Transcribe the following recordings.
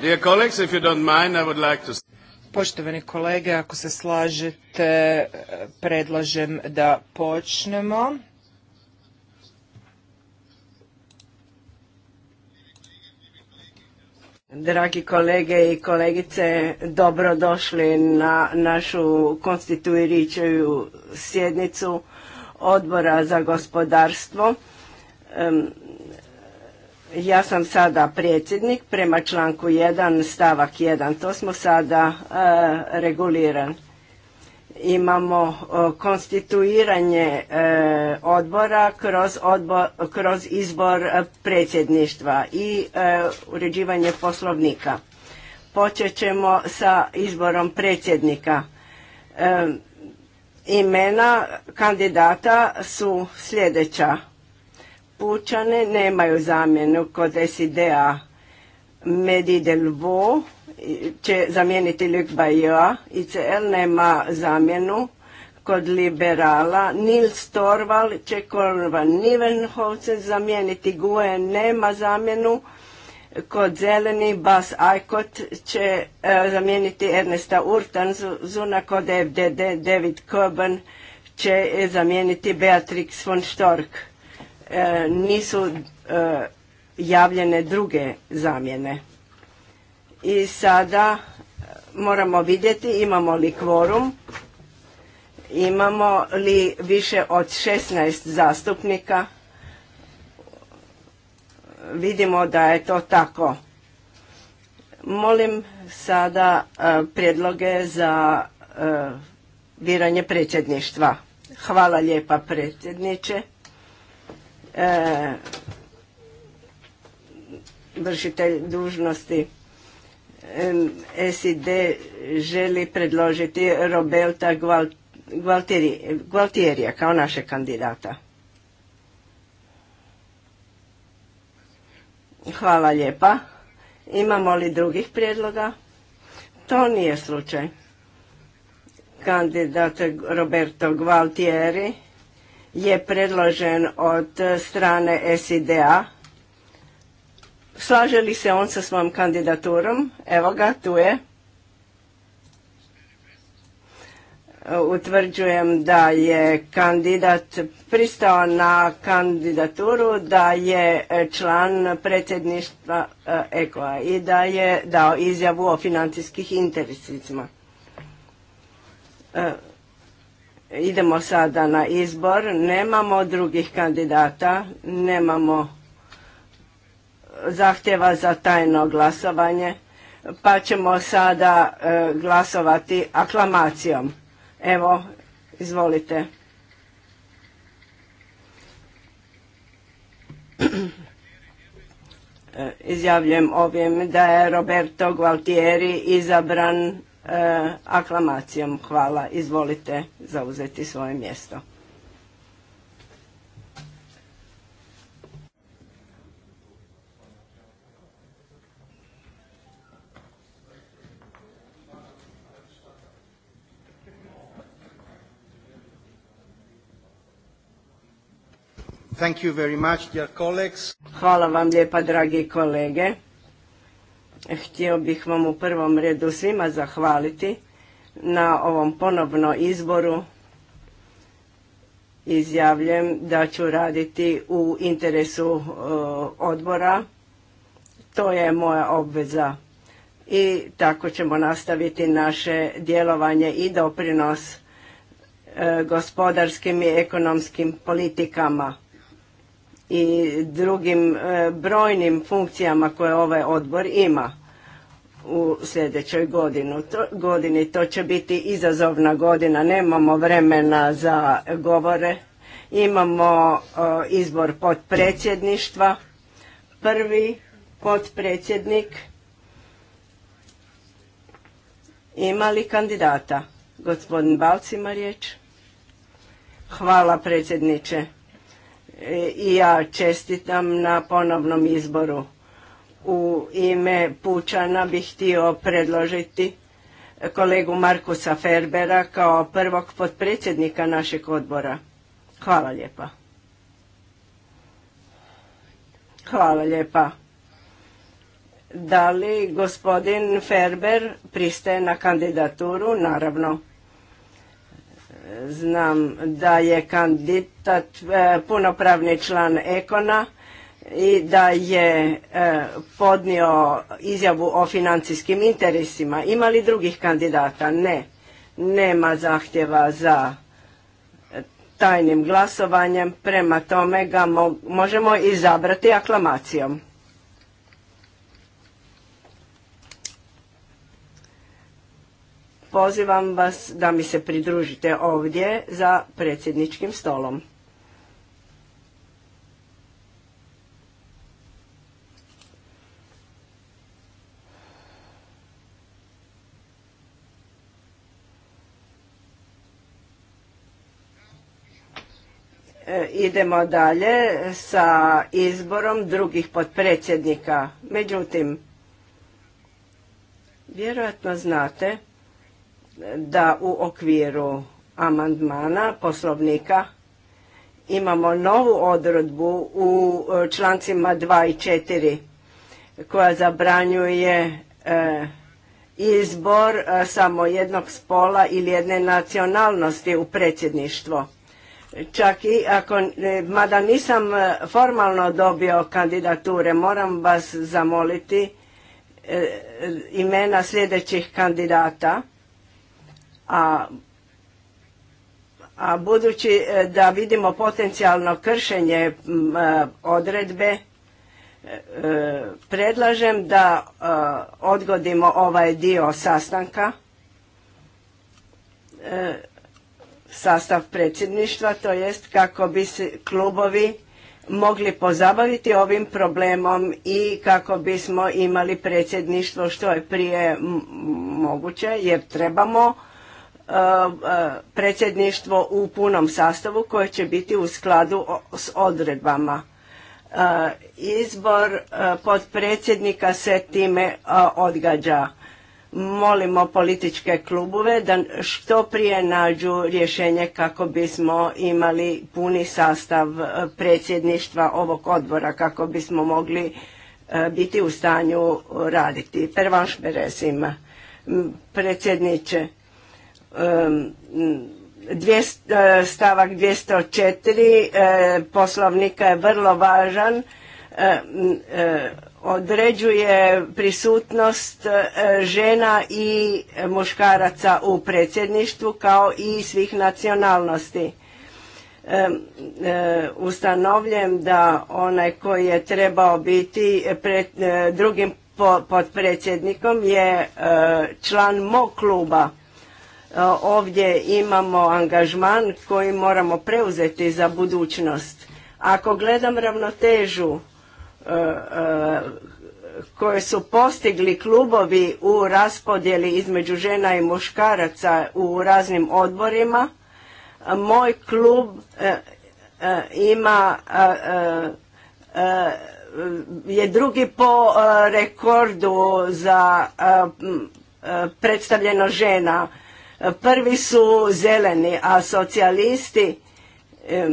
Dear colleagues, if I Poštovani kolege, ako se slažete, predlažem da počnemo. Dragi kolege i kolegice, dobrodošli na našu konstituirajuću sjednicu Odbora za gospodarstvo. Ja sam sada predsjednik prema članku 1 stavak 1. To smo sada e, reguliran. Imamo e, konstituiranje e, odbora kroz, kroz izbor predsjedništva i uređivanje poslovnika. Počet ćemo sa izborom predsjednika. Imena kandidata su sljedeća pučane nemaju zamjenu kod SID-a. Medi Delvo će zamijeniti Luc Bajoa, ICL nema zamjenu kod liberala, Nils Torval će Korvan Nivenhovce zamijeniti, Gue nema zamjenu, kod zeleni Bas Aikot će e, zamijeniti Ernesta Urtan, Zuna kod FDD David Coburn će e, zamijeniti Beatrix von Stork E, nisu e, javljene druge zamjene. I sada e, moramo vidjeti imamo li kvorum, imamo li više od 16 zastupnika. Vidimo da je to tako. Molim sada prijedloge za biranje predsjedništva. Hvala lijepa predsjedniče. E, vršitelj dužnosti e, SID želi predložiti Roberta Gualtierija kao naše kandidata. Hvala lijepa. Imamo li drugih prijedloga? To nije slučaj. Kandidat Roberto Gualtieri je predložen od strane SID-a. Slaže li se on sa svojom kandidaturom? Evo ga, tu je. Utvrđujem da je kandidat pristao na kandidaturu, da je član predsjedništva e, EKOA i da je dao izjavu o financijskih interesima. E, idemo sada na izbor, nemamo drugih kandidata, nemamo zahtjeva za tajno glasovanje, pa ćemo sada e, glasovati aklamacijom. Evo, izvolite. E, izjavljujem ovim da je Roberto Gualtieri izabran E, aklamacijom. Hvala. Izvolite zauzeti svoje mjesto. Thank you very Hvala vam lijepa, dragi kolege. Htio bih vam u prvom redu svima zahvaliti na ovom ponovno izboru. Izjavljem da ću raditi u interesu e, odbora. To je moja obveza i tako ćemo nastaviti naše djelovanje i doprinos e, gospodarskim i ekonomskim politikama i drugim e, brojnim funkcijama koje ovaj odbor ima u sljedećoj godini. To će biti izazovna godina, nemamo vremena za govore. Imamo e, izbor potpredsjedništva. Prvi potpredsjednik ima li kandidata? Gospodin Balcima riječ. Hvala predsjedniče. E, i ja čestitam na ponovnom izboru. U ime Pučana bih htio predložiti kolegu Markusa Ferbera kao prvog potpredsjednika našeg odbora. Hvala lijepa. Hvala lijepa. Da li gospodin Ferber pristaje na kandidaturu? Naravno. Znam da je kandidat e, punopravni član Ekona i da je e, podnio izjavu o financijskim interesima. Ima li drugih kandidata? Ne. Nema zahtjeva za tajnim glasovanjem, prema tome ga možemo izabrati aklamacijom. pozivam vas da mi se pridružite ovdje za predsjedničkim stolom. E, idemo dalje sa izborom drugih potpredsjednika. Međutim, vjerojatno znate da u okviru amandmana poslovnika imamo novu odredbu u e, člancima 2 i 4 koja zabranjuje e, izbor e, samo jednog spola ili jedne nacionalnosti u predsjedništvo. Čak i ako, mada nisam formalno dobio kandidature, moram vas zamoliti imena sljedećih kandidata a, budući e, da vidimo potencijalno kršenje e, odredbe, e, predlažem da odgodimo ovaj dio sastanka, sastav predsjedništva, to jest kako bi se klubovi mogli pozabaviti ovim problemom i kako bismo imali predsjedništvo što je prije moguće, jer trebamo E, e, predsjedništvo u punom sastavu koje će biti u skladu s odredbama. E, izbor podpredsjednika se time odgađa. Molimo političke klubove da što prije nađu rješenje kako bismo imali puni sastav predsjedništva ovog odbora, kako bismo mogli biti u stanju raditi. Pervanš šperesim Predsjedniče, E, stavak 204 e, poslovnika je vrlo važan e, određuje prisutnost žena i muškaraca u predsjedništvu kao i svih nacionalnosti. ustanovljam da onaj koji je trebao biti drugim potpredsjednikom je član mog kluba ovdje imamo angažman koji moramo preuzeti za budućnost. Ako gledam ravnotežu e, e, koje su postigli klubovi u raspodjeli između žena i muškaraca u raznim odborima, moj klub e, ima je drugi po rekordu za predstavljeno žena Prvi su zeleni, a socijalisti e,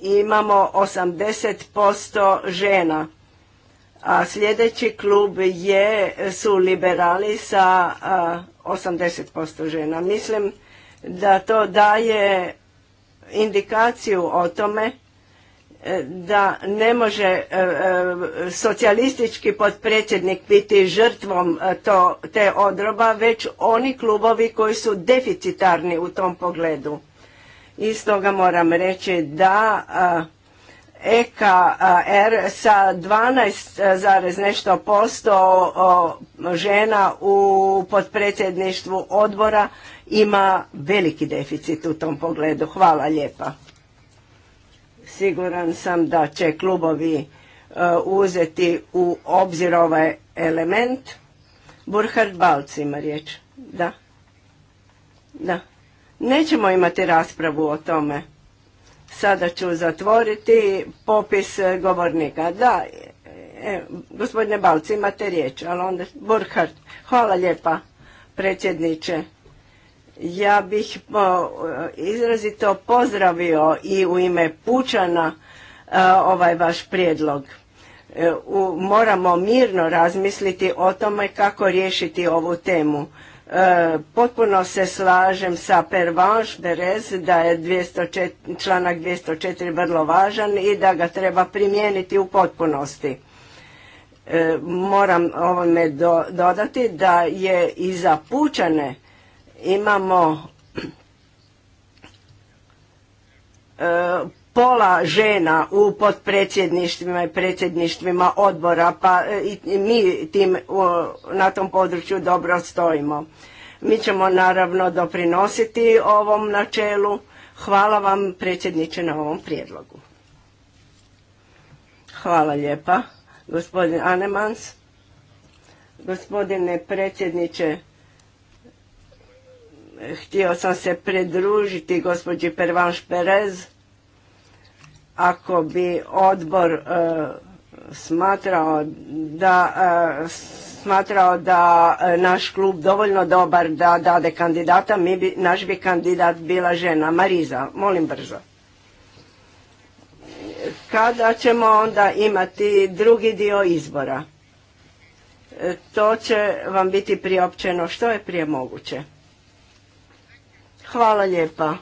imamo 80% žena. A sljedeći klub je, su liberali sa 80% žena. Mislim da to daje indikaciju o tome E, da ne može e, e, socijalistički potpredsjednik biti žrtvom to, te odroba, već oni klubovi koji su deficitarni u tom pogledu. I stoga moram reći da EKR sa 12, nešto posto žena u potpredsjedništvu odbora ima veliki deficit u tom pogledu. Hvala lijepa. Siguran sam da će klubovi e, uzeti u obzir ovaj element. Burhard Balc ima riječ. Da. Da. Nećemo imati raspravu o tome. Sada ću zatvoriti popis govornika. Da, e, gospodine Balci, imate riječ, ali onda Burhard. Hvala lijepa, predsjedniče. Ja bih izrazito pozdravio i u ime Pučana e, ovaj vaš prijedlog. E, moramo mirno razmisliti o tome kako riješiti ovu temu. E, potpuno se slažem sa Pervanš Berez da je 204, članak 204 vrlo važan i da ga treba primijeniti u potpunosti. moram ovome dodati da je i za pučane imamo e, pola žena u potpredsjedništvima i predsjedništvima odbora, pa e, i mi tim, na tom području dobro stojimo. Mi ćemo naravno doprinositi ovom načelu. Hvala vam predsjedniče na ovom prijedlogu. Hvala lijepa. Gospodin Anemans. Gospodine predsjedniče, htio sam se pridružiti gospođi Pervanš Perez ako bi odbor e, smatrao da e, smatrao da e, naš klub dovoljno dobar da dade kandidata, naš bi kandidat bila žena Mariza, molim brzo. Kada ćemo onda imati drugi dio izbora? to će vam biti priopćeno što je prije moguće. Hvala lijepa. E,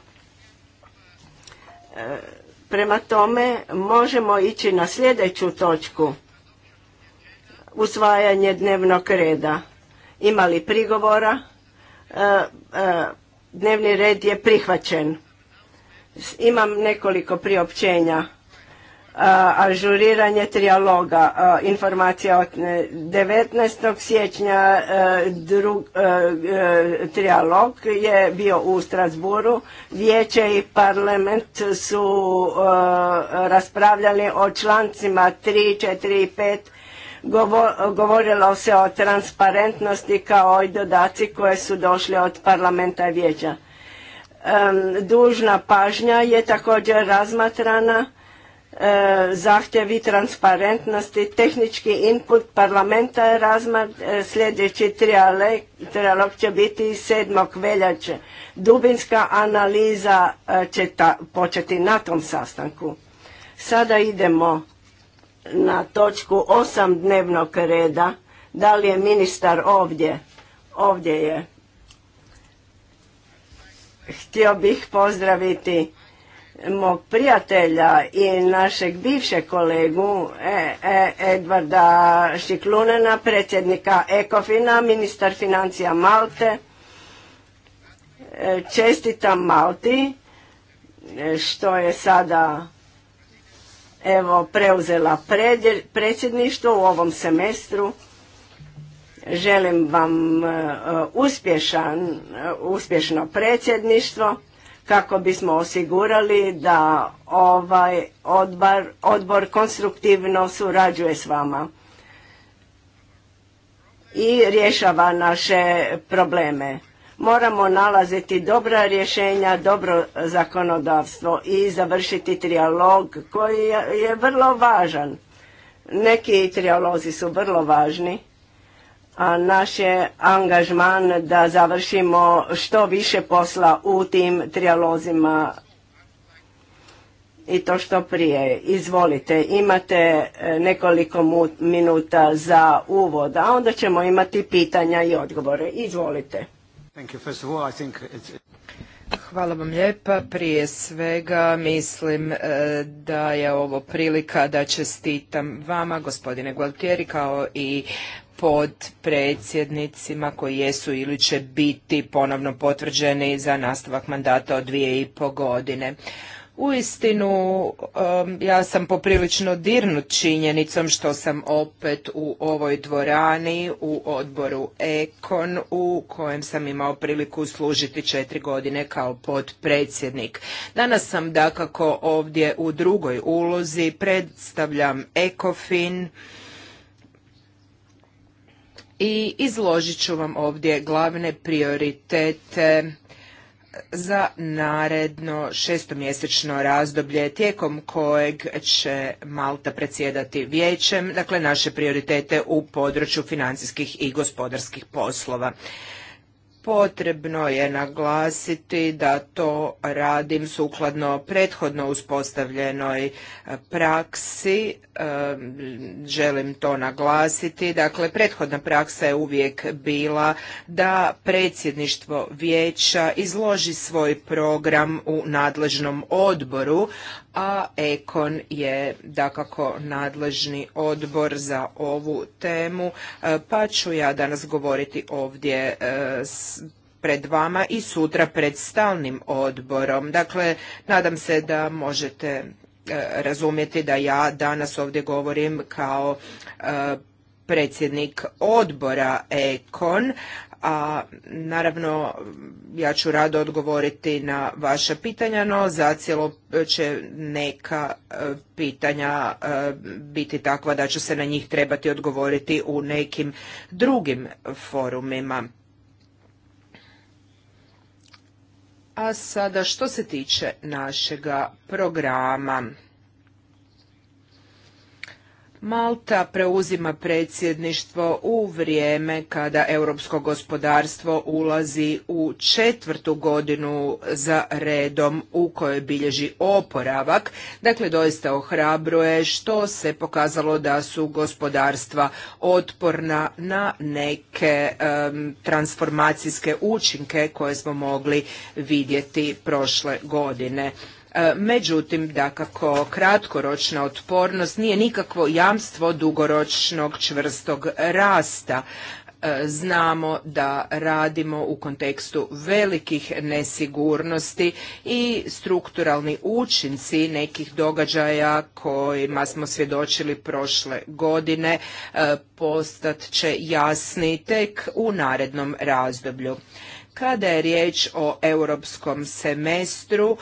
prema tome možemo ići na sljedeću točku. Usvajanje dnevnog reda. Ima li prigovora? E, e, dnevni red je prihvaćen. Imam nekoliko priopćenja ažuriranje trijaloga informacija od 19. E, siječnja e, drug, e, trijalog je bio u Strasburu vijeće i parlament su raspravljali o člancima 3, 4 i 5 govorilo se o transparentnosti kao i dodaci koje su došli od parlamenta i vijeća. Dužna pažnja je također razmatrana E, zahtjevi transparentnosti, tehnički input parlamenta je razmat, e, sljedeći trialog će biti 7. veljače. Dubinska analiza e, će početi na tom sastanku. Sada idemo na točku 8 dnevnog reda. Da li je ministar ovdje? Ovdje je. Htio bih pozdraviti mog prijatelja i našeg bivšeg kolegu e, e, Edvarda Šiklunena, predsjednika Ekofina, ministar financija Malte. E, čestitam Malti što je sada evo preuzela predsjedništvo u ovom semestru. Želim vam uspješan, uspješno predsjedništvo kako bismo osigurali da ovaj odbor konstruktivno surađuje s vama i rješava naše probleme. Moramo nalaziti dobra rješenja, dobro zakonodavstvo i završiti trijalog koji je vrlo važan. Neki trijalozi su vrlo važni naš je angažman da završimo što više posla u tim trijalozima i to što prije. Izvolite, imate e, nekoliko minuta za uvod, a onda ćemo imati pitanja i odgovore. Izvolite. Hvala vam lijepa. Prije svega mislim e, da je ovo prilika da čestitam vama, gospodine Gualtieri, kao i pod predsjednicima koji jesu ili će biti ponovno potvrđeni za nastavak mandata od dvije i po godine. istinu, ja sam poprilično dirnut činjenicom što sam opet u ovoj dvorani, u odboru Ekon, u kojem sam imao priliku služiti četiri godine kao podpredsjednik. Danas sam dakako ovdje u drugoj ulozi, predstavljam Ekofin, i izložit ću vam ovdje glavne prioritete za naredno šestomjesečno razdoblje tijekom kojeg će Malta predsjedati vijećem, dakle naše prioritete u području financijskih i gospodarskih poslova. Potrebno je naglasiti da to radim sukladno prethodno uspostavljenoj e, praksi. E, želim to naglasiti. Dakle, prethodna praksa je uvijek bila da predsjedništvo vijeća izloži svoj program u nadležnom odboru, a Ekon je dakako nadležni odbor za ovu temu, e, pa ću ja danas govoriti ovdje s pred vama i sutra pred stalnim odborom. Dakle, nadam se da možete e, razumjeti da ja danas ovdje govorim kao e, predsjednik odbora Ekon, a naravno ja ću rado odgovoriti na vaša pitanja, no zacijelo će neka e, pitanja biti takva da će se na njih trebati odgovoriti u nekim drugim forumima. A sada što se tiče našega programa. Malta preuzima predsjedništvo u vrijeme kada europsko gospodarstvo ulazi u četvrtu godinu za redom u kojoj bilježi oporavak. Dakle, doista ohrabruje što se pokazalo da su gospodarstva otporna na neke transformacijske učinke koje smo mogli vidjeti prošle godine. E, međutim, kako kratkoročna otpornost nije nikakvo jamstvo dugoročnog čvrstog rasta e, znamo da radimo u kontekstu velikih nesigurnosti i strukturalni učinci nekih događaja kojima smo svjedočili prošle godine e, postat će jasni tek u narednom razdoblju. Kada je riječ o europskom semestru,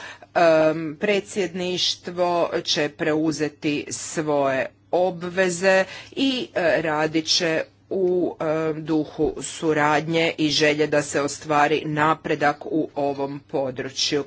predsjedništvo će preuzeti svoje obveze i e, radit će u e, duhu suradnje i želje da se ostvari napredak u ovom području.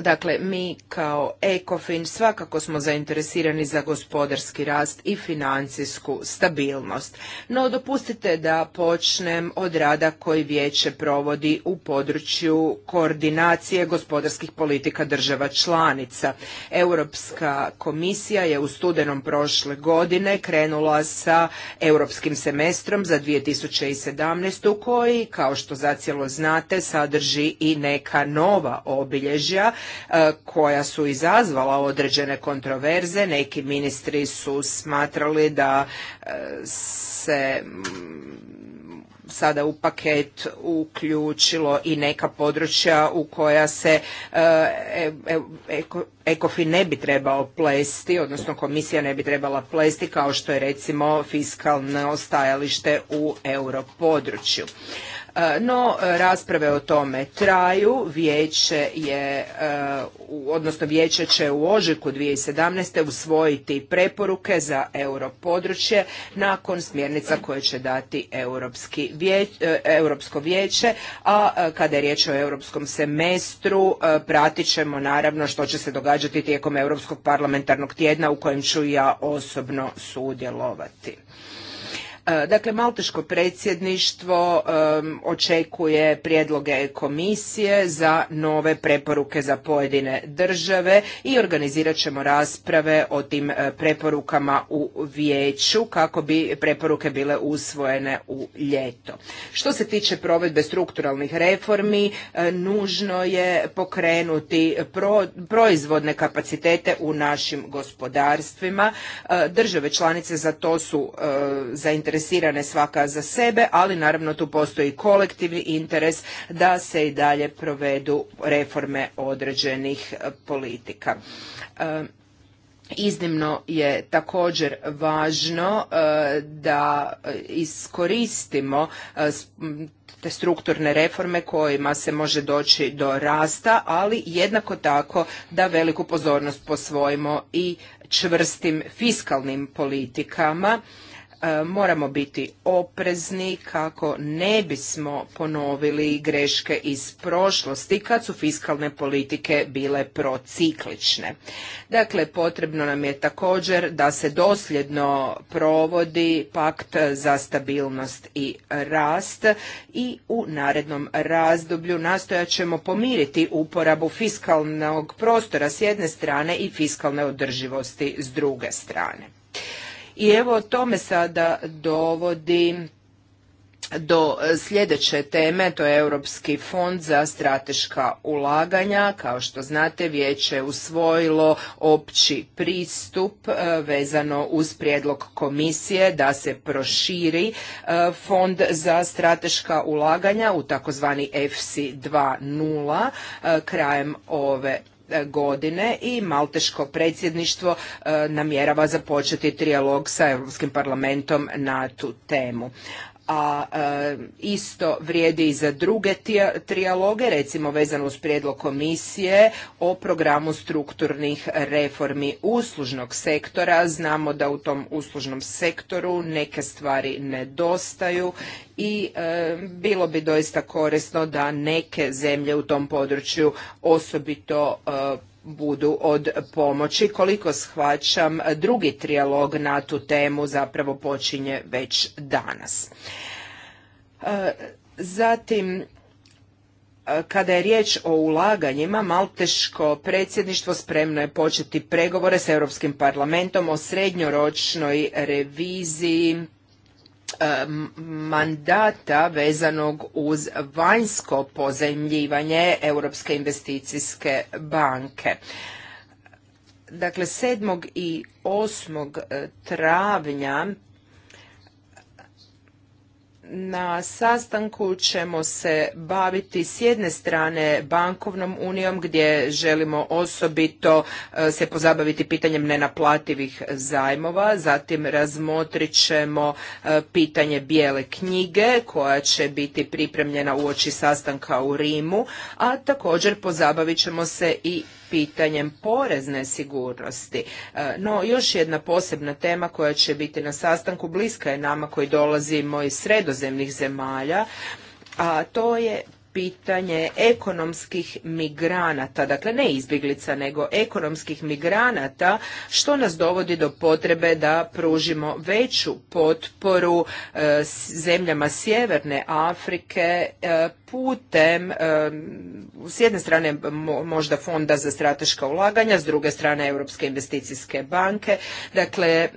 Dakle, mi kao ECOFIN svakako smo zainteresirani za gospodarski rast i financijsku stabilnost. No, dopustite da počnem od rada koji vijeće provodi u području koordinacije gospodarskih politika država članica. Europska komisija je u studenom prošle godine krenula sa europskim semestrom za 2017. koji, kao što zacijelo znate, sadrži i neka nova obilježja E, koja su izazvala određene kontroverze. Neki ministri su smatrali da e, se mm, sada u paket uključilo i neka područja u koja se e, Ekofin ne bi trebao plesti, odnosno komisija ne bi trebala plesti kao što je recimo fiskalno stajalište u europodručju. E, no, rasprave o tome traju, vijeće je, e, odnosno vijeće će u ožujku 2017. usvojiti preporuke za europodručje nakon smjernica koje će dati e, Europsko vijeće, a kada je riječ o europskom semestru pratit ćemo naravno što će se događati tijekom Europskog parlamentarnog tjedna u kojem ću ja osobno sudjelovati. E, dakle, Malteško predsjedništvo e, očekuje prijedloge komisije za nove preporuke za pojedine države i organizirat ćemo rasprave o tim e, preporukama u vijeću kako bi preporuke bile usvojene u ljeto. Što se tiče provedbe strukturalnih reformi, nužno je pokrenuti proizvodne kapacitete u našim gospodarstvima. Države članice za to su zainteresirane zainteresirane svaka za sebe, ali naravno tu postoji kolektivni interes da se i dalje provedu reforme određenih e, politika. E, iznimno je također važno e, da iskoristimo te strukturne reforme kojima se može doći do rasta, ali jednako tako da veliku pozornost posvojimo i čvrstim fiskalnim politikama E, moramo biti oprezni kako ne bismo ponovili greške iz prošlosti kad su fiskalne politike bile prociklične. Dakle, potrebno nam je također da se dosljedno provodi pakt za stabilnost i rast i u narednom razdoblju nastojat ćemo pomiriti uporabu fiskalnog prostora s jedne strane i fiskalne održivosti s druge strane. I evo to me sada dovodi do sljedeće teme, to je Europski fond za strateška ulaganja. Kao što znate, vijeće je usvojilo opći pristup e, vezano uz prijedlog komisije da se proširi e, fond za strateška ulaganja u takozvani FC 2.0 e, krajem ove godine i Malteško predsjedništvo e, namjerava započeti trijalog sa Europskim parlamentom na tu temu a e, isto vrijedi i za druge trijaloge, recimo vezano uz prijedlog komisije o programu strukturnih reformi uslužnog sektora. Znamo da u tom uslužnom sektoru neke stvari nedostaju i e, bilo bi doista korisno da neke zemlje u tom području osobito e, budu od pomoći. Koliko shvaćam, drugi trijalog na tu temu zapravo počinje već danas. E, zatim, e, kada je riječ o ulaganjima, Malteško predsjedništvo spremno je početi pregovore s Europskim parlamentom o srednjoročnoj reviziji mandata vezanog uz vanjsko pozajmljivanje Europske investicijske banke. Dakle, 7. i 8. Eh, travnja na sastanku ćemo se baviti s jedne strane bankovnom unijom gdje želimo osobito e, se pozabaviti pitanjem nenaplativih zajmova, zatim razmotrit ćemo e, pitanje bijele knjige koja će biti pripremljena uoči sastanka u Rimu, a također pozabavit ćemo se i pitanjem porezne sigurnosti. E, no, još jedna posebna tema koja će biti na sastanku bliska je nama koji dolazimo iz sredozemnih zemalja, a to je pitanje ekonomskih migranata, dakle ne izbjeglica, nego ekonomskih migranata, što nas dovodi do potrebe da pružimo veću potporu e, zemljama Sjeverne Afrike e, putem e, s jedne strane možda fonda za strateška ulaganja, s druge strane Europske investicijske banke. Dakle,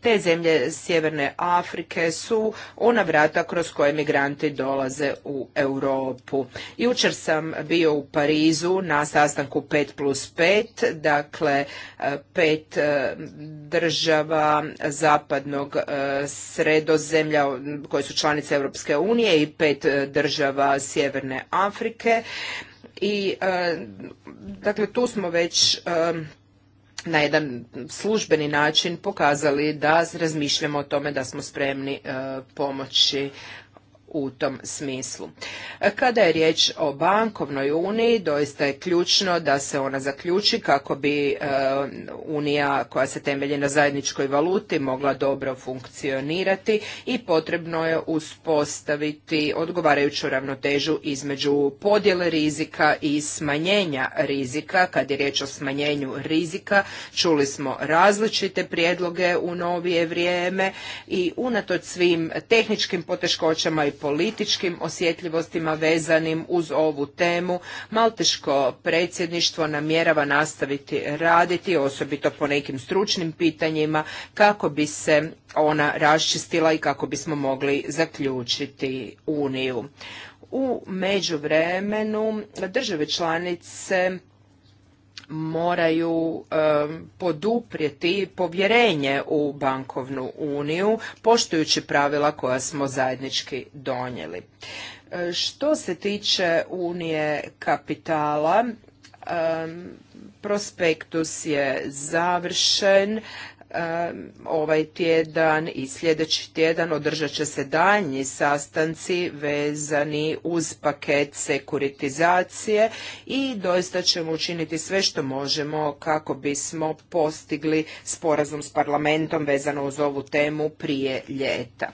te zemlje Sjeverne Afrike su ona vrata kroz koje migranti dolaze u Europu. Jučer sam bio u Parizu na sastanku 5 plus 5, dakle e, pet e, država zapadnog sredozemlja koje su članice Europske unije i pet država Sjeverne Afrike i e, dakle tu smo već e, na jedan službeni način pokazali da razmišljamo o tome da smo spremni e, pomoći u tom smislu. Kada je riječ o bankovnoj uniji, doista je ključno da se ona zaključi kako bi e, unija koja se temelji na zajedničkoj valuti mogla dobro funkcionirati i potrebno je uspostaviti odgovarajuću ravnotežu između podjele rizika i smanjenja rizika. Kad je riječ o smanjenju rizika, čuli smo različite prijedloge u novije vrijeme i unatoč svim tehničkim poteškoćama i političkim osjetljivostima vezanim uz ovu temu. Malteško predsjedništvo namjerava nastaviti raditi, osobito po nekim stručnim pitanjima, kako bi se ona raščistila i kako bismo mogli zaključiti Uniju. U međuvremenu države članice moraju poduprijeti povjerenje u bankovnu uniju poštujući pravila koja smo zajednički donijeli. E, što se tiče unije kapitala, prospektus je završen, ovaj tjedan i sljedeći tjedan održat će se daljnji sastanci vezani uz paket sekuritizacije i doista ćemo učiniti sve što možemo kako bismo postigli sporazum s parlamentom vezano uz ovu temu prije ljeta.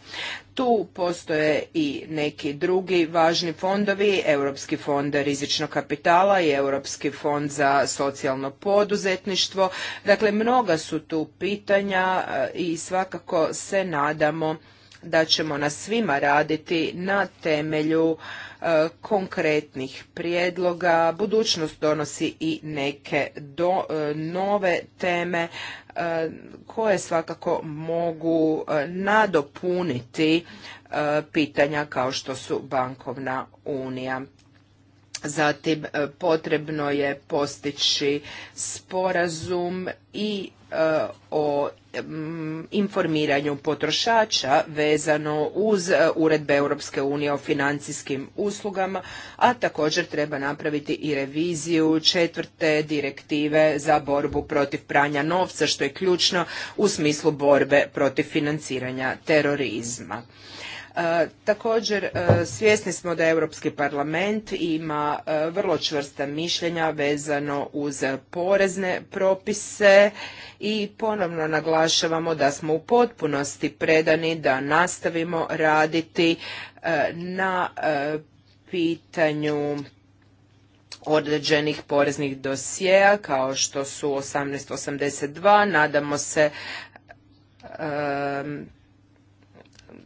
Tu postoje i neki drugi važni fondovi, Europski fond rizičnog kapitala i Europski fond za socijalno poduzetništvo. Dakle, mnoga su tu pitanja e, i svakako se nadamo da ćemo na svima raditi na temelju E, konkretnih prijedloga. Budućnost donosi i neke do, e, nove teme e, koje svakako mogu nadopuniti pitanja kao što su bankovna unija. Zatim potrebno je postići sporazum i o Mm, informiranju potrošača vezano uz e, uredbe Europske unije o financijskim uslugama, a također treba napraviti i reviziju četvrte direktive za borbu protiv pranja novca, što je ključno u smislu borbe protiv financiranja terorizma. E, također e, svjesni smo da Europski parlament ima e, vrlo čvrsta mišljenja vezano uz porezne propise i ponovno naglašavamo da smo u potpunosti predani da nastavimo raditi na pitanju određenih poreznih dosjeja kao što su 1882. Nadamo se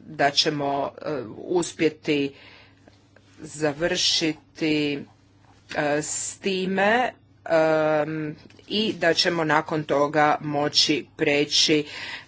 da ćemo e, uspjeti završiti e, s time i da ćemo nakon toga moći preći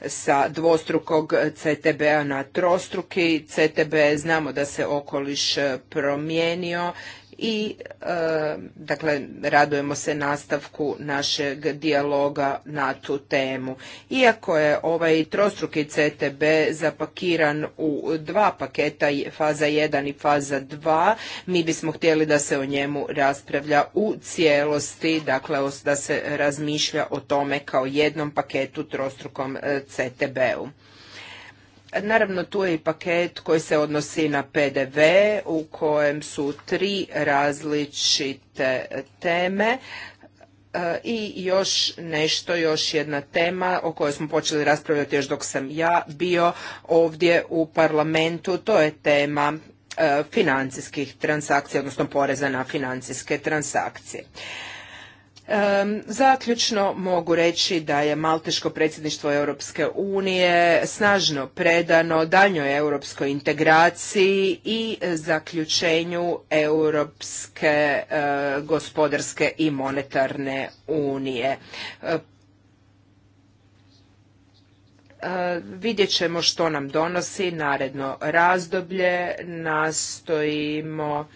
sa dvostrukog CTB-a na trostruki. CTB znamo da se okoliš e, promijenio i e, dakle radujemo se nastavku našeg dijaloga na tu temu. Iako je ovaj trostruki CTB zapakiran u dva paketa, faza 1 i faza 2, mi bismo htjeli da se o njemu raspravlja u cijelosti, dakle da se razmišlja o tome kao jednom paketu trostrukom e, CTB-u. Naravno, tu je i paket koji se odnosi na PDV u kojem su tri različite teme e, i još nešto, još jedna tema o kojoj smo počeli raspravljati još dok sam ja bio ovdje u parlamentu, to je tema e, financijskih transakcija, odnosno poreza na financijske transakcije zaključno mogu reći da je Malteško predsjedništvo Europske unije snažno predano daljnjoj europskoj integraciji i zaključenju Europske e, gospodarske i monetarne unije. Uh, vidjet ćemo što nam donosi naredno razdoblje, nastojimo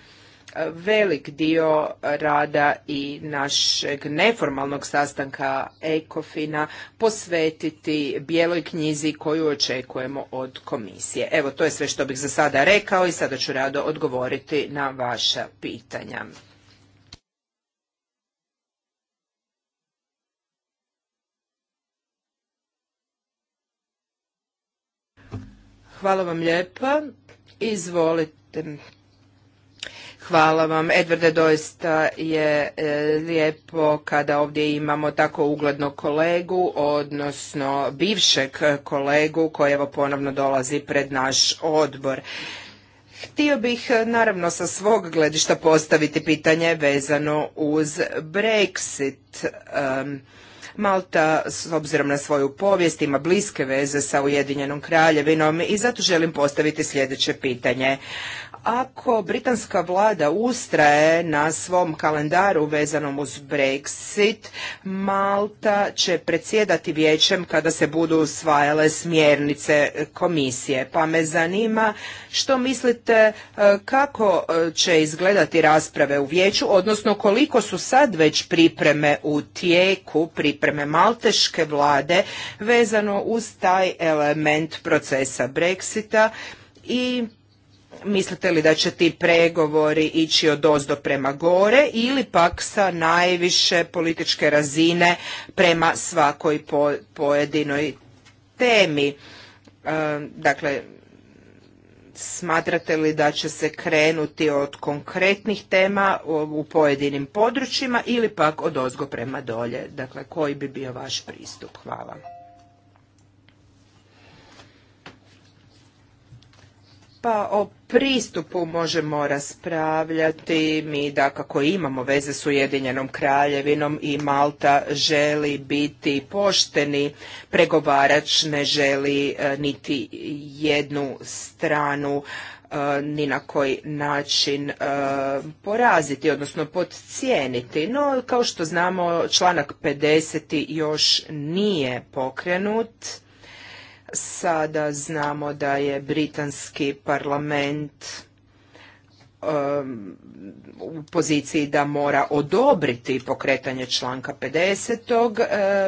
velik dio rada i našeg neformalnog sastanka Ekofina posvetiti bijeloj knjizi koju očekujemo od komisije. Evo, to je sve što bih za sada rekao i sada ću rado odgovoriti na vaša pitanja. Hvala vam lijepa. Izvolite Hvala vam. Edvarde, doista je e, lijepo kada ovdje imamo tako uglednog kolegu, odnosno bivšeg kolegu koji evo ponovno dolazi pred naš odbor. Htio bih e, naravno sa svog gledišta postaviti pitanje vezano uz Brexit. Malta, s obzirom na svoju povijest, ima bliske veze sa Ujedinjenom kraljevinom i zato želim postaviti sljedeće pitanje. Ako britanska vlada ustraje na svom kalendaru vezanom uz Brexit, Malta će predsjedati vijećem kada se budu usvajale smjernice komisije. Pa me zanima što mislite e, kako e, će izgledati rasprave u vijeću, odnosno koliko su sad već pripreme u tijeku, pripreme malteške vlade vezano uz taj element procesa Brexita i mislite li da će ti pregovori ići od ozdo prema gore ili pak sa najviše političke razine prema svakoj pojedinoj temi? E, dakle, smatrate li da će se krenuti od konkretnih tema u pojedinim područjima ili pak od ozgo prema dolje? Dakle, koji bi bio vaš pristup? Hvala. Pa o pristupu možemo raspravljati. Mi da kako imamo veze s Ujedinjenom kraljevinom i Malta želi biti pošteni pregovarač, ne želi e, niti jednu stranu e, ni na koji način e, poraziti, odnosno podcijeniti. No, kao što znamo, članak 50. još nije pokrenut Sada znamo da je britanski parlament um, u poziciji da mora odobriti pokretanje članka 50.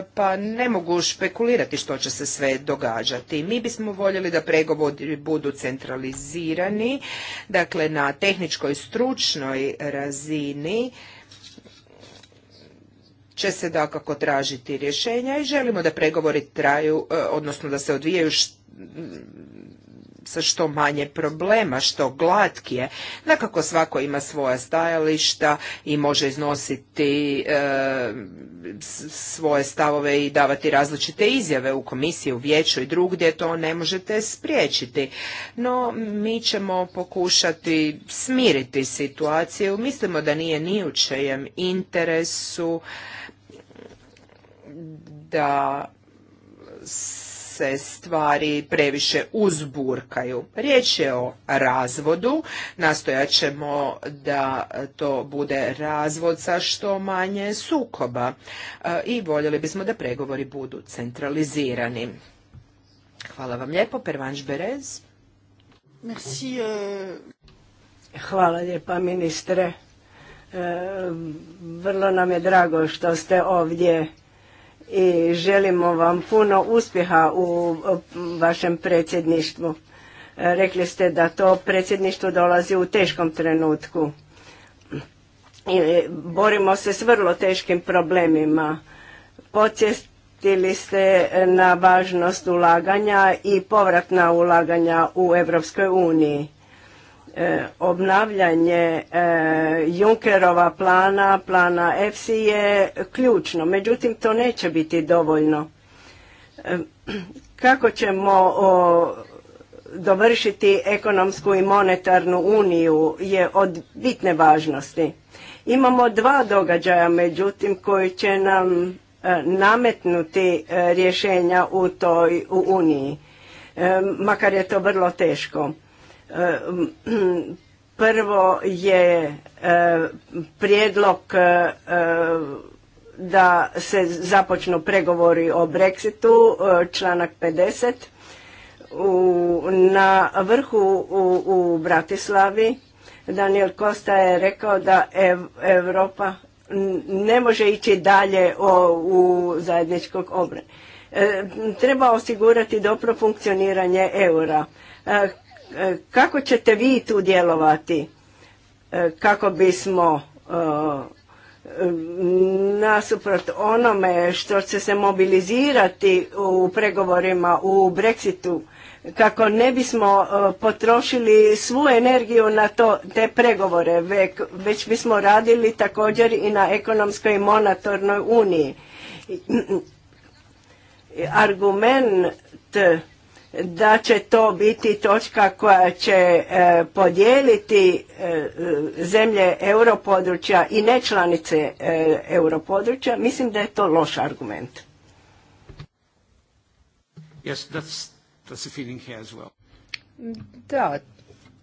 Uh, pa ne mogu špekulirati što će se sve događati. Mi bismo voljeli da pregovori budu centralizirani, dakle na tehničkoj stručnoj razini će se dakako tražiti rješenja i želimo da pregovori traju, e, odnosno da se odvijaju sa što manje problema, što glatkije. Nakako svako ima svoja stajališta i može iznositi e, svoje stavove i davati različite izjave u komisiji, u vijeću i drugdje, to ne možete spriječiti. No, mi ćemo pokušati smiriti situaciju. Mislimo da nije ni u čejem interesu da se stvari previše uzburkaju. Riječ je o razvodu, nastojat ćemo da to bude razvod sa što manje sukoba e, i voljeli bismo da pregovori budu centralizirani. Hvala vam lijepo, Pervanš Berez. E. Hvala lijepa ministre. E, vrlo nam je drago što ste ovdje i želimo vam puno uspjeha u vašem predsjedništvu. E, rekli ste da to predsjedništvo dolazi u teškom trenutku. I e, borimo se s vrlo teškim problemima. Podsjetili ste na važnost ulaganja i povratna ulaganja u Europskoj uniji E, obnavljanje e, Junckerova plana, plana EFSI je ključno. Međutim, to neće biti dovoljno. E, kako ćemo dovršiti ekonomsku i monetarnu uniju je od bitne važnosti. Imamo dva događaja, međutim, koji će nam nametnuti rješenja u toj Uniji, makar je to vrlo teško Prvo je e, prijedlog e, e, da se započnu pregovori o Brexitu, članak 50. U, na vrhu u, u Bratislavi Daniel Kosta je rekao da Europa ne može ići dalje u zajedničkog obrana. treba osigurati dobro funkcioniranje eura. E, kako ćete vi tu djelovati e, kako bismo e, nasuprot onome što će se mobilizirati u pregovorima u Brexitu, kako ne bismo potrošili svu energiju na to, te pregovore, već bismo radili također i na ekonomskoj i uniji. Argument da će to biti točka koja će e, podijeliti e, zemlje europodručja i nečlanice e, europodručja, mislim da je to loš argument. Da,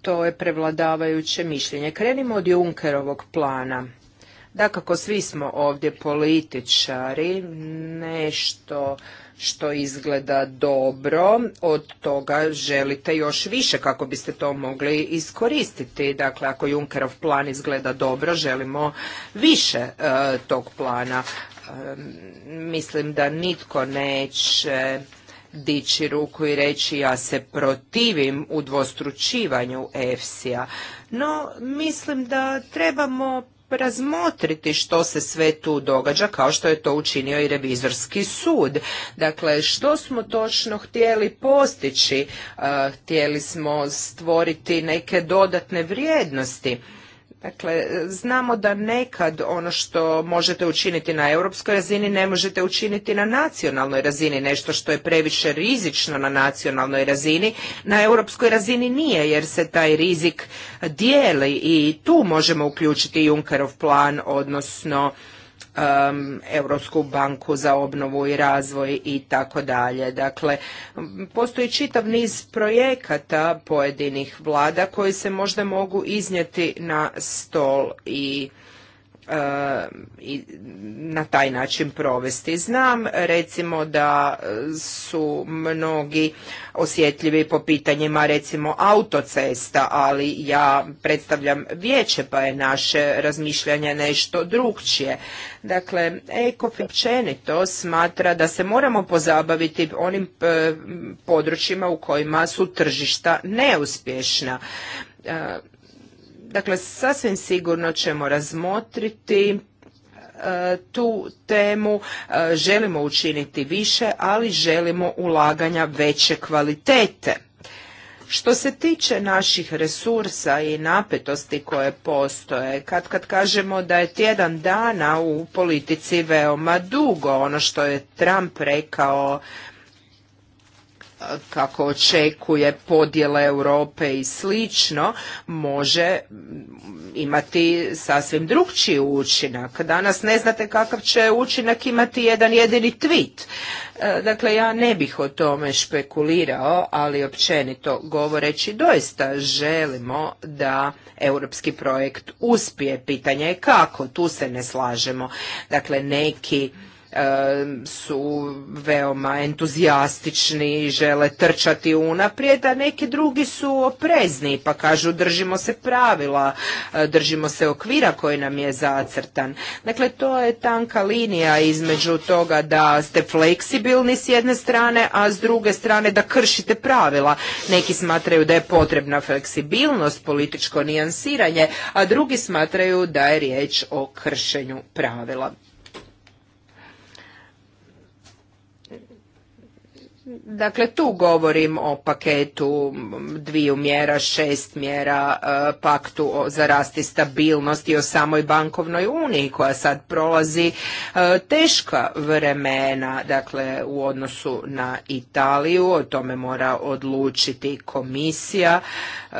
to je prevladavajuće mišljenje. Krenimo od Junkerovog plana. Dakako, svi smo ovdje političari, nešto što izgleda dobro, od toga želite još više kako biste to mogli iskoristiti. Dakle, ako Junkerov plan izgleda dobro, želimo više e, tog plana. E, mislim da nitko neće dići ruku i reći ja se protivim udvostručivanju EFSI-a. No, mislim da trebamo razmotriti što se sve tu događa kao što je to učinio i revizorski sud. Dakle, što smo točno htjeli postići? Eh, htjeli smo stvoriti neke dodatne vrijednosti Dakle, znamo da nekad ono što možete učiniti na europskoj razini ne možete učiniti na nacionalnoj razini, nešto što je previše rizično na nacionalnoj razini, na europskoj razini nije jer se taj rizik dijeli i tu možemo uključiti Junkerov plan, odnosno um, Europsku banku za obnovu i razvoj i tako dalje. Dakle, postoji čitav niz projekata pojedinih vlada koji se možda mogu iznijeti na stol i i na taj način provesti. Znam recimo da su mnogi osjetljivi po pitanjima recimo autocesta, ali ja predstavljam vijeće pa je naše razmišljanje nešto drugčije. Dakle, Eko općenito smatra da se moramo pozabaviti onim e, područjima u kojima su tržišta neuspješna. E, Dakle, sasvim sigurno ćemo razmotriti e, tu temu, e, želimo učiniti više, ali želimo ulaganja veće kvalitete. Što se tiče naših resursa i napetosti koje postoje, kad kad kažemo da je tjedan dana u politici veoma dugo, ono što je Trump rekao kako očekuje podjele Europe i slično, može imati sasvim drugčiji učinak. Danas ne znate kakav će učinak imati jedan jedini tweet. E, dakle, ja ne bih o tome špekulirao, ali općenito govoreći doista želimo da europski projekt uspije. Pitanje je kako, tu se ne slažemo. Dakle, neki su veoma entuzijastični i žele trčati unaprijed, a neki drugi su oprezni pa kažu držimo se pravila, e, držimo se okvira koji nam je zacrtan. Dakle, to je tanka linija između toga da ste fleksibilni s jedne strane, a s druge strane da kršite pravila. Neki smatraju da je potrebna fleksibilnost, političko nijansiranje, a drugi smatraju da je riječ o kršenju pravila. Dakle, tu govorim o paketu dviju mjera, šest mjera, e, paktu za rast i stabilnost i o samoj bankovnoj uniji koja sad prolazi e, teška vremena, dakle u odnosu na Italiju, o tome mora odlučiti komisija e,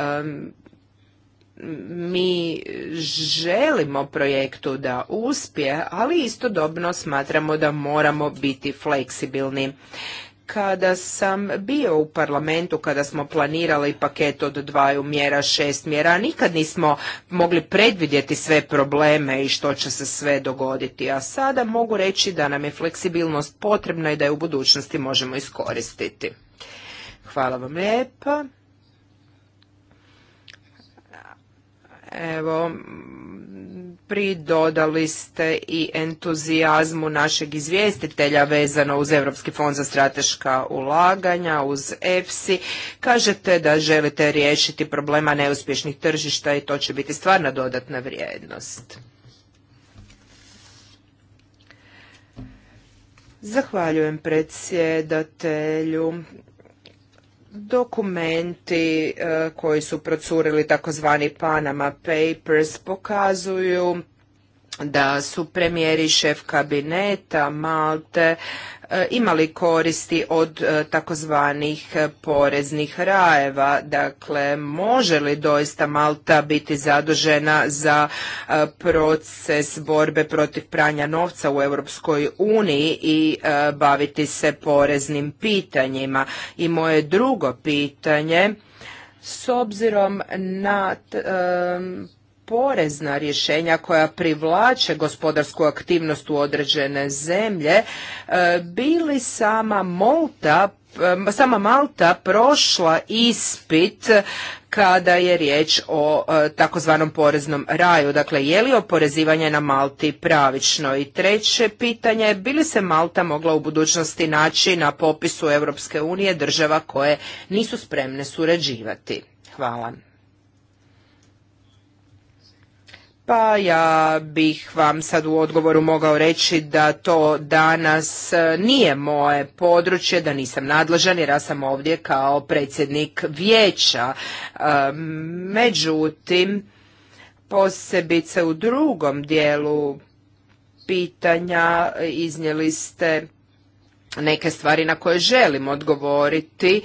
mi želimo projektu da uspije, ali istodobno smatramo da moramo biti fleksibilni kada sam bio u parlamentu, kada smo planirali paket od dvaju mjera, šest mjera, nikad nismo mogli predvidjeti sve probleme i što će se sve dogoditi. A sada mogu reći da nam je fleksibilnost potrebna i da je u budućnosti možemo iskoristiti. Hvala vam lijepa. Evo, pridodali ste i entuzijazmu našeg izvjestitelja vezano uz Europski fond za strateška ulaganja, uz EFSI. Kažete da želite riješiti problema neuspješnih tržišta i to će biti stvarna dodatna vrijednost. Zahvaljujem predsjedatelju dokumenti e, koji su procurili takozvani Panama Papers pokazuju da su premijeri šef kabineta Malte E, imali koristi od e, takozvanih e, poreznih rajeva. Dakle, može li doista Malta biti zadužena za proces borbe protiv pranja novca u Europskoj uniji i baviti se poreznim pitanjima? I moje drugo pitanje, s obzirom na porezna rješenja koja privlače gospodarsku aktivnost u određene zemlje, e, bili sama Malta e, sama Malta prošla ispit kada je riječ o e, takozvanom poreznom raju. Dakle, je li oporezivanje na Malti pravično? I treće pitanje je, bi li se Malta mogla u budućnosti naći na popisu Europske unije država koje nisu spremne surađivati? Hvala. Pa ja bih vam sad u odgovoru mogao reći da to danas e, nije moje područje, da nisam nadležan jer ja sam ovdje kao predsjednik vijeća. E, međutim, posebice u drugom dijelu pitanja iznijeli ste neke stvari na koje želim odgovoriti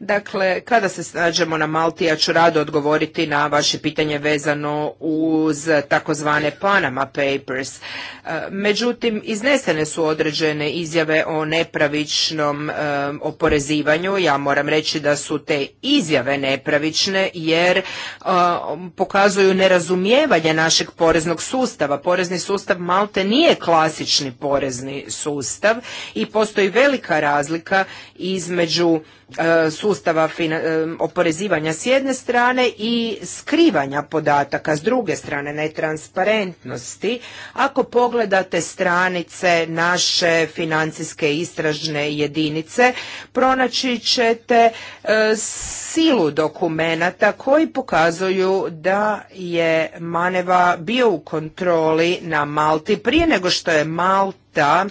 Dakle, kada se snađemo na Malti, ja ću rado odgovoriti na vaše pitanje vezano uz takozvane Panama Papers. E, međutim, iznesene su određene izjave o nepravičnom e, oporezivanju. Ja moram reći da su te izjave nepravične jer e, pokazuju nerazumijevanje našeg poreznog sustava. Porezni sustav Malte nije klasični porezni sustav i postoji velika razlika između E, sustava e, oporezivanja s jedne strane i skrivanja podataka s druge strane, netransparentnosti. Ako pogledate stranice naše financijske istražne jedinice, pronaći ćete e, silu dokumenata koji pokazuju da je Maneva bio u kontroli na Malti prije nego što je Malta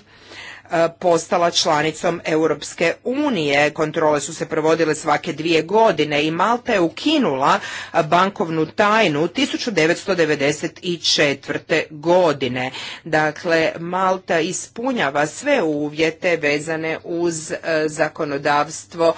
E, postala članicom Europske unije. Kontrole su se provodile svake dvije godine i Malta je ukinula e, bankovnu tajnu 1994. godine. Dakle, Malta ispunjava sve uvjete vezane uz e, zakonodavstvo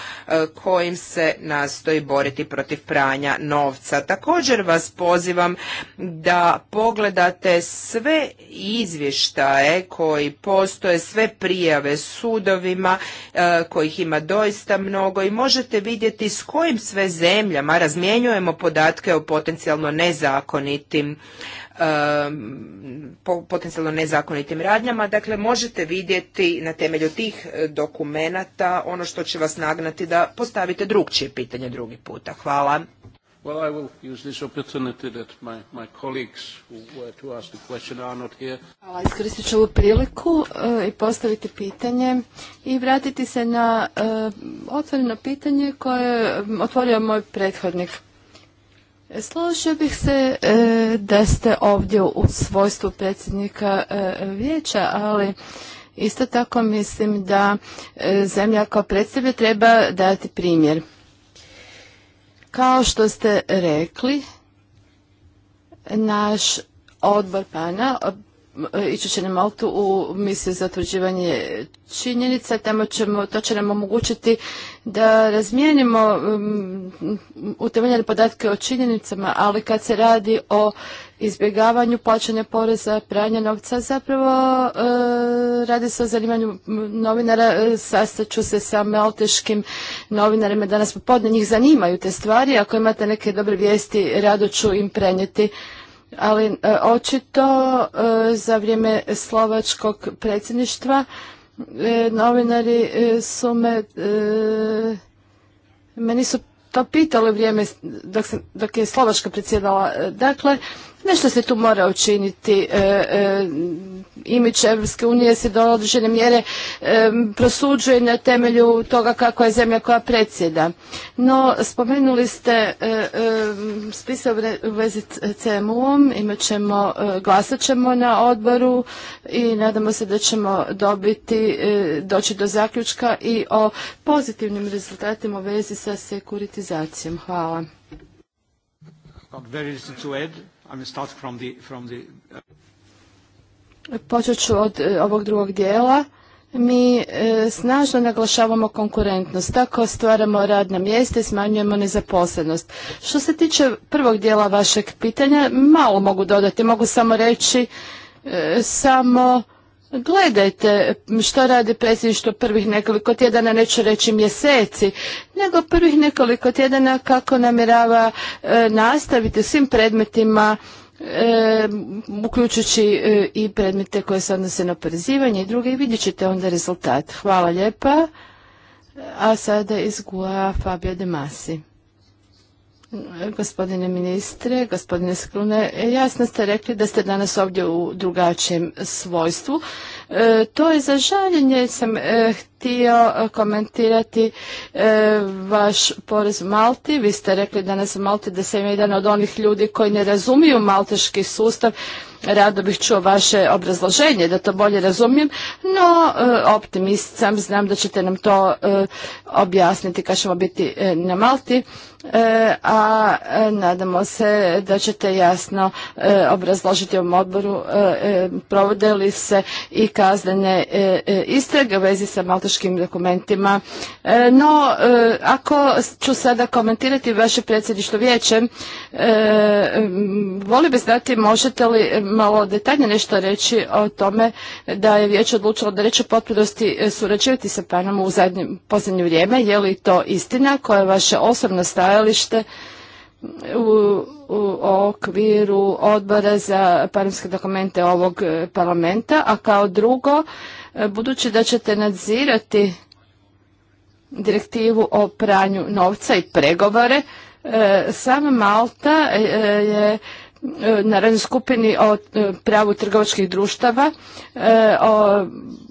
kojim se nastoji boriti protiv pranja novca. Također vas pozivam da pogledate sve izvještaje koji postoje, sve prijave sudovima e, kojih ima doista mnogo i možete vidjeti s kojim sve zemljama razmjenjujemo podatke o potencijalno nezakonitim e, potencijalno nezakonitim radnjama. Dakle, možete vidjeti na temelju tih e, dokumenata ono što će vas nagnati da postavite drugčije pitanje drugi puta. Hvala. Well, I will use this opportunity that my, my colleagues who were to ask the question are not here. Hvala, iskoristit ću ovu priliku e, i postaviti pitanje i vratiti se na e, otvoreno pitanje koje je otvorio moj prethodnik. E, složio bih se da ste ovdje u svojstvu predsjednika vijeća, ali isto tako mislim da zemlja kao predstavlja treba dati primjer. Kao što ste rekli, naš odbor pana E, ići će na Maltu u misiju za utvrđivanje činjenica. to će nam omogućiti da razmijenimo um, utemeljene podatke o činjenicama, ali kad se radi o izbjegavanju plaćanja poreza, pranja novca, zapravo e, radi se o zanimanju novinara, e, sastaću se sa malteškim novinarima danas popodne, njih zanimaju te stvari, ako imate neke dobre vijesti, rado ću im prenijeti ali e, očito e, za vrijeme slovačkog predsjedništva e, novinari su me meni su to pitali vrijeme dok, dok je Slovačka predsjedala. Dakle, Nešto se tu mora učiniti. E, e, Imić Evropske unije se do određene mjere e, prosuđuje na temelju toga kako je zemlja koja predsjeda. No, spomenuli ste e, e, spisa u vezi CMU-om, imat ćemo, glasat ćemo na odboru i nadamo se da ćemo dobiti, doći do zaključka i o pozitivnim rezultatima u vezi sa sekuritizacijom. Hvala. Uh, Počet ću od e, ovog drugog dijela. Mi e, snažno naglašavamo konkurentnost, tako stvaramo radna mjesta i smanjujemo nezaposlenost. Što se tiče prvog dijela vašeg pitanja, malo mogu dodati, mogu samo reći e, samo Gledajte što radi predsjedništvo prvih nekoliko tjedana, neću reći mjeseci, nego prvih nekoliko tjedana kako namjerava e, nastaviti nastaviti svim predmetima, e, uključujući e, i predmete koje se odnose na oporezivanje i druge i vidjet ćete onda rezultat. Hvala lijepa. A sada iz Fabio De Masi. Gospodine ministre, gospodine Skrune, jasno ste rekli da ste danas ovdje u drugačijem svojstvu. E, to je za žaljenje sam e, htio eh, komentirati eh, vaš porez Malti. Vi ste rekli danas u Malti da sam jedan od onih ljudi koji ne razumiju malteški sustav. Rado bih čuo vaše obrazloženje da to bolje razumijem, no eh, optimist sam, znam da ćete nam to objasniti kad ćemo biti na Malti, a nadamo se da ćete jasno obrazložiti u ovom odboru provode li se i kaznene istrage u vezi sa malteškim strateškim dokumentima. E, no, e, ako ću sada komentirati vaše predsjedništvo vijeće, e, voli bi znati možete li malo detaljnije nešto reći o tome da je vijeće odlučilo da reći potpunosti surađivati sa Panom u zadnje, posljednje vrijeme. Je li to istina? Koje je vaše osobno stajalište? U, okviru odbora za paramske dokumente ovog parlamenta, a kao drugo E, budući da ćete nadzirati direktivu o pranju novca i pregovore, e, sam Malta e, je na radnoj skupini o pravu trgovačkih društava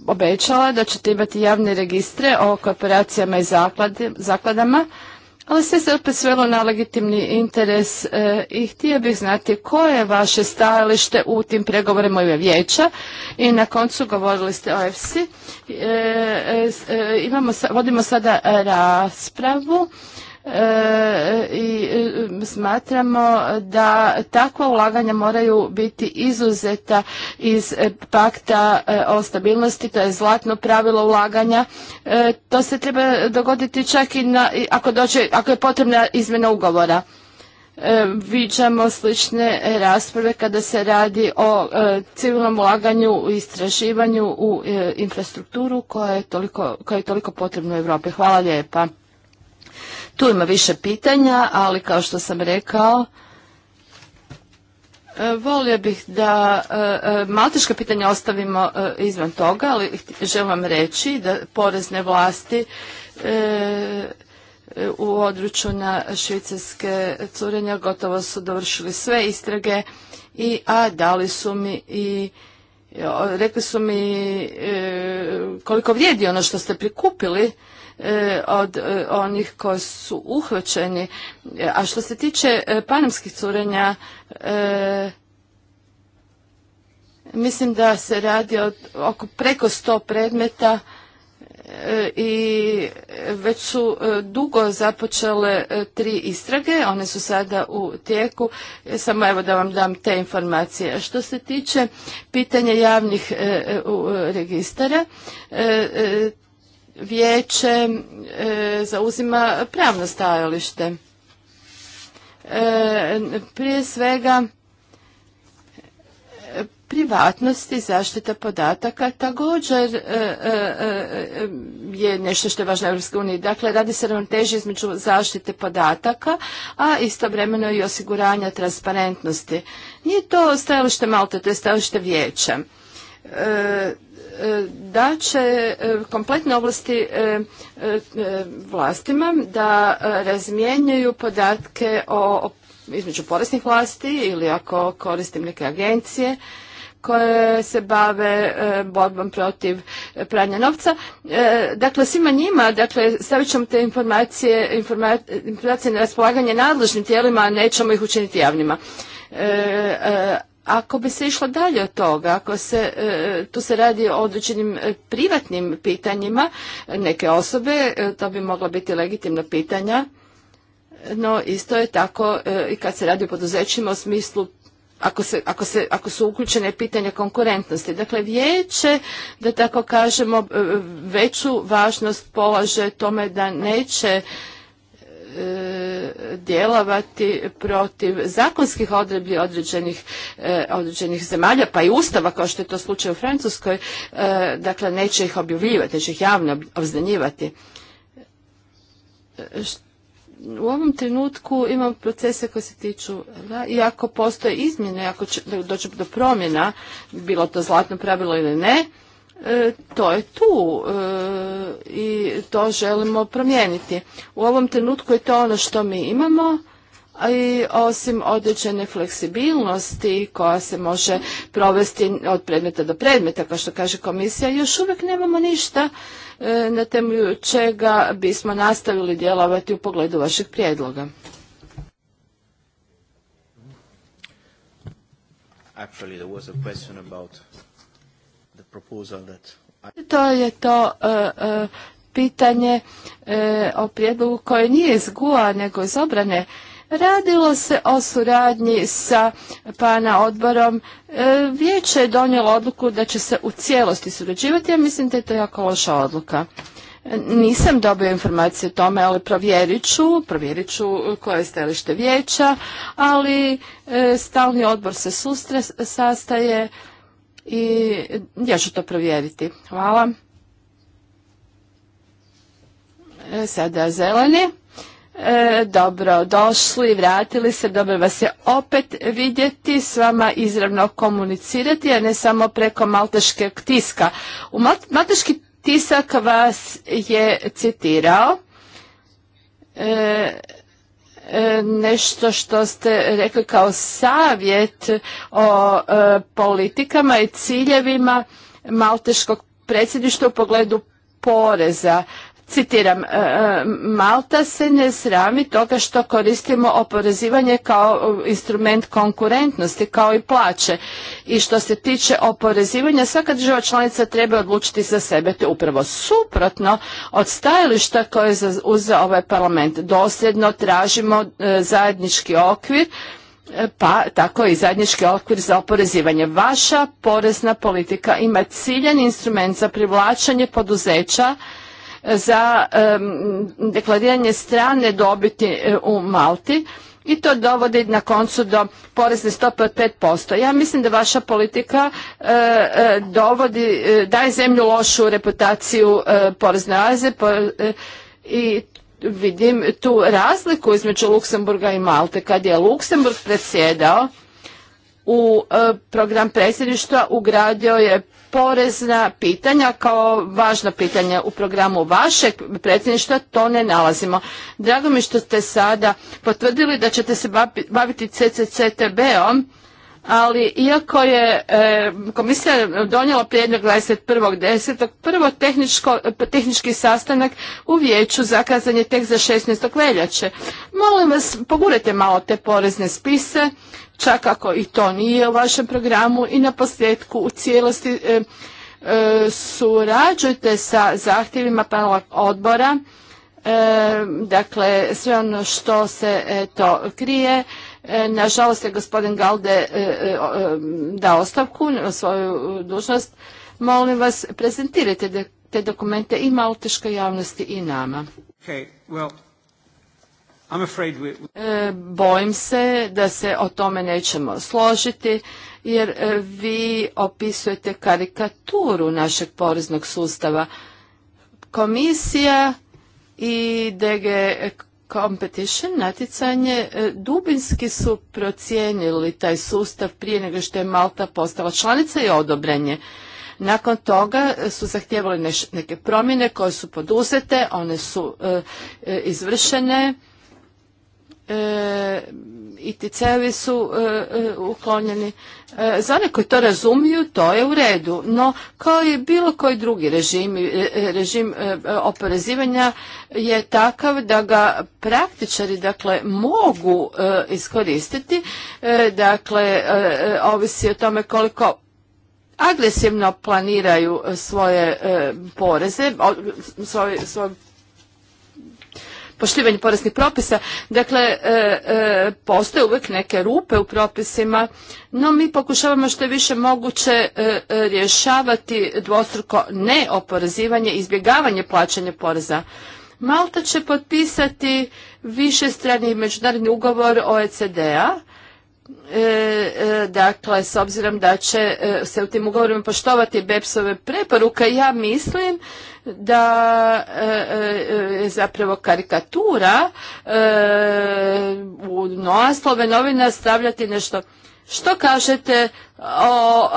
obećala da ćete imati javne registre o kooperacijama i zakladama ali sve se opet svelo na legitimni interes e, i htio bih znati koje je vaše stajalište u tim pregovorima u vijeća i na koncu govorili ste o EFSI. E, e, vodimo sada raspravu E, i e, smatramo da takva ulaganja moraju biti izuzeta iz e, pakta o stabilnosti, to je zlatno pravilo ulaganja. To se treba dogoditi čak i na, ako, dođe, ako je potrebna izmjena ugovora viđamo slične rasprave kada se radi o civilnom ulaganju u istraživanju u infrastrukturu koja je toliko, koja je toliko potrebna u Europi. Hvala lijepa. Tu ima više pitanja, ali kao što sam rekao, e, Volio bih da e, e, malteška pitanja ostavimo izvan toga, ali želim vam reći da porezne vlasti u odručju na švicarske curenja gotovo su dovršili sve istrage, i a dali su mi i rekli su mi koliko vrijedi ono što ste prikupili E, od e, onih koji su uhvaćeni. A što se tiče e, panamskih curenja, mislim da se radi od oko preko sto predmeta i već su dugo započele tri istrage, one su sada u tijeku, samo evo da vam dam te informacije. Što se tiče pitanja javnih registara, vijeće e, zauzima pravno stajalište. E, prije svega privatnost i zaštita podataka također e, je nešto što je važno EU. Dakle, radi se ravnoteži između zaštite podataka, a istovremeno i osiguranja transparentnosti. Nije to stajalište Malta, to je stajalište vijeća da će e, kompletne oblasti e, e, vlastima da razmijenjaju podatke o, između poreznih vlasti ili ako koristim neke agencije koje se bave borbom protiv pranja novca. Dakle, svima njima, dakle, stavit ćemo te informacije, informacije na raspolaganje nadležnim tijelima, a nećemo ih učiniti javnima. Ako bi se išlo dalje od toga, ako se e, tu se radi o određenim e, privatnim pitanjima neke osobe, e, to bi mogla biti legitimna pitanja, no isto je tako i kad se radi o poduzećima u smislu ako, se, ako, se, ako su uključene pitanja konkurentnosti. Dakle, vijeće, da tako kažemo, veću važnost polaže tome da neće E, djelovati protiv zakonskih odredbi e, određenih, zemalja, pa i ustava kao što je to slučaj u Francuskoj, e, dakle neće ih objavljivati, neće ih javno obznanjivati. U ovom trenutku imamo procese koji se tiču da, i ako postoje izmjene, ako će doći do promjena, bilo to zlatno pravilo ili ne, E, to je tu e, i to želimo promijeniti. U ovom trenutku je to ono što mi imamo i osim određene fleksibilnosti koja se može provesti od predmeta do predmeta, kao što kaže komisija, još uvijek nemamo ništa e, na temelju čega bismo nastavili djelovati u pogledu vašeg prijedloga. Actually, there was a question about to je to e, e, pitanje e, o prijedlogu koje nije iz GUA nego iz obrane. Radilo se o suradnji sa pana odborom. Vijeće je donijelo odluku da će se u cijelosti surađivati, ja mislim da je to jako loša odluka. Nisam dobio informacije o tome, ali provjerit ću, provjerit ću koje je stajalište vijeća, ali stalni odbor se sastaje i ja ću to provjeriti. Hvala. E, sada zeleni. E, dobro, došli, vratili se, dobro vas je opet vidjeti, s vama izravno komunicirati, a ne samo preko malteškog tiska. U malteški tisak vas je citirao. E, E, nešto što ste rekli kao savjet o e, politikama i ciljevima malteškog predsjedništva u pogledu poreza. Citiram, e, e, Malta se ne srami toga što koristimo oporezivanje kao e, instrument konkurentnosti, kao i plaće. I što se tiče oporezivanja, svaka država članica treba odlučiti za sebe. To upravo suprotno od stajališta koje je uzeo ovaj parlament. Dosljedno tražimo zajednički okvir pa tako i zajednički okvir za oporezivanje. Vaša porezna politika ima ciljan instrument za privlačanje poduzeća za deklariranje strane dobiti e, u Malti i to dovodi na koncu do porezne stope od 5%. Ja mislim da vaša politika e, e, dovodi, daje zemlju lošu reputaciju porezne oaze i vidim tu razliku između Luksemburga i Malte. Kad je Luksemburg predsjedao, u e, program predsjedništva ugradio je porezna pitanja kao važna pitanja u programu vašeg predsjedništva, to ne nalazimo. Drago mi što ste sada potvrdili da ćete se baviti CCCTB-om ali iako je e, komisija donijela prijedlog 21.10. prvo tehnički sastanak u vijeću zakazan je tek za 16. veljače. Molim vas, pogurajte malo te porezne spise, čak ako i to nije u vašem programu i na posljedku u cijelosti e, e surađujte sa zahtjevima panela odbora, e, dakle sve ono što se e, to krije, E, nažalost je gospodin Galde e, e, dao ostavku na svoju dužnost. Molim vas, prezentirajte te dokumente i malteškoj javnosti i nama. Bojim se da se o tome nećemo složiti jer vi opisujete karikaturu našeg poreznog sustava. Komisija i DG Competition, natjecanje, e, dubinski su procijenili taj sustav prije nego što je Malta postala članica i odobrenje. Nakon toga e, su zahtjevali neke promjene koje su poduzete, one su e, izvršene E, i ti su e, e, uklonjeni. Za one koji to razumiju, to je u redu. No, kao i bilo koji drugi režim, režim oporezivanja je takav da ga praktičari, dakle, mogu iskoristiti. Dakle, ovisi o tome koliko agresivno planiraju svoje poreze, svoj, svoj poštivanje poreznih propisa. Dakle, e, e, postoje uvijek neke rupe u propisima, no mi pokušavamo što je više moguće e, rješavati dvostruko neoporezivanje, izbjegavanje plaćanja poreza. Malta će potpisati višestrani međunarodni ugovor OECD-a E, e, dakle, s obzirom da će e, se u tim ugovorima poštovati BEPS-ove preporuke, ja mislim da je zapravo karikatura u naslove novina stavljati nešto. Što kažete o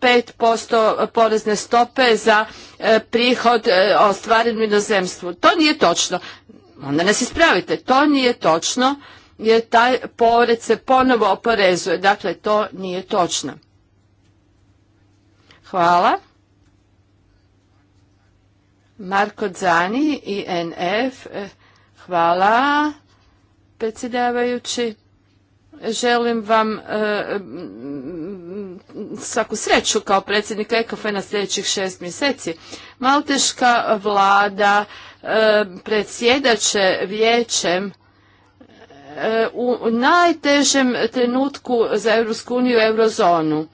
5% porezne stope za prihod ostvaren u inozemstvu? To nije točno. Onda nas ispravite. To nije točno jer taj porez se ponovo oporezuje. Dakle, to nije točno. Hvala. Marko Dzani, i NF. Hvala, predsjedavajući. Želim vam e, svaku sreću kao predsjednika ekf na sljedećih šest mjeseci. Malteška vlada e, predsjedače vijećem u najtežem trenutku za Europsku uniju i eurozonu.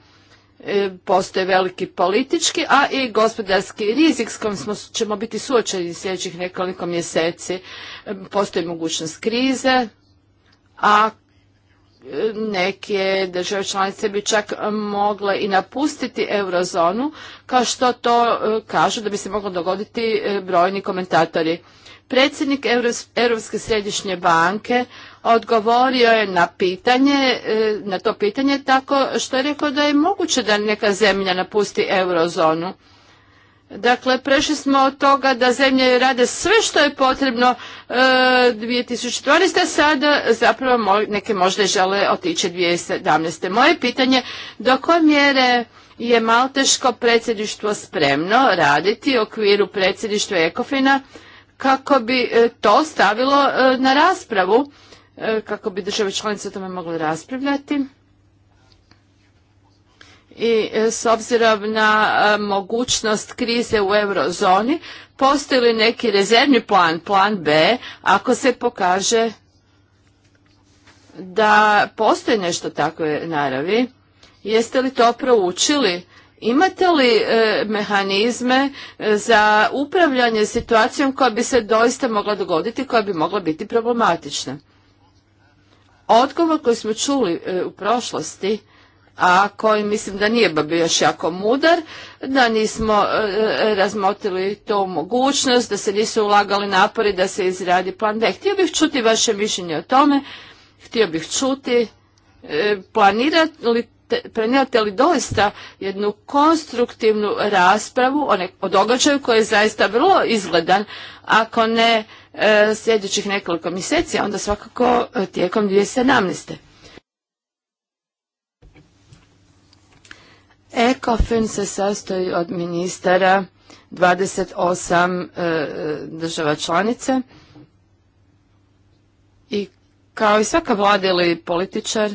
E, postoje veliki politički, a i gospodarski rizik s kojim smo, ćemo biti suočeni sljedećih nekoliko mjeseci. E, postoji mogućnost krize, a e, neke države članice bi čak mogle i napustiti eurozonu, kao što to kažu da bi se moglo dogoditi brojni komentatori. Predsjednik Europske središnje banke odgovorio je na pitanje, e, na to pitanje tako što je rekao da je moguće da neka zemlja napusti eurozonu. Dakle, prešli smo od toga da zemlje rade sve što je potrebno e, 2012. sada zapravo neke možda žele otići 2017. Moje pitanje do koje mjere je malteško predsjedništvo spremno raditi u okviru predsjedništva Ekofina kako bi e, to stavilo e, na raspravu, e, kako bi države članice o tome mogle raspravljati. I s obzirom na mogućnost krize u eurozoni, postoji li neki rezervni plan, plan B, ako se pokaže da postoji nešto takve naravi? Jeste li to proučili? Imate li e, mehanizme e, za upravljanje situacijom koja bi se doista mogla dogoditi, koja bi mogla biti problematična? Odgovor koji smo čuli e, u prošlosti, a koji mislim da nije bio još jako mudar, da nismo razmotrili razmotili tu mogućnost, da se nisu ulagali napori da se izradi plan B. Htio bih čuti vaše mišljenje o tome, htio bih čuti planirati li prenijete li doista jednu konstruktivnu raspravu o, događaju koji je zaista vrlo izgledan, ako ne e, sljedećih nekoliko mjeseci, a onda svakako e, tijekom 2017. ECOFIN se sastoji od ministara 28 e, država članica i kao i svaka vlada ili političar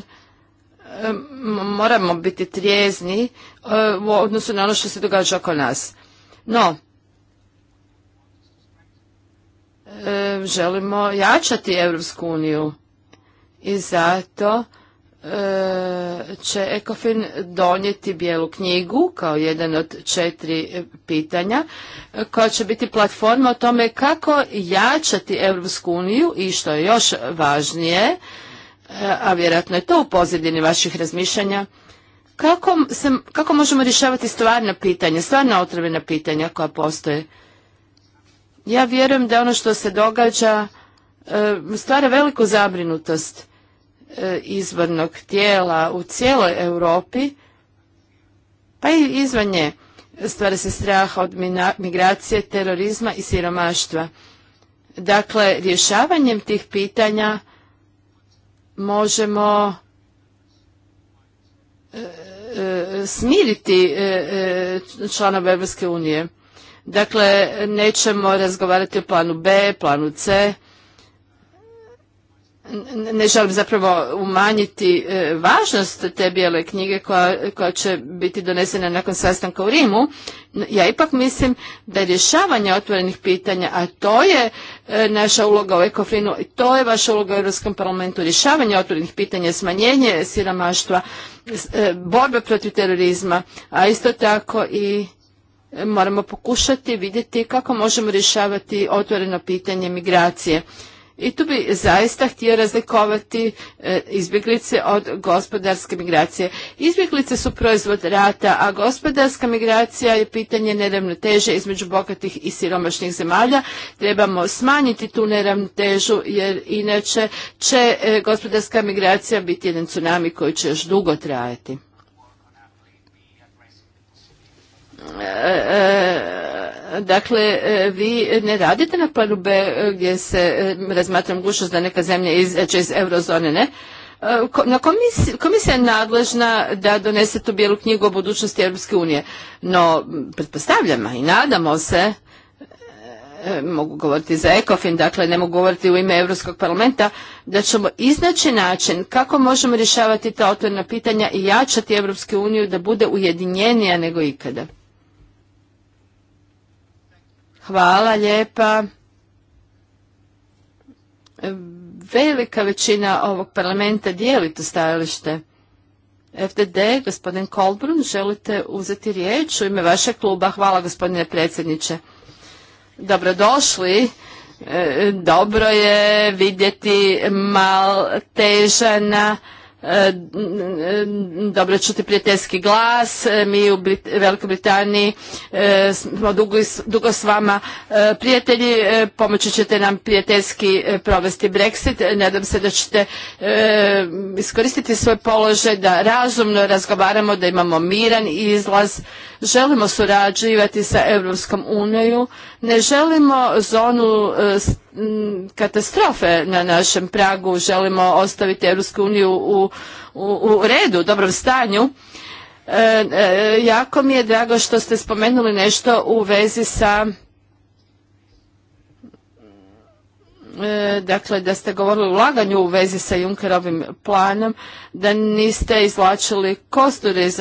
moramo biti trijezni e, u odnosu na ono što se događa oko nas. No, e, želimo jačati Europsku uniju i zato e, će ECOFIN donijeti bijelu knjigu kao jedan od četiri pitanja koja će biti platforma o tome kako jačati Evropsku uniju i što je još važnije E, a vjerojatno je to u pozadini vaših razmišljanja, kako, se, kako možemo rješavati stvarna pitanja, stvarna otrovena pitanja koja postoje? Ja vjerujem da ono što se događa e, stvara veliku zabrinutost e, izbornog tijela u cijeloj Europi, pa i izvan nje. Stvara se straha od migracije, terorizma i siromaštva. Dakle, rješavanjem tih pitanja možemo e, e, smiriti e, članove Europske unije. Dakle, nećemo razgovarati o planu B, planu C, ne želim zapravo umanjiti e, važnost te bijele knjige koja, koja će biti donesena nakon sastanka u Rimu, ja ipak mislim da rješavanje otvorenih pitanja, a to je e, naša uloga u Ekofinu, to je vaša uloga u Europskom parlamentu, rješavanje otvorenih pitanja, smanjenje siromaštva, e, borbe protiv terorizma, a isto tako i moramo pokušati vidjeti kako možemo rješavati otvoreno pitanje migracije. I tu bi zaista htio razlikovati e, izbjeglice od gospodarske migracije. Izbjeglice su proizvod rata, a gospodarska migracija je pitanje neravnoteže između bogatih i siromašnih zemalja. Trebamo smanjiti tu neravnotežu jer inače će e, gospodarska migracija biti jedan tsunami koji će još dugo trajati. E, Dakle, e, vi ne radite na planu B e, gdje se e, razmatra mogućnost da neka zemlja će iz eurozone, ne? Na komisija, je nadležna da donese tu bijelu knjigu o budućnosti Europske unije, no pretpostavljamo i nadamo se mogu govoriti za ECOFIN, dakle ne mogu govoriti u ime Europskog parlamenta, da ćemo iznaći način kako možemo rješavati ta otvorena pitanja i jačati Europsku uniju da bude ujedinjenija nego ikada. Hvala lijepa. Velika većina ovog parlamenta dijeli to stajalište. FDD, gospodin Kolbrun, želite uzeti riječ u ime vašeg kluba. Hvala gospodine predsjedniče. Dobrodošli. E, dobro je vidjeti mal težana E, dobro čuti prijateljski glas. E, mi u Velikoj Britaniji e, smo dugo, dugo s vama prijatelji. Pomoći ćete nam prijateljski provesti Brexit. Nadam se da ćete iskoristiti svoj položaj da razumno razgovaramo, da imamo miran izlaz želimo surađivati sa Europskom uniju, ne želimo zonu e, katastrofe na našem pragu, želimo ostaviti Europsku uniju u, u, redu, u dobrom stanju. E, e, jako mi je drago što ste spomenuli nešto u vezi sa dakle da ste govorili o ulaganju u vezi sa Junkerovim planom, da niste izvlačili kostu iz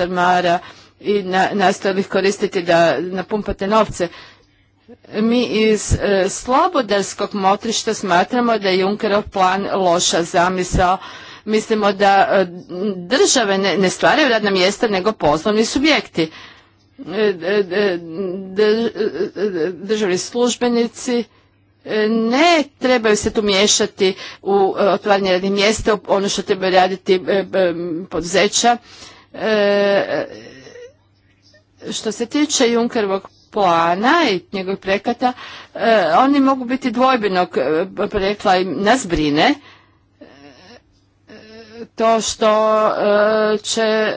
i na, nastojali ih koristiti da napumpate novce. Mi iz e, slobodarskog motrišta smatramo da je Junkerov plan loša zamisao. Mislimo da e, države ne, stvaraju radna mjesta nego poslovni subjekti. E, državni službenici ne trebaju se tu miješati u otvaranje radnih mjesta, ono što trebaju raditi poduzeća. Što se tiče Junkerovog plana i njegovih projekata, e, oni mogu biti dvojbenog prekla e, i nas brine e, to što će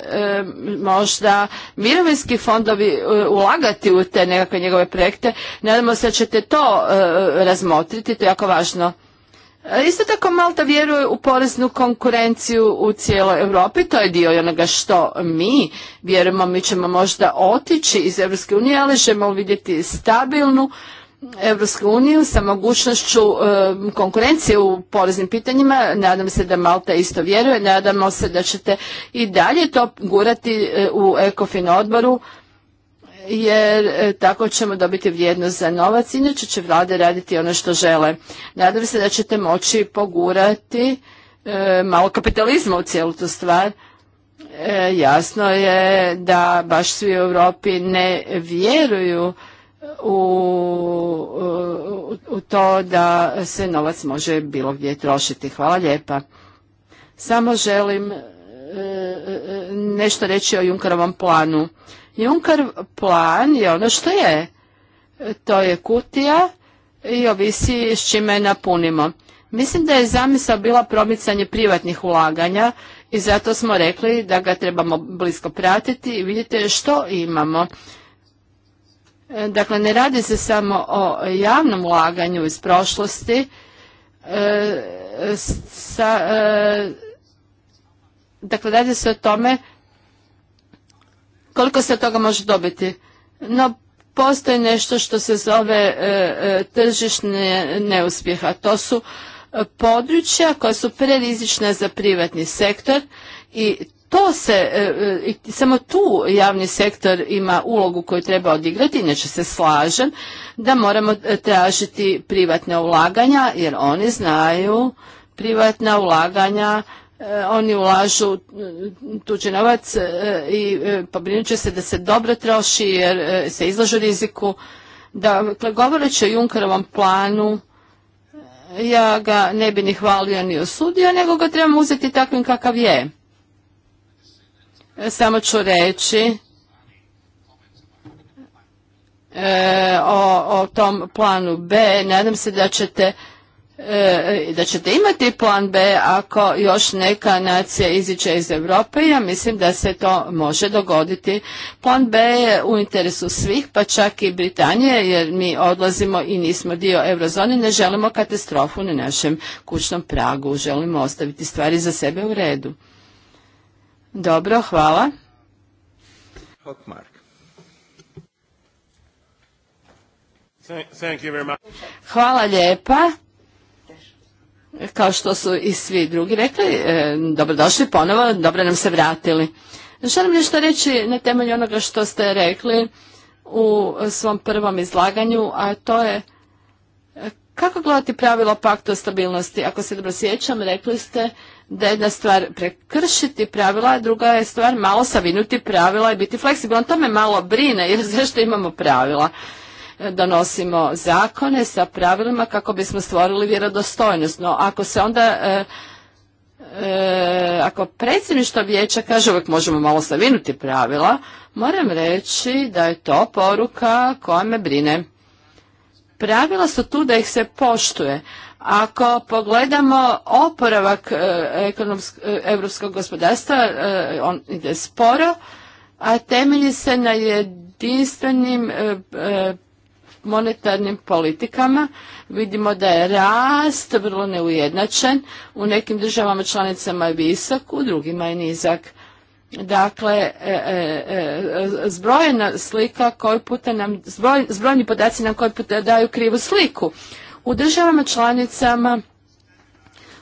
možda mirovinski fondovi ulagati u te nekakve njegove projekte. Nadamo se da ćete to razmotriti, to je jako važno. E, isto tako Malta vjeruje u poreznu konkurenciju u cijeloj Europi, to je dio onoga što mi vjerujemo, mi ćemo možda otići iz Europske unije, ali ćemo vidjeti stabilnu Europsku uniju sa mogućnošću e, konkurencije u poreznim pitanjima. Nadam se da Malta isto vjeruje, nadamo se da ćete i dalje to gurati e, u ECOFIN odboru jer e, tako ćemo dobiti vrijednost za novac, inače će vlade raditi ono što žele. Nadam se da ćete moći pogurati e, malo kapitalizma u cijelu tu stvar. E, jasno je da baš svi u Europi ne vjeruju u, u, to da se novac može bilo gdje trošiti. Hvala lijepa. Samo želim nešto reći o Junkarovom planu. Junkar plan je ono što je. To je kutija i ovisi s čime napunimo. Mislim da je zamisao bila promicanje privatnih ulaganja i zato smo rekli da ga trebamo blisko pratiti i vidite što imamo. Dakle, ne radi se samo o javnom ulaganju iz prošlosti, e, e, dakle, radi se o tome koliko se toga može dobiti. No, postoji nešto što se zove e, e tržišne neuspjeha. To su e, područja koja su prerizična za privatni sektor i to se, e, samo tu javni sektor ima ulogu koju treba odigrati, inače se slažem, da moramo tražiti privatne ulaganja jer oni znaju privatna ulaganja E, oni ulažu e, tuđi novac e, i pobrinut će se da se dobro troši jer se izlažu riziku. Dakle, govoreći o Junkerovom planu, ja ga ne bi ni hvalio ni osudio, nego ga trebamo uzeti takvim kakav je. Samo ću reći o, o tom planu B. Nadam se da ćete E, da ćete imati plan B ako još neka nacija iziđe iz Europe. Ja mislim da se to može dogoditi. Plan B je u interesu svih, pa čak i Britanije, jer mi odlazimo i nismo dio eurozone. Ne želimo katastrofu na našem kućnom pragu. Želimo ostaviti stvari za sebe u redu. Dobro, hvala. Hvala lijepa kao što su i svi drugi rekli, e, dobrodošli ponovo, dobro nam se vratili. Želim nešto reći na temelju onoga što ste rekli u svom prvom izlaganju, a to je e, kako gledati pravilo pakta o stabilnosti? Ako se dobro sjećam, rekli ste da je jedna stvar prekršiti pravila, a druga je stvar malo savinuti pravila i biti fleksibilan. To me malo brine, jer zašto imamo pravila? donosimo zakone sa pravilima kako bismo stvorili vjerodostojnost. No ako se onda e, e, ako predsjedništvo vijeća kaže uvijek možemo malo savinuti pravila, moram reći da je to poruka koja me brine. Pravila su tu da ih se poštuje. Ako pogledamo oporavak europskog e, gospodarstva, on ide sporo, a temelji se na jedinstvenim e, monetarnim politikama vidimo da je rast vrlo neujednačen, u nekim državama članicama je visok, u drugima je nizak. Dakle, e, e, e, zbrojena slika koji puta nam, zbrojni podaci nam koji puta daju krivu sliku. U državama članicama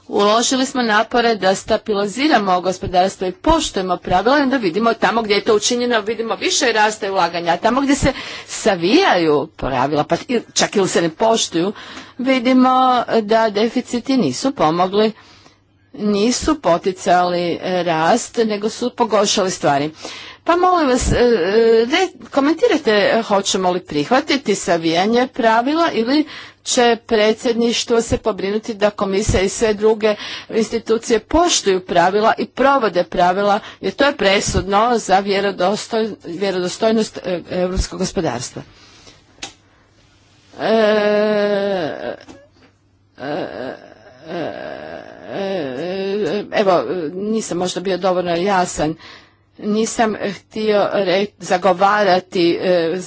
uložili smo napore da stabiliziramo gospodarstvo i poštujemo pravila i da vidimo tamo gdje je to učinjeno, vidimo više rasta i ulaganja, a tamo gdje se savijaju pravila, pa čak ili se ne poštuju, vidimo da deficiti nisu pomogli nisu poticali rast, nego su pogošali stvari. Pa molim vas, e, e, komentirajte e, hoćemo li prihvatiti savijanje pravila ili će predsjedništvo se pobrinuti da komisija i sve druge institucije poštuju pravila i provode pravila jer to je presudno za vjerodostojnost europskog gospodarstva. evo, nisam možda bio dovoljno jasan nisam htio re, zagovarati e,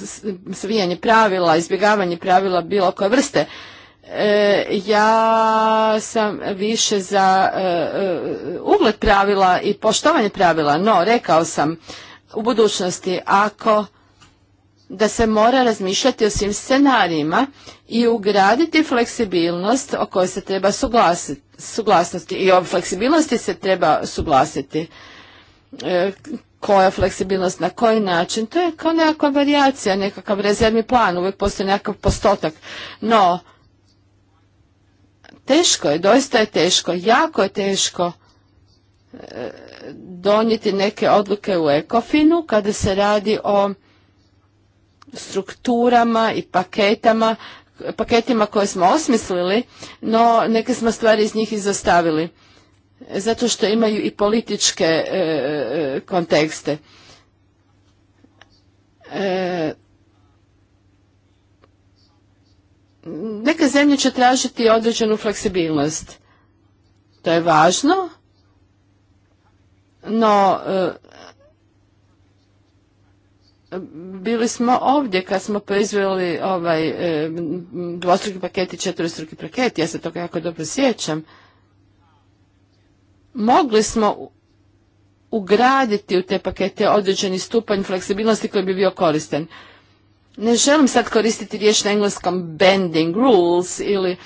svijanje pravila, izbjegavanje pravila bilo koje vrste. E, ja sam više za e, ugled pravila i poštovanje pravila, no rekao sam u budućnosti ako da se mora razmišljati o svim scenarijima i ugraditi fleksibilnost o kojoj se treba suglasiti. I o fleksibilnosti se treba suglasiti. E, koja fleksibilnost, na koji način, to je kao nekakva varijacija, nekakav rezervni plan, uvijek postoji nekakav postotak. No, teško je, doista je teško, jako je teško e, donijeti neke odluke u ekofinu kada se radi o strukturama i paketama, paketima koje smo osmislili, no neke smo stvari iz njih izostavili zato što imaju i političke e, e, kontekste. E, neke zemlje će tražiti određenu fleksibilnost. To je važno, no e, bili smo ovdje kad smo proizveli ovaj e, dvostruki paket i četvrstruki paket, ja se to jako dobro sjećam mogli smo ugraditi u te pakete određeni stupanj fleksibilnosti koji bi bio koristen. Ne želim sad koristiti riječ na engleskom bending rules ili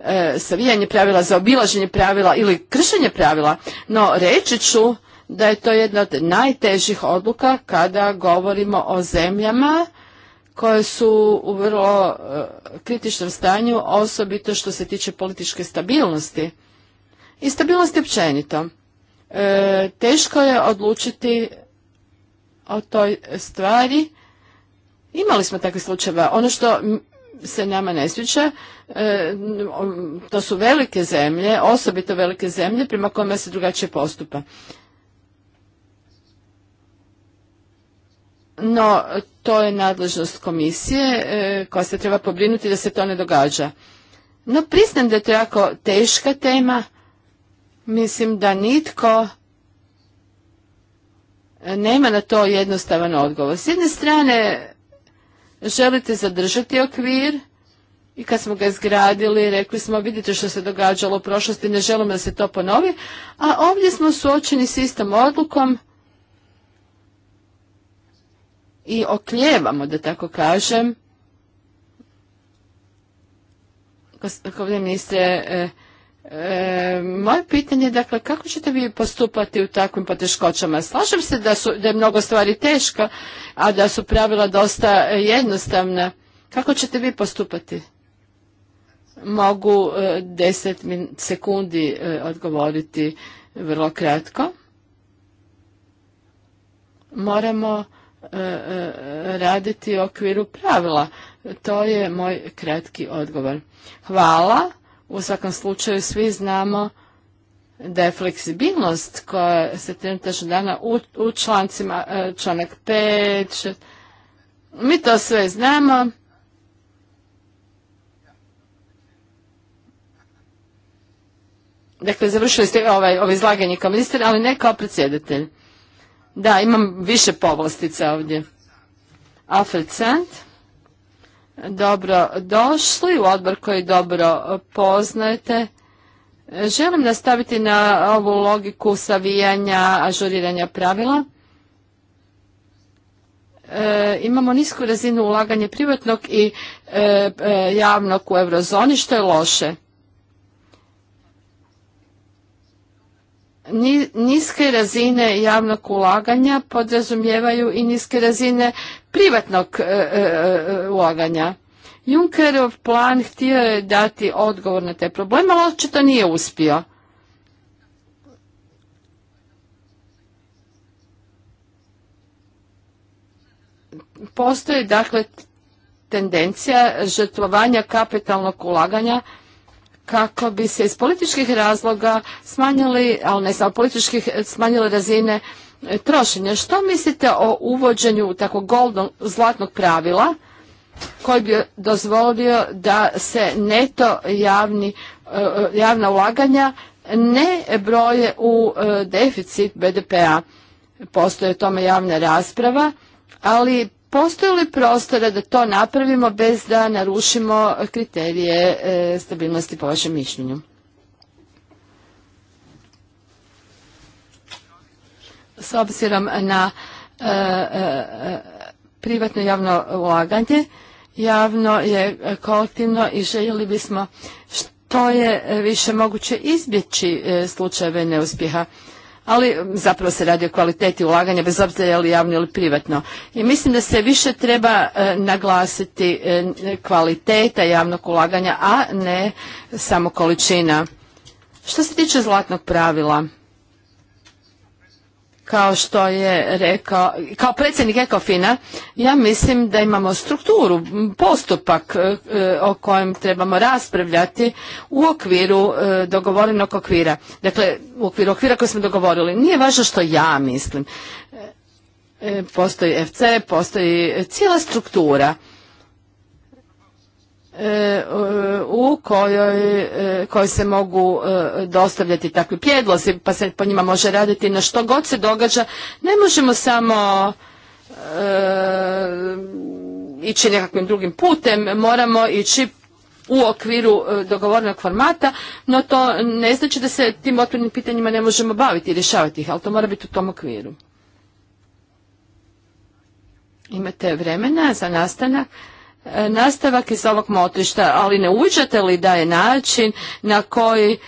e, savijanje pravila, zaobilaženje pravila ili kršenje pravila, no reći ću da je to jedna od najtežih odluka kada govorimo o zemljama koje su u vrlo e, kritičnom stanju, osobito što se tiče političke stabilnosti i stabilnost općenito. E, teško je odlučiti o toj stvari. Imali smo takve slučajeva. Ono što se nama ne sviđa, e, to su velike zemlje, osobito velike zemlje prema kojima se drugačije postupa. No, to je nadležnost komisije e, koja se treba pobrinuti da se to ne događa. No, priznam da je to jako teška tema, Mislim da nitko nema na to jednostavan odgovor. S jedne strane želite zadržati okvir i kad smo ga izgradili rekli smo vidite što se događalo u prošlosti, ne želimo da se to ponovi, a ovdje smo suočeni s istom odlukom i okljevamo, da tako kažem. Gospodine ministre, eh, E, moje pitanje je dakle kako ćete vi postupati u takvim poteškoćama? Slažem se da, su, da je mnogo stvari teško, a da su pravila dosta jednostavna. Kako ćete vi postupati? Mogu e, deset sekundi e, odgovoriti vrlo kratko. Moramo raditi u okviru pravila. To je moj kratki odgovor. Hvala. U svakom slučaju svi znamo da je fleksibilnost koja se trenutačno dana u, člancima, e, članak 5, mi to sve znamo. Dakle, završili ste ovaj, ovo izlaganje kao ministar, ali ne kao predsjedatelj. Da, imam više povlastica ovdje. Alfred Sant dobro došli u odbor koji dobro poznajete. Želim nastaviti na ovu logiku savijanja, ažuriranja pravila. E, imamo nisku razinu ulaganja privatnog i e, e, javnog u eurozoni, što je loše. niske razine javnog ulaganja podrazumijevaju i niske razine privatnog e, e, e, ulaganja. Junckerov plan htio je dati odgovor na te probleme, ali očito nije uspio. Postoji dakle tendencija žrtvovanja kapitalnog ulaganja kako bi se iz političkih razloga smanjili, ali ne samo političkih, smanjile razine e, trošenja. Što mislite o uvođenju tako goldnog, zlatnog pravila koji bi dozvolio da se neto javni, e, e, javna ulaganja ne broje u deficit BDP-a? Postoje tome javna rasprava, ali Postoji li prostora da to napravimo bez da narušimo kriterije e, stabilnosti po vašem mišljenju? S obzirom na e, e, privatno javno ulaganje, javno je kolektivno i željeli bismo što je više moguće izbjeći slučajeve neuspjeha ali zapravo se radi o kvaliteti ulaganja, bez obzira je li javno ili privatno. I mislim da se više treba e, naglasiti e, kvaliteta javnog ulaganja, a ne samo količina. Što se tiče zlatnog pravila, kao što je rekao, kao predsjednik Ekofina, ja mislim da imamo strukturu, postupak e, e, o kojem trebamo raspravljati u okviru e, dogovorenog okvira. Dakle, u okviru okvira koji smo dogovorili. Nije važno što ja mislim. postoji FC, postoji cijela struktura E, e, u e, kojoj, se mogu dostavljati takvi prijedlozi, pa se po njima može raditi na što god se događa. Ne možemo samo ići nekakvim drugim putem, moramo ići u okviru dogovornog formata, no to ne znači da se tim otvornim pitanjima ne možemo baviti i rješavati ih, ali to mora biti u tom okviru. Imate vremena za nastanak. E, nastavak iz ovog motrišta, ali ne uđete li da je način na koji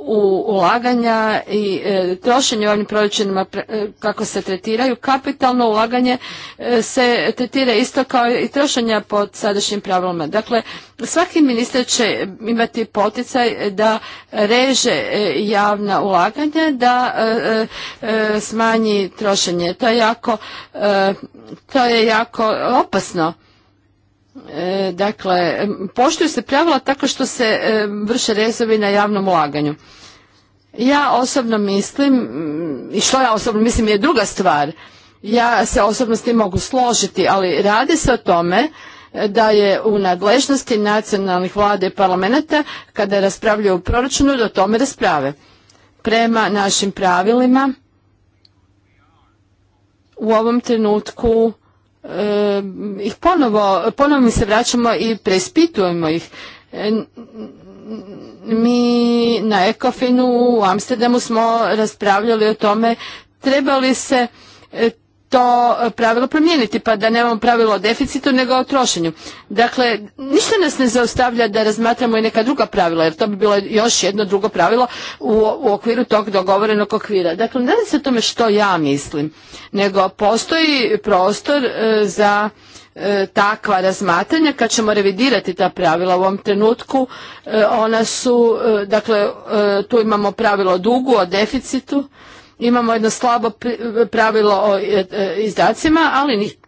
u ulaganja i e, trošenje trošenje ovim proračunima e, kako se tretiraju, kapitalno ulaganje se tretira isto kao i trošenja pod sadašnjim pravilima. Dakle, svaki ministar će imati poticaj da reže javna ulaganja, da smanji trošenje. To to je jako opasno E, dakle, poštuju se pravila tako što se vrše rezovi na javnom ulaganju. Ja osobno mislim, mm, i što ja osobno mislim je druga stvar, ja se osobno s tim mogu složiti, ali radi se o tome e, da je u nadležnosti nacionalnih vlade i parlamenta kada raspravljaju u proračunu da o tome rasprave. Prema našim pravilima u ovom trenutku ih ponovo, ponovo se vraćamo i prespitujemo ih. Mi na Ekofinu u Amsterdamu smo raspravljali o tome treba li se to e, pravilo promijeniti, pa da nemamo pravilo o deficitu nego o trošenju. Dakle, ništa nas ne zaustavlja da razmatramo i neka druga pravila, jer to bi bilo još jedno drugo pravilo u, okviru tog dogovorenog okvira. Dakle, ne radi se o tome što ja mislim, nego postoji prostor e, za e, takva razmatranja kad ćemo revidirati ta pravila u ovom trenutku. ona su, dakle, tu imamo pravilo o dugu, o deficitu, imamo jedno slabo pravilo o e, e, izdacima, ali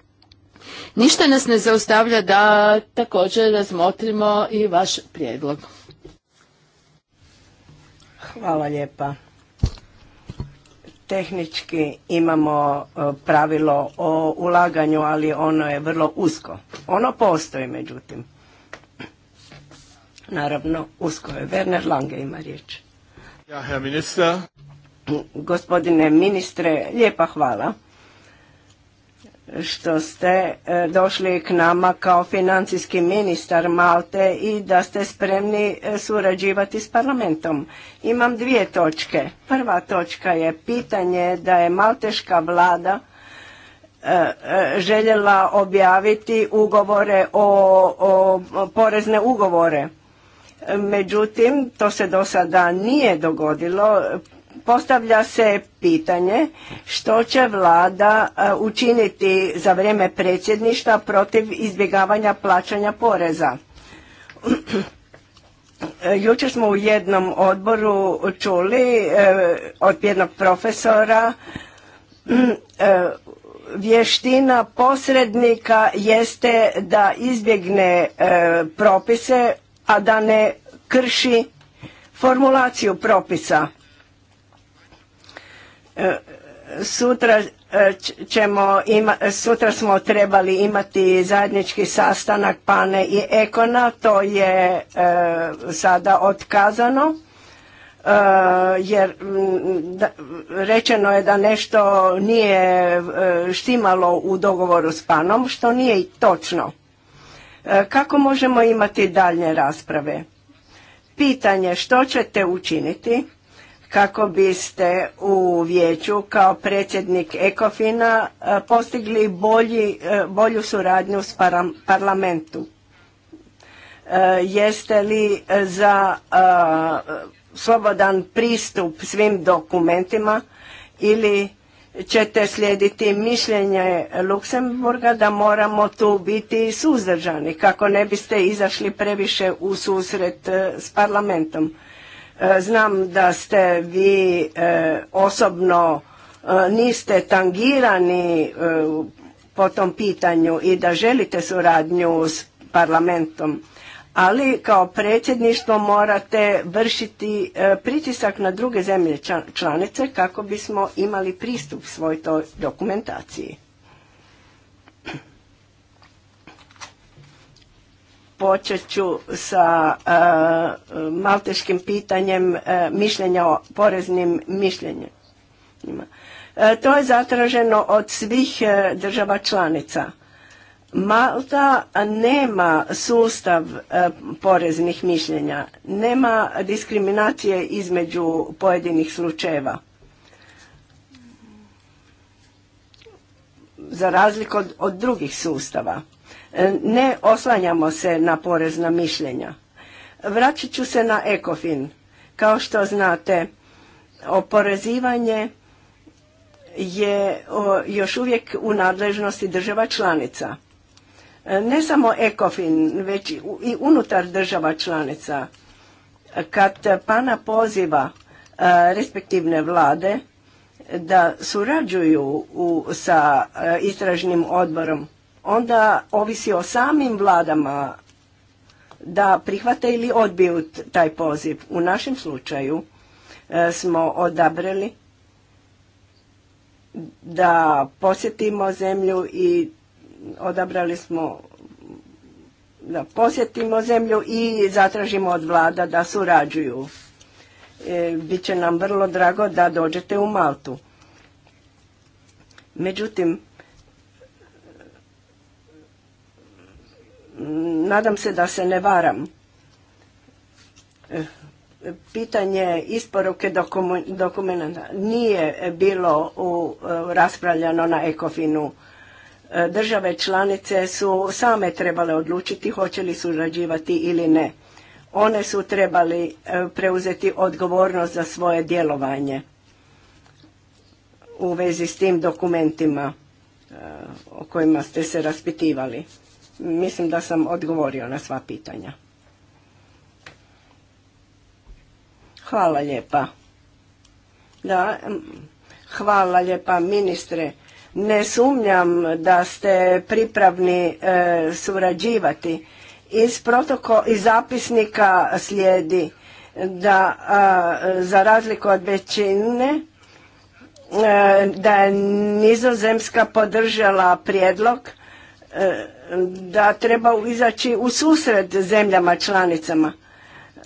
ništa nas ne zaustavlja da također razmotrimo i vaš prijedlog. Hvala lijepa. Tehnički imamo e, pravilo o ulaganju, ali ono je vrlo usko. Ono postoji, međutim. Naravno, usko je. Werner Lange ima riječ. Ja, herr minister. Gospodine ministre, lijepa hvala što ste e, došli k nama kao financijski ministar Malte i da ste spremni e, surađivati s parlamentom. Imam dvije točke. Prva točka je pitanje da je malteška vlada e, željela objaviti ugovore o, porezne ugovore. Međutim, to se do sada nije dogodilo. Postavlja se pitanje što će vlada e, učiniti za vrijeme predsjedništva protiv izbjegavanja plaćanja poreza. Jučer smo u jednom odboru čuli e, od jednog profesora e, vještina posrednika jeste da izbjegne propise, a da ne krši formulaciju propisa Sutra e, ćemo ima, sutra smo trebali imati zajednički sastanak Pane i Ekona, to je e, sada otkazano. E, jer rečeno je da nešto nije štimalo u dogovoru s panom, što nije točno. kako možemo imati daljnje rasprave? Pitanje što ćete učiniti kako biste u vijeću kao predsjednik Ekofina e, postigli bolji, e, bolju suradnju s parlamentu? E, jeste li za slobodan pristup svim dokumentima ili ćete slijediti mišljenje Luksemburga da moramo tu biti suzdržani kako ne biste izašli previše u susret s parlamentom. E, znam da ste vi e, osobno e, niste tangirani po tom pitanju i da želite suradnju s parlamentom, ali kao predsjedništvo morate vršiti pritisak na druge zemlje članice kako bismo imali pristup svoj toj dokumentaciji. počet ću sa e, malteškim pitanjem e, mišljenja o poreznim mišljenjima. E, to je zatraženo od svih država članica. Malta nema sustav poreznih mišljenja, nema diskriminacije između pojedinih slučajeva. Za razliku od drugih sustava. E, ne oslanjamo se na porezna mišljenja. Vraćat ću se na ekofin. Kao što znate, oporezivanje je još uvijek u nadležnosti država članica. E, ne samo ECOFIN, već i unutar država članica. Kad PANA poziva e, respektivne vlade da surađuju sa istražnim odborom onda ovisi o samim vladama da prihvate ili odbiju taj poziv. U našem slučaju e, smo odabrali da posjetimo zemlju i odabrali smo da posjetimo zemlju i zatražimo od vlada da surađuju. E, Biće nam vrlo drago da dođete u Maltu. Međutim, nadam se da se ne varam. Eh, pitanje isporuke dokumenta nije bilo eh, raspravljano na Ekofinu. Eh, države članice su same trebale odlučiti hoće li surađivati ili ne. One su trebali preuzeti odgovornost za svoje djelovanje u vezi s tim dokumentima o kojima ste se raspitivali. Mislim da sam odgovorio na sva pitanja. Hvala lijepa. Da, hvala lijepa ministre. Ne sumnjam da ste pripravni e, surađivati. Iz, protoko, iz zapisnika slijedi da za razliku od većine e, da je nizozemska podržala prijedlog E, da treba izaći u susret zemljama članicama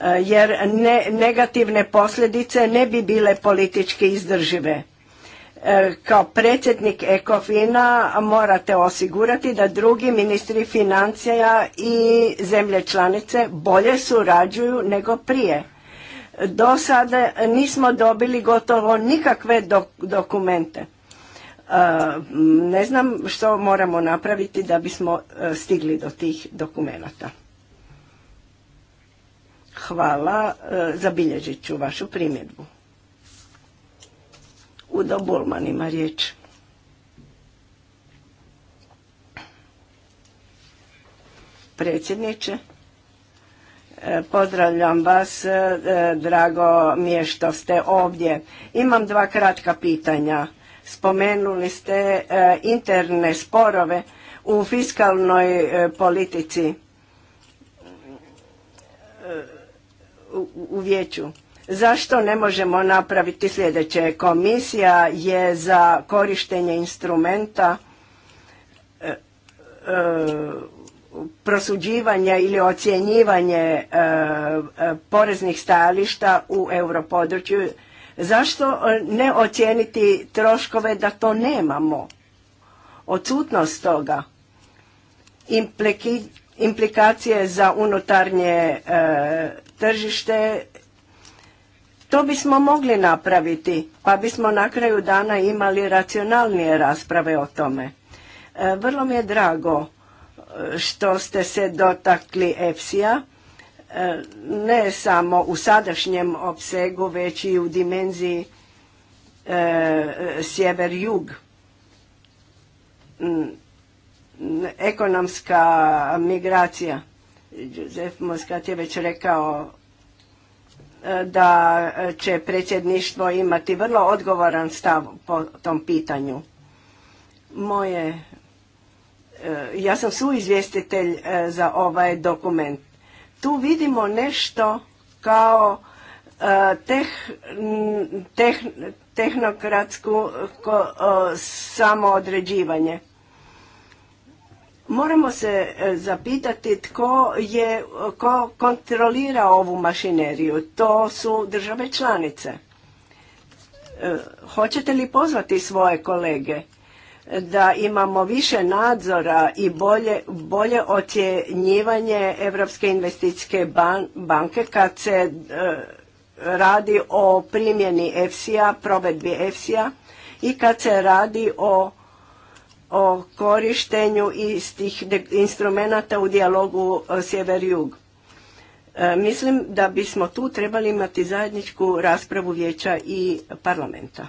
e, jer ne, negativne posljedice ne bi bile politički izdržive. E, kao predsjednik ECOFINA morate osigurati da drugi ministri financija i zemlje članice bolje surađuju nego prije. Do sada nismo dobili gotovo nikakve dokumente E, ne znam što moramo napraviti da bismo e, stigli do tih dokumenata. Hvala, e, zabilježit ću vašu primjedbu. U Bulman ima riječ. Predsjedniče, pozdravljam vas, drago mi je što ste ovdje. Imam dva kratka pitanja Spomenuli ste eh, interne sporove u fiskalnoj eh, politici eh, u vijeću. Zašto ne možemo napraviti sljedeće? Komisija je za korištenje instrumenta prosuđivanja ili ocjenjivanje poreznih stajališta u europodručju Zašto e, ne ocijeniti troškove da to nemamo? Odsutnost toga, implikacije za unutarnje e, tržište, to bismo mogli napraviti, pa bismo na kraju dana imali racionalnije rasprave o tome. E, vrlo mi je drago što ste se dotakli EFSI-a ne samo u sadašnjem opsegu, već i u dimenziji e, sjever-jug. Mm, ekonomska migracija. Josef Moskat je već rekao e, da će predsjedništvo imati vrlo odgovoran stav po tom pitanju. Moje, e, ja sam suizvjestitelj za ovaj dokument tu vidimo nešto kao e, teh, tehnokratsku ko, e, samoodređivanje. Moramo se e, zapitati tko je ko kontrolira ovu mašineriju. To su države članice. Hoćete li pozvati svoje kolege da imamo više nadzora i bolje, bolje ocjenjivanje Europske investicijske banke kad se e, radi o primjeni EFSI-a, provedbi EFSI-a i kad se radi o, o korištenju istih instrumenata u dijalogu e, sjever-jug. E, mislim da bismo tu trebali imati zajedničku raspravu vijeća i parlamenta.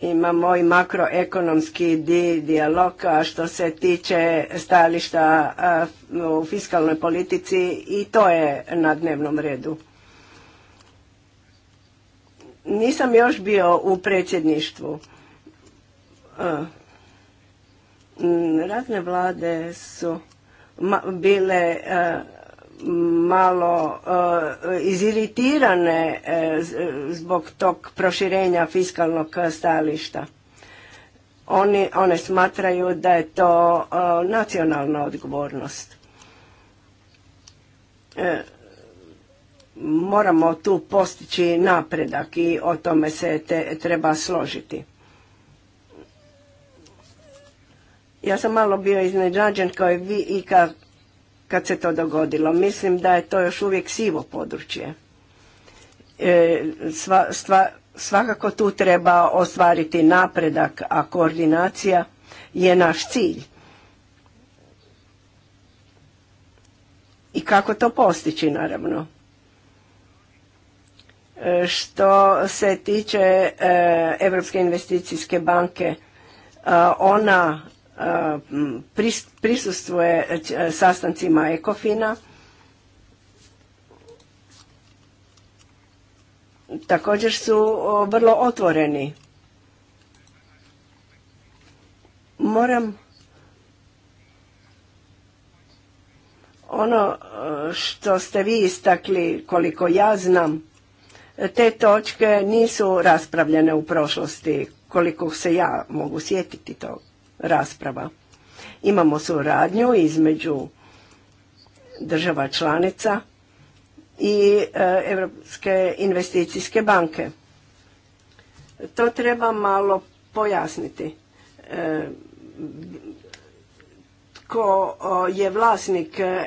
Ima moj makroekonomski dijalog a što se tiče stajališta u fiskalnoj politici i to je na dnevnom redu. Nisam još bio u predsjedništvu. razne vlade su bile malo e, iziritirane e, zbog tog proširenja fiskalnog stajališta. one smatraju da je to e, nacionalna odgovornost. Moramo tu postići napredak i o tome se treba složiti. Ja sam malo bio iznenađen kao i vi i kad se to dogodilo. Mislim da je to još uvijek sivo područje. E, sva, svakako tu treba ostvariti napredak, a koordinacija je naš cilj. I kako to postići, naravno. E, što se tiče Europske investicijske banke, e, ona E, prisustvuje e, e, sastancima Ekofina. Također su vrlo otvoreni. Moram ono što ste vi istakli, koliko ja znam, te točke nisu raspravljene u prošlosti, koliko se ja mogu sjetiti tog rasprava. Imamo suradnju između država članica i e, Europske investicijske banke. To treba malo pojasniti. E, ko je vlasnik e,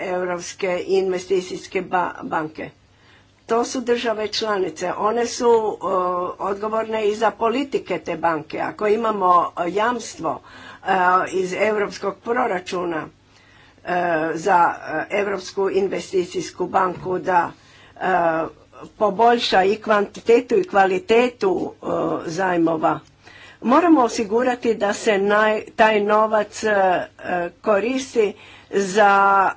Europske investicijske banke? to su države članice. One su odgovorne i za politike te banke. Ako imamo jamstvo iz europskog proračuna za Europsku investicijsku banku da poboljša i kvantitetu i kvalitetu zajmova, moramo osigurati da se taj novac koristi za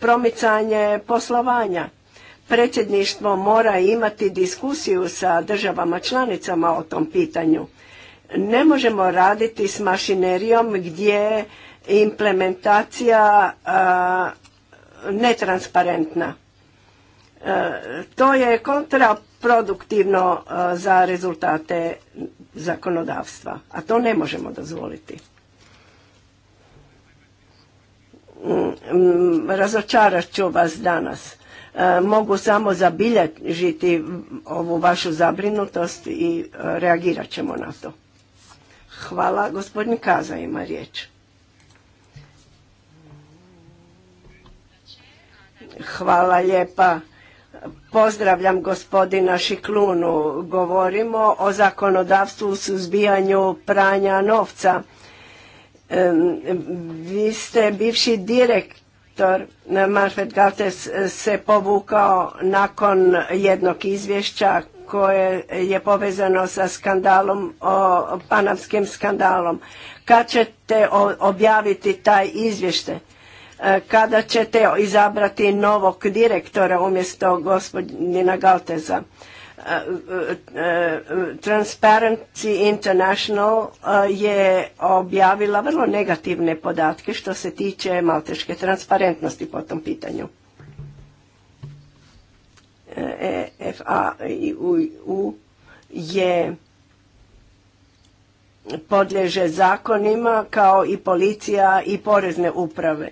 promicanje poslovanja Predsjedništvo mora imati diskusiju sa državama članicama o tom pitanju. Ne možemo raditi s mašinerijom gdje implementacija netransparentna. E, to je kontraproduktivno za rezultate zakonodavstva, a to ne možemo dozvoliti. Mm, mm, razočarat ću vas danas. E, mogu samo zabilježiti ovu vašu zabrinutost i e, reagirat ćemo na to. Hvala. Gospodin Kaza ima riječ. Hvala lijepa. Pozdravljam gospodina Šiklunu. Govorimo o zakonodavstvu u suzbijanju pranja novca. Vi ste bivši direkt direktor Manfred Galtes se povukao nakon jednog izvješća koje je povezano sa skandalom, o, panamskim skandalom. Kad ćete objaviti taj izvještaj? E, kada ćete izabrati novog direktora umjesto gospodina Galteza? Transparency International eh, je objavila vrlo negativne podatke što se tiče malteške transparentnosti po tom pitanju. Eh, e FAU je podlježe zakonima kao i policija i porezne uprave.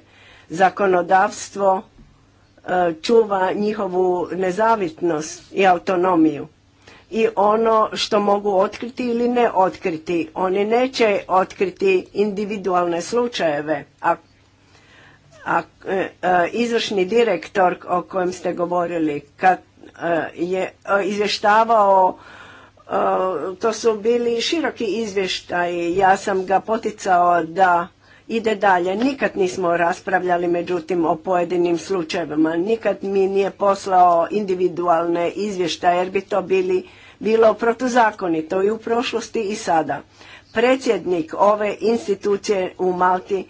Zakonodavstvo E, čuva njihovu nezavisnost i autonomiju i ono što mogu otkriti ili ne otkriti. Oni neće otkriti individualne slučajeve. A, a e, e, izvršni direktor o kojem ste govorili kad je izvještavao to su bili široki izvještaji. Ja sam ga poticao da ide dalje. Nikad nismo raspravljali međutim o pojedinim slučajevima, nikad mi nije poslao individualne izvještaje jer bi to bili, bilo protuzakonito i u prošlosti i sada. Predsjednik ove institucije u Malti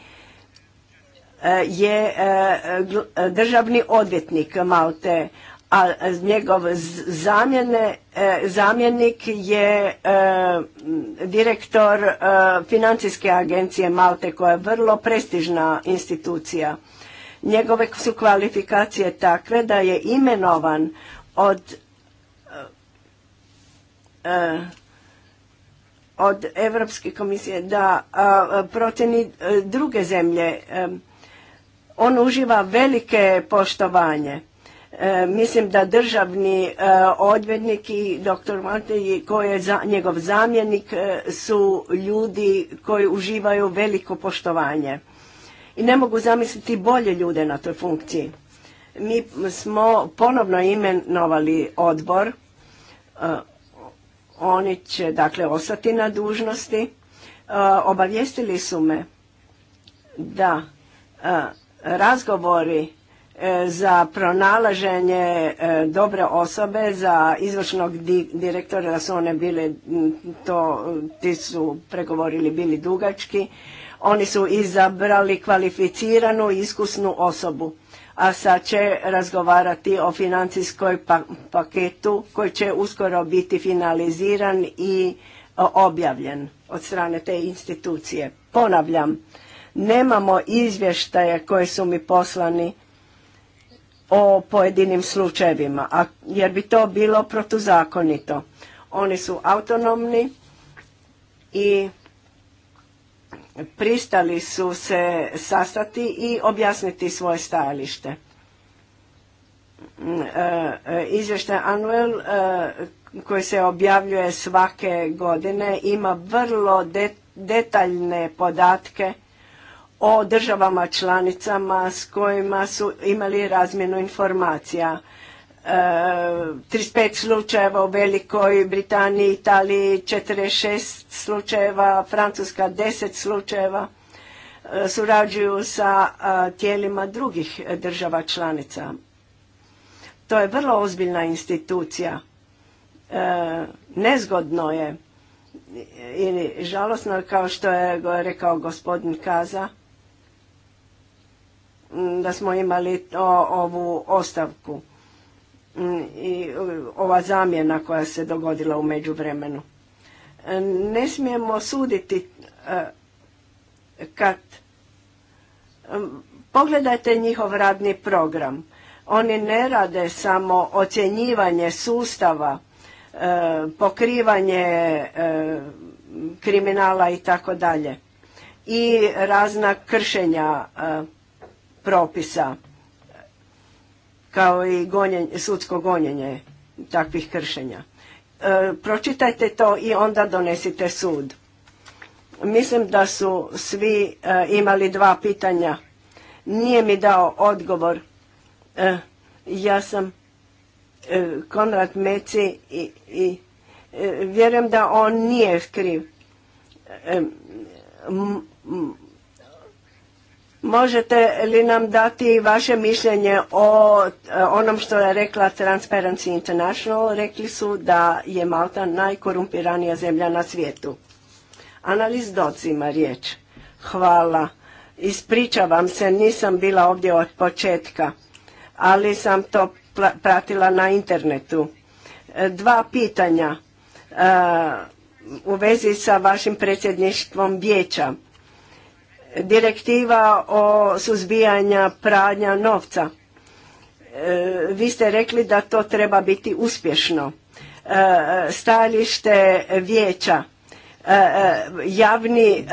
e, je e, državni odvjetnik Malte, a njegov zamjene, e, zamjenik je e, direktor e, financijske agencije Malte koja je vrlo prestižna institucija. Njegove su kvalifikacije takve da je imenovan od od Europske komisije da proceni druge zemlje. On uživa velike poštovanje E, mislim da državni e, odvjetnik i doktor Matej koji je njegov zamjenik e, su ljudi koji uživaju veliko poštovanje. I ne mogu zamisliti bolje ljude na toj funkciji. Mi smo ponovno imenovali odbor. Oni će dakle ostati na dužnosti. Obavijestili su me da razgovori za pronalaženje e, dobre osobe za izvršnog direktora da su one bile to ti su pregovorili bili dugački oni su izabrali kvalificiranu iskusnu osobu a sad će razgovarati o financijskoj pa, paketu koji će uskoro biti finaliziran i e, objavljen od strane te institucije ponavljam nemamo izvještaje koje su mi poslani o pojedinim slučajevima, a, jer bi to bilo protuzakonito. Oni su autonomni i pristali su se sastati i objasniti svoje stajalište. Mm, e, e, izvještaj Anuel e, koji se objavljuje svake godine ima vrlo detaljne podatke o državama članicama s kojima su imali razmjenu informacija. 35 e, slučajeva u Velikoj Britaniji, Italiji, 46 slučajeva, Francuska 10 slučajeva e, surađuju sa e, tijelima drugih država članica. To je vrlo ozbiljna institucija. nezgodno je ili žalosno kao što je rekao gospodin Kaza Mm, da smo imali ovu ostavku mm, i uh, ova zamjena koja se dogodila u međuvremenu. E, ne smijemo suditi e, kad pogledajte njihov radni program. Oni ne rade samo ocjenjivanje sustava, e, pokrivanje kriminala i tako dalje i razna kršenja propisa kao i sudsko gonjenje takvih kršenja. E, pročitajte to i onda donesite sud. Mislim da su svi e, imali dva pitanja. Nije mi dao odgovor. E, ja sam Konrad Meci i, vjerujem da on nije kriv. Možete li nam dati vaše mišljenje o e, onom što je rekla Transparency International? Rekli su da je Malta najkorumpiranija zemlja na svijetu. Analiz docima riječ. Hvala. Ispričavam se, nisam bila ovdje od početka, ali sam to pratila na internetu. E, dva pitanja e, u vezi sa vašim predsjedništvom vijeća direktiva o suzbijanja pranja novca. E, vi ste rekli da to treba biti uspješno. E, stajalište vijeća. E, javni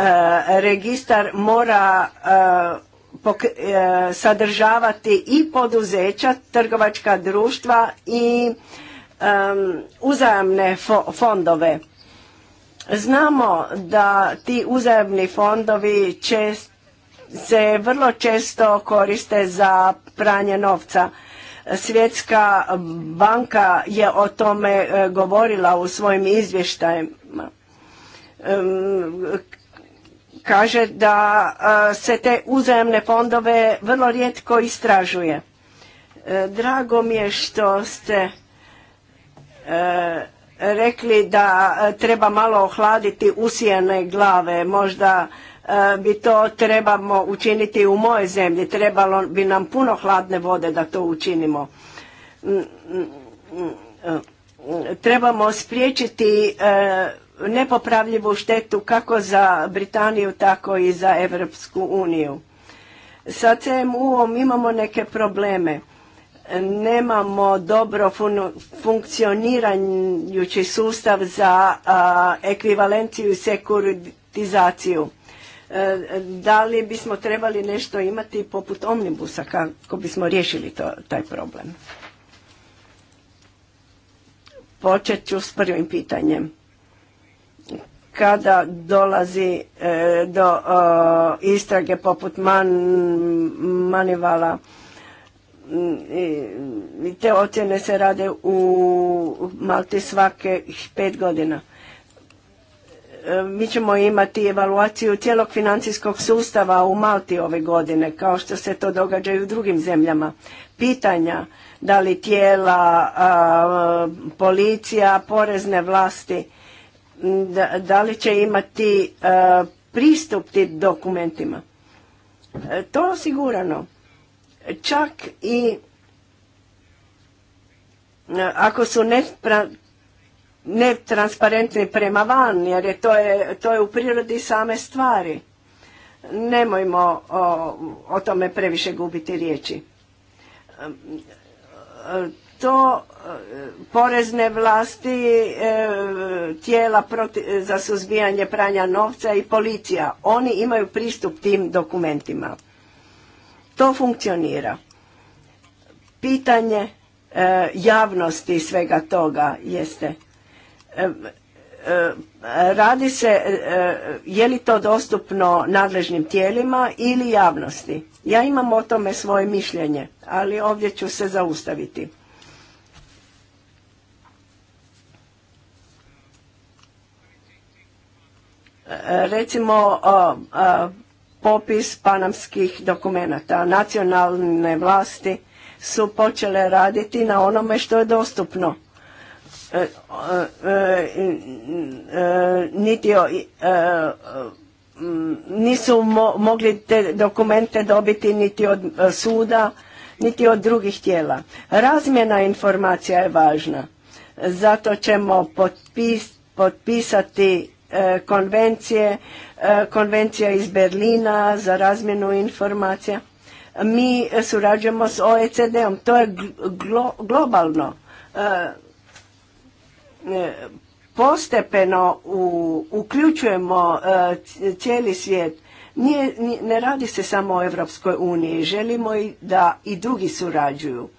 registar mora sadržavati i poduzeća, trgovačka društva i uzajamne fondove Znamo da ti uzajemni fondovi često se vrlo često koriste za pranje novca. Svjetska banka je o tome e, govorila u svojim izvještajima. Kaže da e, se te uzajemne fondove vrlo rijetko istražuje. E, drago mi je što ste rekli da e, treba malo ohladiti usijane glave, možda e, bi to trebamo učiniti u moje zemlji, trebalo bi nam puno hladne vode da to učinimo. Mm, mm, mm, e, trebamo spriječiti nepopravljivu štetu kako za Britaniju, tako i za Evropsku uniju. Sa CMU-om imamo neke probleme nemamo dobro fun funkcionirajući sustav za a, ekvivalenciju i sekuritizaciju. E, da li bismo trebali nešto imati poput omnibusa kako bismo riješili to, taj problem? Počet ću s prvim pitanjem. Kada dolazi e, do e, istrage poput man, manivala, i te ocjene se rade u Malti svake pet godina. E, mi ćemo imati evaluaciju cijelog financijskog sustava u Malti ove godine, kao što se to događa i u drugim zemljama. Pitanja da li tijela, policija, porezne vlasti, da, li će imati e, pristup tim dokumentima. E, to osigurano Čak i e, ako su netransparentni prema van, jer je to, je, to je u prirodi same stvari. Nemojmo o, o tome previše gubiti riječi. E, to e, porezne vlasti, tijela za suzbijanje pranja novca i policija, oni imaju pristup tim dokumentima. To funkcionira. Pitanje e, javnosti svega toga jeste e, e, radi se je li to dostupno nadležnim tijelima ili javnosti. Ja imam o tome svoje mišljenje, ali ovdje ću se zaustaviti. recimo popis panamskih dokumenata. Nacionalne vlasti su počele raditi na onome što je dostupno. nisu mogli te dokumente dobiti niti od e, suda, niti od drugih tijela. Razmjena informacija je važna. Zato ćemo potpisati e, konvencije E, konvencija iz Berlina za razmjenu informacija. Mi surađujemo s OECD-om, to je globalno. E, e, postepeno u, uključujemo cijeli svijet. ne radi se samo o Europskoj uniji, želimo i da i drugi surađuju.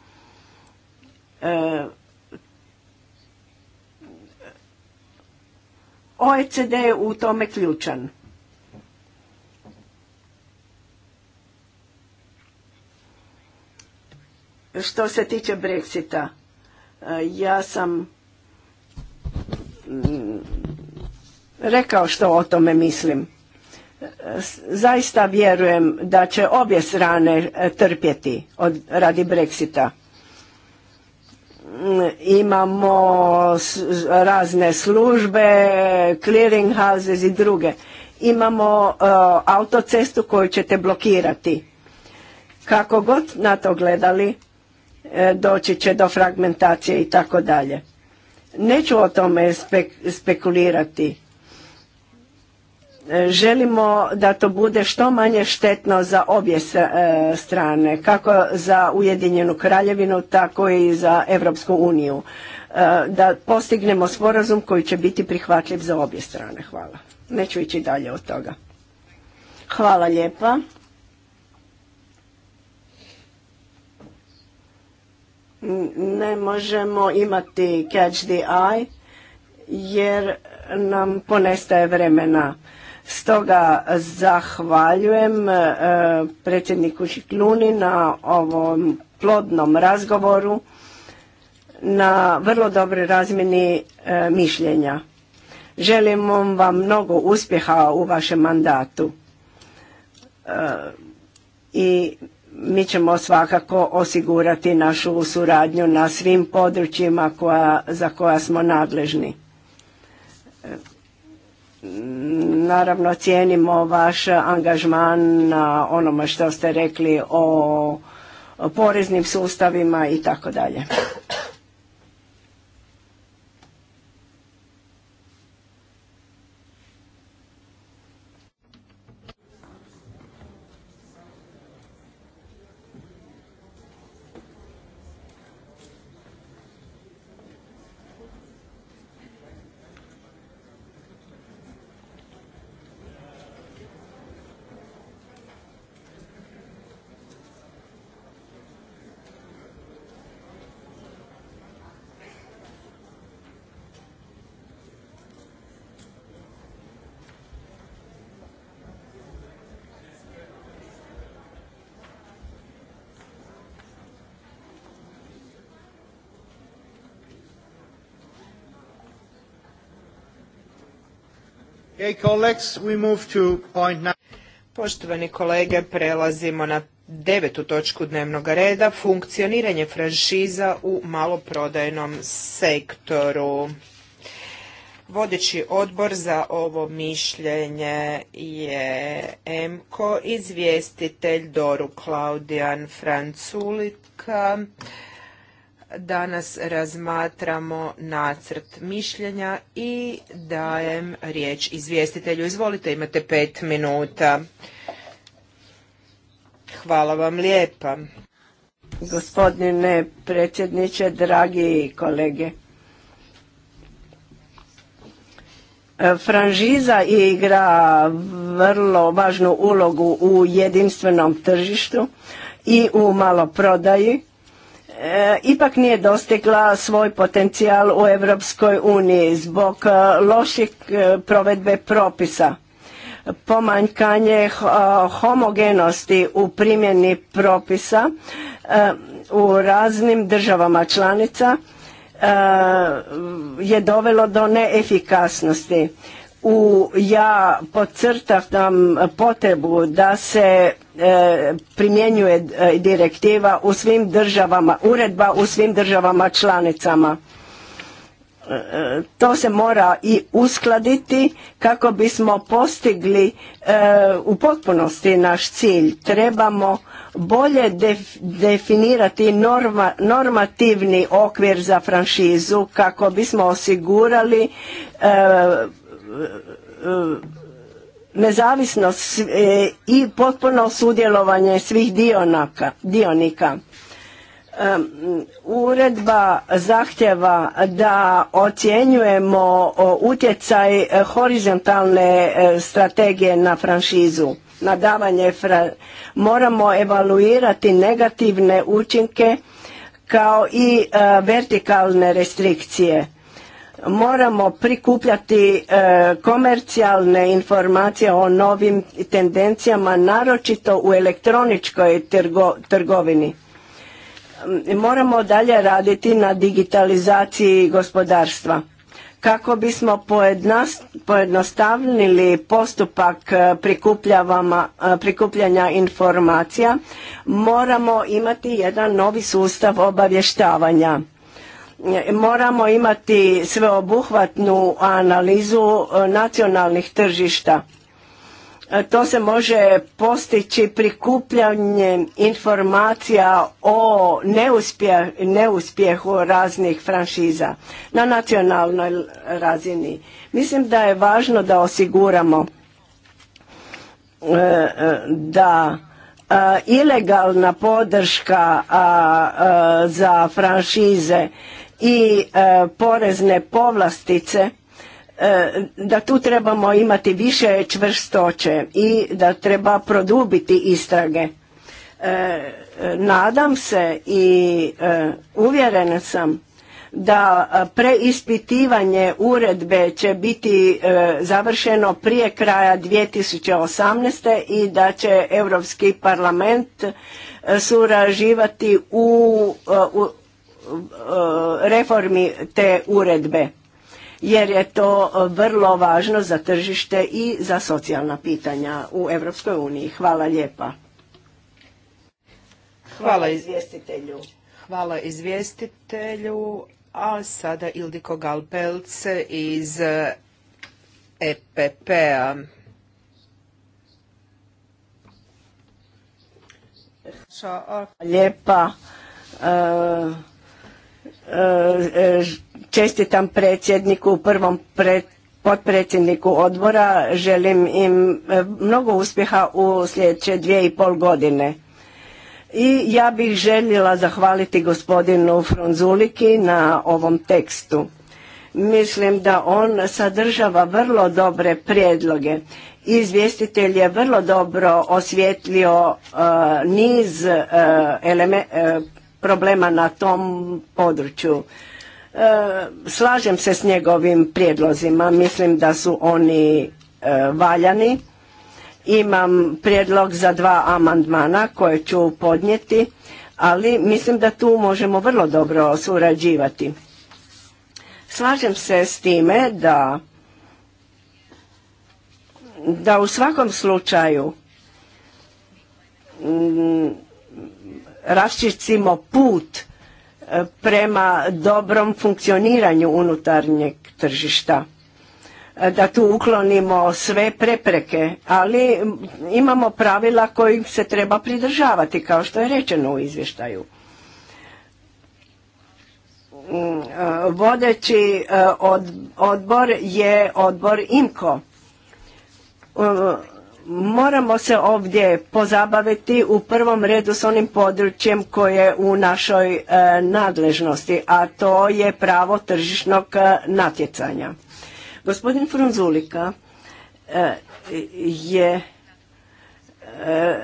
OECD je u tome ključan. Što se tiče Brexita, e, ja sam mm, rekao što o tome mislim. Zaista vjerujem da će obje strane e, trpjeti od, radi Brexita. Mm, imamo razne službe, clearing houses i druge. Imamo e, autocestu koju ćete blokirati. Kako god na to gledali, E, doći će do fragmentacije i tako dalje. Neću o tome spekulirati. E, želimo da to bude što manje štetno za obje e, strane, kako za Ujedinjenu kraljevinu, tako i za Europsku uniju. Da postignemo sporazum koji će biti prihvatljiv za obje strane. Hvala. Neću ići dalje od toga. Hvala lijepa. ne možemo imati catch the eye jer nam ponestaje vremena. Stoga zahvaljujem e, predsjedniku Šikluni na ovom plodnom razgovoru, na vrlo dobroj razmjeni e, mišljenja. Želim vam mnogo uspjeha u vašem mandatu. E, I mi ćemo svakako osigurati našu suradnju na svim područjima koja, za koja smo nadležni. Naravno cijenimo vaš angažman na onome što ste rekli o poreznim sustavima i tako dalje. Poštovani kolege, prelazimo na devetu točku dnevnog reda, funkcioniranje franšiza u maloprodajnom sektoru. Vodeći odbor za ovo mišljenje je EMKO, izvjestitelj Doru Klaudijan Franculika. Danas razmatramo nacrt mišljenja i dajem riječ izvjestitelju. Izvolite, imate pet minuta. Hvala vam lijepa. Gospodine predsjedniče, dragi kolege. Franžiza igra vrlo važnu ulogu u jedinstvenom tržištu i u maloprodaji E, ipak nije dostigla svoj potencijal u Europskoj uniji zbog e, loših e, provedbe propisa. Pomanjkanje homogenosti u primjeni propisa u raznim državama članica je dovelo do neefikasnosti. U ja podcrtavam potrebu da se E, primjenjuje e, direktiva u svim državama, uredba u svim državama članicama. E, to se mora i uskladiti kako bismo postigli u potpunosti naš cilj. Trebamo bolje definirati normativni okvir za franšizu kako bismo osigurali nezavisnost e, i potpuno sudjelovanje svih dionika. Uredba zahtjeva da ocjenjujemo utjecaj e, horizontalne e, strategije na franšizu, na davanje moramo evaluirati negativne učinke kao i vertikalne restrikcije moramo prikupljati e, komercijalne informacije o novim tendencijama naročito u elektroničkoj trgovini mm, moramo dalje raditi na digitalizaciji gospodarstva kako bismo pojednostavnili postupak e, e, prikupljanja informacija moramo imati jedan novi sustav obavještavanja Moramo imati sveobuhvatnu analizu e, nacionalnih tržišta. E, to se može postići prikupljanjem informacija o neuspjehu raznih franšiza na nacionalnoj razini. Mislim da je važno da osiguramo e, da ilegalna podrška za franšize i e, porezne povlastice e, da tu trebamo imati više čvrstoće i da treba produbiti istrage. E, nadam se i uvjerena sam da preispitivanje uredbe će biti završeno prije kraja 2018. i da će Europski parlament suraživati u, u E, reformi te uredbe jer je to vrlo važno za tržište i za socijalna pitanja u Europskoj uniji. Hvala lijepa. Hvala izvjestitelju. Hvala izvjestitelju. A sada Ildiko Galpelce iz EPP-a. Lijepa. E, Čestitam predsjedniku, prvom potpredsjedniku odbora, želim im e, mnogo uspjeha u sljedeće dvije i pol godine. I ja bih željela zahvaliti gospodinu Fronzuliki na ovom tekstu. Mislim da on sadržava vrlo dobre prijedloge. Izvjestitelj je vrlo dobro osvjetlio e, niz uh, problema na tom području. E, slažem se s njegovim prijedlozima, mislim da su oni e, valjani. Imam prijedlog za dva amandmana koje ću podnijeti, ali mislim da tu možemo vrlo dobro surađivati. Slažem se s time da da u svakom slučaju raščistimo put e, prema dobrom funkcioniranju unutarnjeg tržišta e, da tu uklonimo sve prepreke, ali imamo pravila kojim se treba pridržavati, kao što je rečeno u izvještaju. Mm, e, vodeći odbor je odbor IMKO. Moramo se ovdje pozabaviti u prvom redu s onim područjem koje je u našoj e, nadležnosti, a to je pravo tržišnog e, natjecanja. Gospodin Frunzulika e, je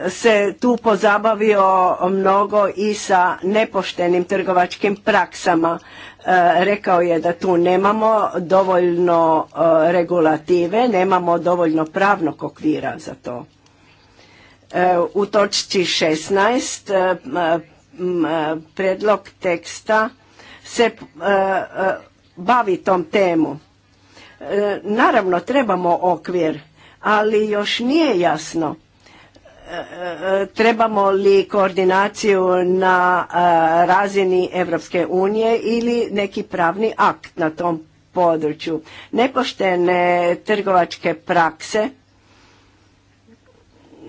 se tu pozabavio mnogo i sa nepoštenim trgovačkim praksama E, rekao je da tu nemamo dovoljno e, regulative, nemamo dovoljno pravnog okvira za to. E, u točci 16 predlog teksta se bavi tom temu. Naravno trebamo okvir, ali još nije jasno trebamo li koordinaciju na e, razini Europske unije ili neki pravni akt na tom području. Nepoštene trgovačke prakse,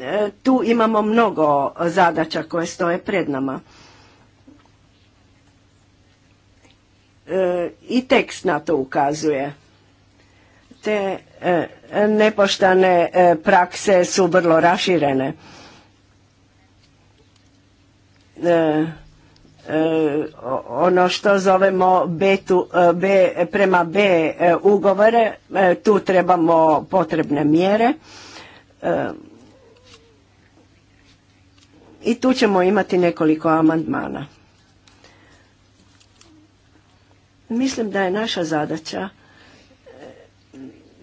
e, tu imamo mnogo zadaća koje stoje pred nama. E, I tekst na to ukazuje. Te e, nepoštane e, prakse su vrlo raširene. E, ono što zovemo B, B prema B ugovore, tu trebamo potrebne mjere i tu ćemo imati nekoliko amandmana. Mislim da je naša zadaća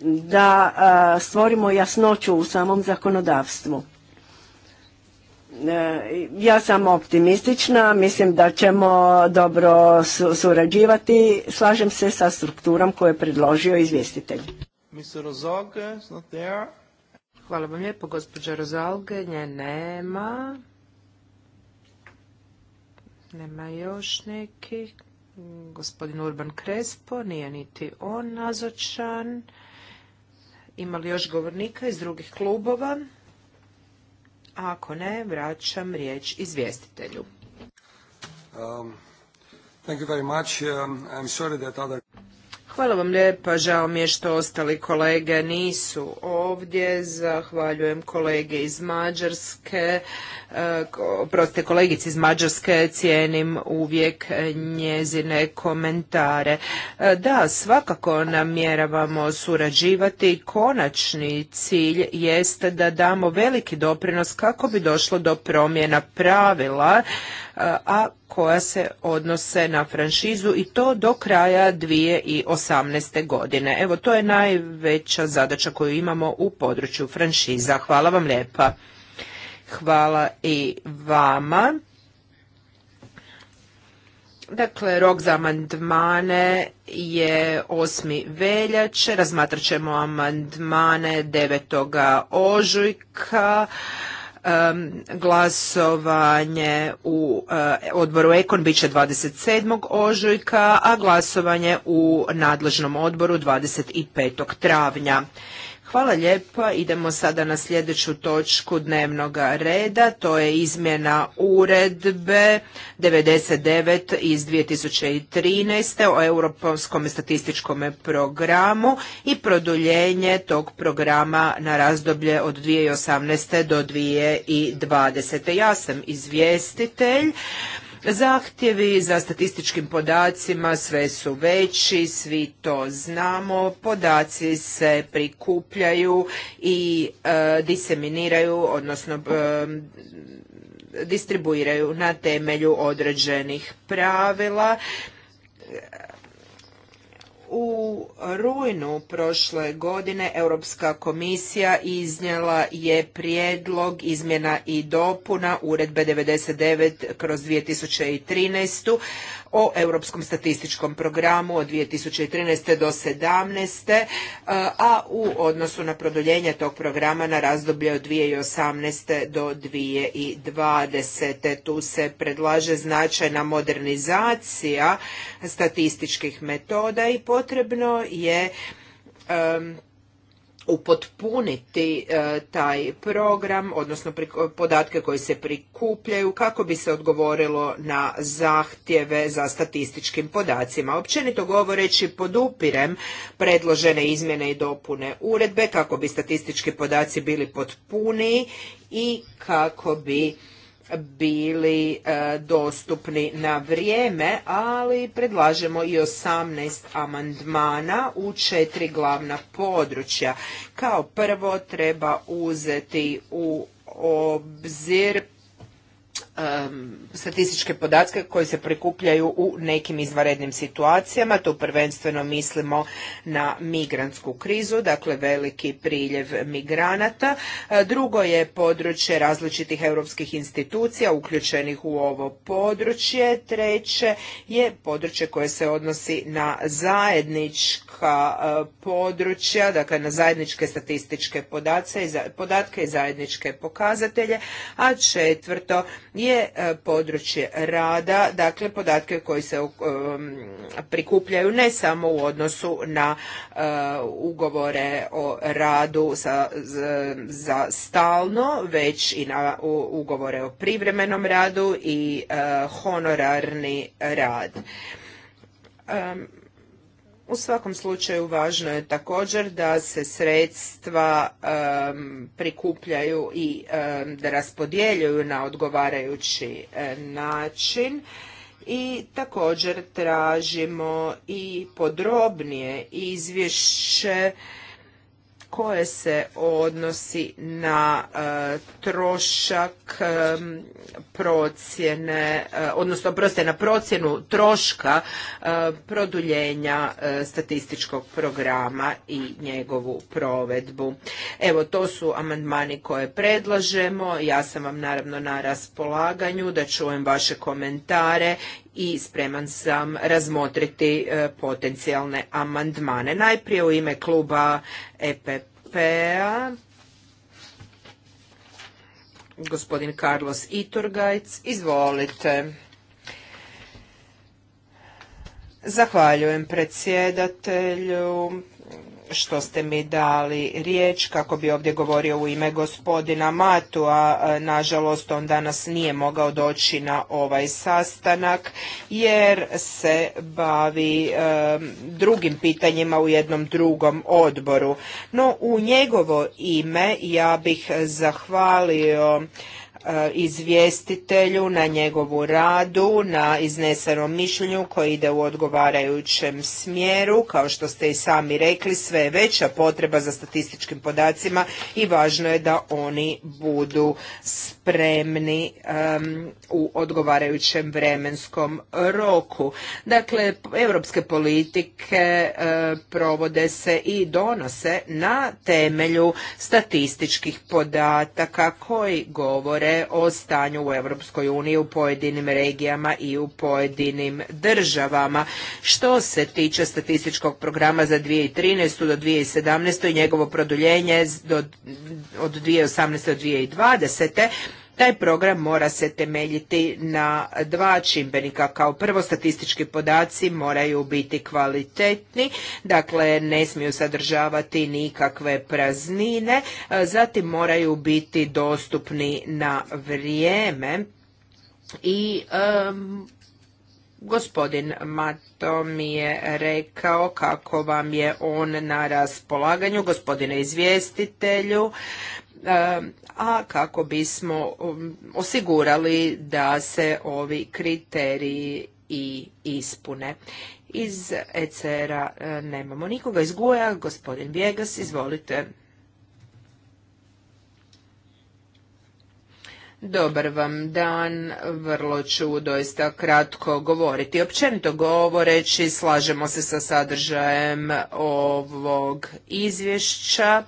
da stvorimo jasnoću u samom zakonodavstvu. E, ja sam optimistična, mislim da ćemo dobro surađivati, slažem se sa strukturom koju je predložio izvjestitelj. Hvala vam lijepo, gospođa Rozalge, nje nema. Nema još neki. Gospodin Urban Krespo, nije niti on nazočan. Imali još govornika iz drugih klubova? A ako ne, vraćam riječ izvjestitelju. Um, thank you very um, Hvala vam lijepa, žao mi je što ostali kolege nisu ovdje. Zahvaljujem kolege iz Mađarske, e, proste kolegici iz Mađarske, cijenim uvijek njezine komentare. E, da, svakako namjeravamo surađivati. Konačni cilj jeste da damo veliki doprinos kako bi došlo do promjena pravila, e, a koja se odnose na franšizu i to do kraja 2018. godine. Evo, to je najveća zadaća koju imamo u području franšiza. Hvala vam lijepa. Hvala i vama. Dakle, rok za amandmane je 8. veljače, razmatrat ćemo amandmane 9. ožujka. Glasovanje u e, odboru Ekon bit će 27. ožujka, a glasovanje u nadležnom odboru 25. travnja. Hvala lijepa. Idemo sada na sljedeću točku dnevnog reda. To je izmjena uredbe 99 iz 2013. o Europskom statističkom programu i produljenje tog programa na razdoblje od 2018. do 2020. Ja sam izvjestitelj. Zahtjevi za statističkim podacima sve su veći, svi to znamo, podaci se prikupljaju i e, diseminiraju, odnosno e, distribuiraju na temelju određenih pravila u rujnu prošle godine Europska komisija iznijela je prijedlog izmjena i dopuna uredbe 99 kroz 2013 o Europskom statističkom programu od 2013. do 17. a u odnosu na produljenje tog programa na razdoblje od 2018. do 2020. Tu se predlaže značajna modernizacija statističkih metoda i potrebno je upotpuniti e, taj program, odnosno podatke koji se prikupljaju kako bi se odgovorilo na zahtjeve za statističkim podacima. Općenito govoreći podupirem predložene izmjene i dopune uredbe kako bi statistički podaci bili potpuniji i kako bi bili e, dostupni na vrijeme, ali predlažemo i 18 amandmana u četiri glavna područja. Kao prvo treba uzeti u obzir um, statističke podatke koji se prikupljaju u nekim izvanrednim situacijama. Tu prvenstveno mislimo na migrantsku krizu, dakle veliki priljev migranata. E, drugo je područje različitih europskih institucija uključenih u ovo područje. Treće je područje koje se odnosi na zajednička e, područja, dakle na zajedničke statističke podatke i zajedničke pokazatelje, a četvrto je e, područje rada, dakle podatke koji se e, prikupljaju ne samo u odnosu na e, ugovore o radu za, za stalno, već i na ugovore o privremenom radu i honorarni rad. U svakom slučaju važno je također da se sredstva prikupljaju i da raspodjeljuju na odgovarajući e, način i također tražimo i podrobnije izvješće koje se odnosi na e, trošak e, procjene, e, odnosno proste na procjenu troška produljenja statističkog programa i njegovu provedbu. Evo, to su amandmani koje predlažemo. Ja sam vam naravno na raspolaganju da čujem vaše komentare i spreman sam razmotriti e, potencijalne amandmane. Najprije u ime kluba EPP-a gospodin Carlos Iturgajc. Izvolite. Zahvaljujem predsjedatelju što ste mi dali riječ kako bi ovdje govorio u ime gospodina Matu, a nažalost on danas nije mogao doći na ovaj sastanak jer se bavi e, drugim pitanjima u jednom drugom odboru. No u njegovo ime ja bih zahvalio E, izvjestitelju na njegovu radu, na iznesenom mišljenju koji ide u odgovarajućem smjeru. Kao što ste i sami rekli, sve je veća potreba za statističkim podacima i važno je da oni budu spremni u odgovarajućem vremenskom roku. Dakle, europske politike e, provode se i donose na temelju statističkih podataka koji govore o stanju u Europskoj uniji u pojedinim regijama i u pojedinim državama. Što se tiče statističkog programa za 2013. do 2017. i njegovo produljenje od 2018. do 2020. Taj program mora se temeljiti na dva čimbenika. Kao prvo, statistički podaci moraju biti kvalitetni, dakle ne smiju sadržavati nikakve praznine, zatim moraju biti dostupni na vrijeme i Gospodin Mato mi je rekao kako vam je on na raspolaganju, gospodine izvjestitelju, a kako bismo um, osigurali da se ovi kriteriji i ispune. Iz ECR-a e, nemamo nikoga iz Guja, gospodin Vjegas, izvolite. Dobar vam dan, vrlo ću doista kratko govoriti. Općenito govoreći, slažemo se sa sadržajem ovog izvješća.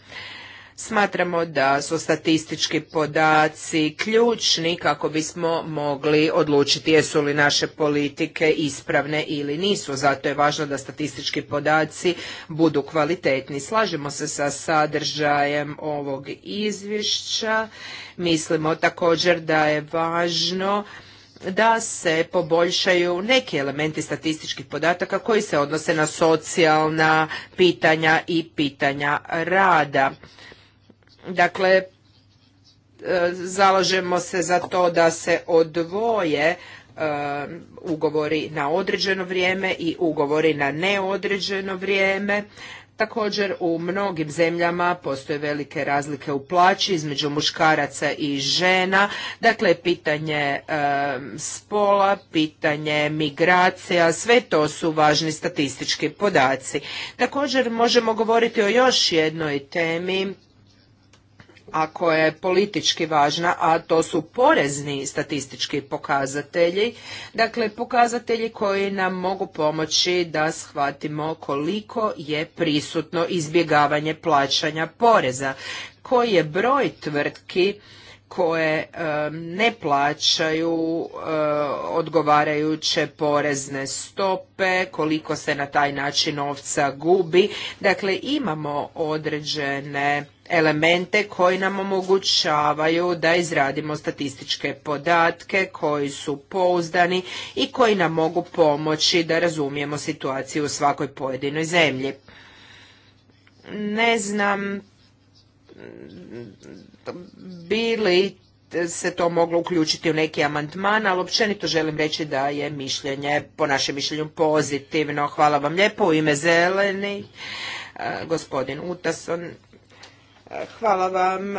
Smatramo da su statistički podaci ključni kako bismo mogli odlučiti jesu li naše politike ispravne ili nisu. Zato je važno da statistički podaci budu kvalitetni. Slažemo se sa sadržajem ovog izvješća. Mislimo također da je važno da se poboljšaju neki elementi statističkih podataka koji se odnose na socijalna pitanja i pitanja rada. Dakle, e, zalažemo se za to da se odvoje e, ugovori na određeno vrijeme i ugovori na neodređeno vrijeme. Također u mnogim zemljama postoje velike razlike u plaći između muškaraca i žena, dakle pitanje e, spola, pitanje migracija, sve to su važni statistički podaci. Također možemo govoriti o još jednoj temi a koja je politički važna, a to su porezni statistički pokazatelji. Dakle, pokazatelji koji nam mogu pomoći da shvatimo koliko je prisutno izbjegavanje plaćanja poreza, koji je broj tvrtki koje ne plaćaju eh, odgovarajuće porezne stope, koliko se na taj način novca gubi. Dakle, imamo određene elemente koji nam omogućavaju da izradimo statističke podatke koji su pouzdani i koji nam mogu pomoći da razumijemo situaciju u svakoj pojedinoj zemlji. Ne znam bi li se to moglo uključiti u neki amandman, ali općenito želim reći da je mišljenje, po našem mišljenju, pozitivno. Hvala vam lijepo u ime zeleni, gospodin Utason Hvala vam.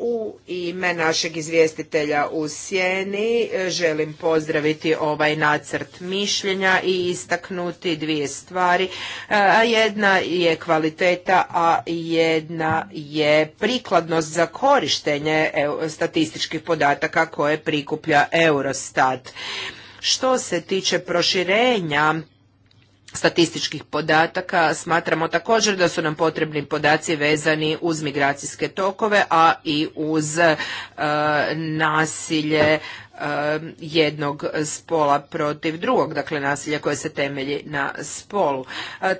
U ime našeg izvjestitelja u Sjeni e, želim pozdraviti ovaj nacrt mišljenja i istaknuti dvije stvari. E, jedna je kvaliteta, a jedna je prikladnost za korištenje e, statističkih podataka koje prikuplja Eurostat. Što se tiče proširenja statističkih podataka smatramo također da su nam potrebni podaci vezani uz migracijske tokove, a i uz e, nasilje Um, jednog spola protiv drugog, dakle nasilja koje se temelji na spolu. Uh,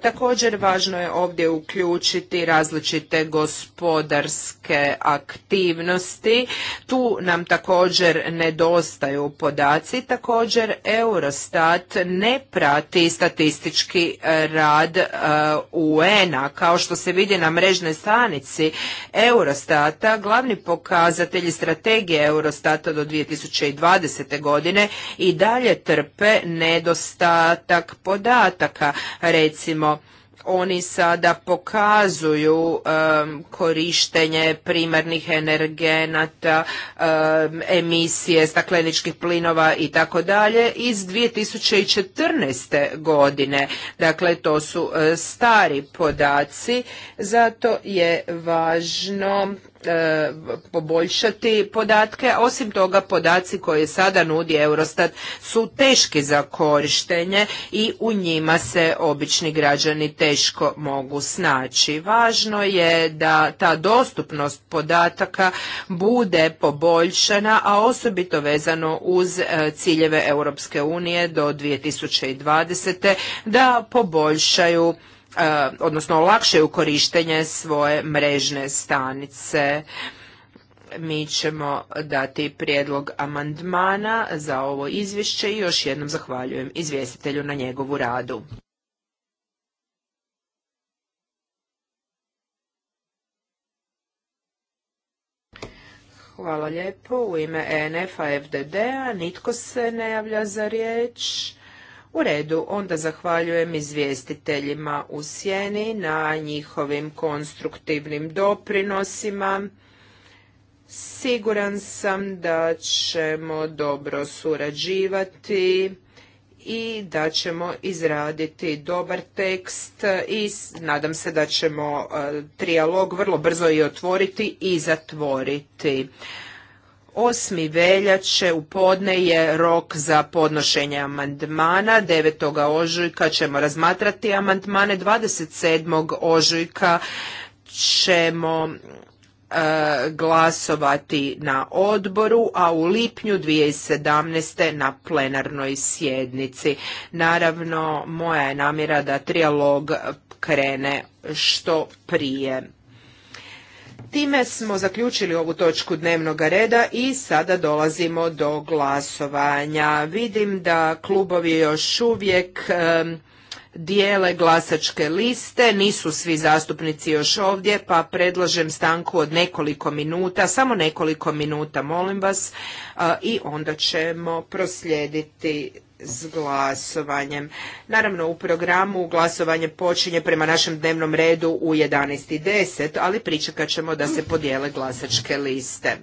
također važno je ovdje uključiti različite gospodarske aktivnosti. Tu nam također nedostaju podaci. Također Eurostat ne prati statistički rad uh, UN-a. Kao što se vidi na mrežnoj stranici Eurostata, glavni pokazatelji strategije Eurostata do 2020 2020. godine i dalje trpe nedostatak podataka, recimo oni sada pokazuju korištenje primarnih energenata, um, emisije stakleničkih plinova i tako dalje iz 2014. godine. Dakle, to su e, stari podaci, zato je važno E, poboljšati podatke. Osim toga, podaci koje sada nudi Eurostat su teški za korištenje i u njima se obični građani teško mogu snaći. Važno je da ta dostupnost podataka bude poboljšana, a osobito vezano uz e, ciljeve Europske unije do 2020. da poboljšaju E, odnosno olakšaju korištenje svoje mrežne stanice mi ćemo dati prijedlog amandmana za ovo izvješće i još jednom zahvaljujem izvjestitelju na njegovu radu. Hvala lijepo. U ime ENF-a FDD-a nitko se ne javlja za riječ. U redu, onda zahvaljujem izvjestiteljima u sjeni na njihovim konstruktivnim doprinosima. Siguran sam da ćemo dobro surađivati i da ćemo izraditi dobar tekst i nadam se da ćemo e, trijalog vrlo brzo i otvoriti i zatvoriti. 8. veljače u podne je rok za podnošenje amandmana, 9. ožujka ćemo razmatrati amandmane, 27. ožujka ćemo e, glasovati na odboru, a u lipnju 2017. na plenarnoj sjednici. Naravno, moja je namjera da trijalog krene što prije. Time smo zaključili ovu točku dnevnog reda i sada dolazimo do glasovanja. Vidim da klubovi još uvijek dijele glasačke liste, nisu svi zastupnici još ovdje, pa predlažem stanku od nekoliko minuta, samo nekoliko minuta, molim vas, i onda ćemo proslijediti s glasovanjem. Naravno, u programu glasovanje počinje prema našem dnevnom redu u 11.10, ali pričekat ćemo da se podijele glasačke liste.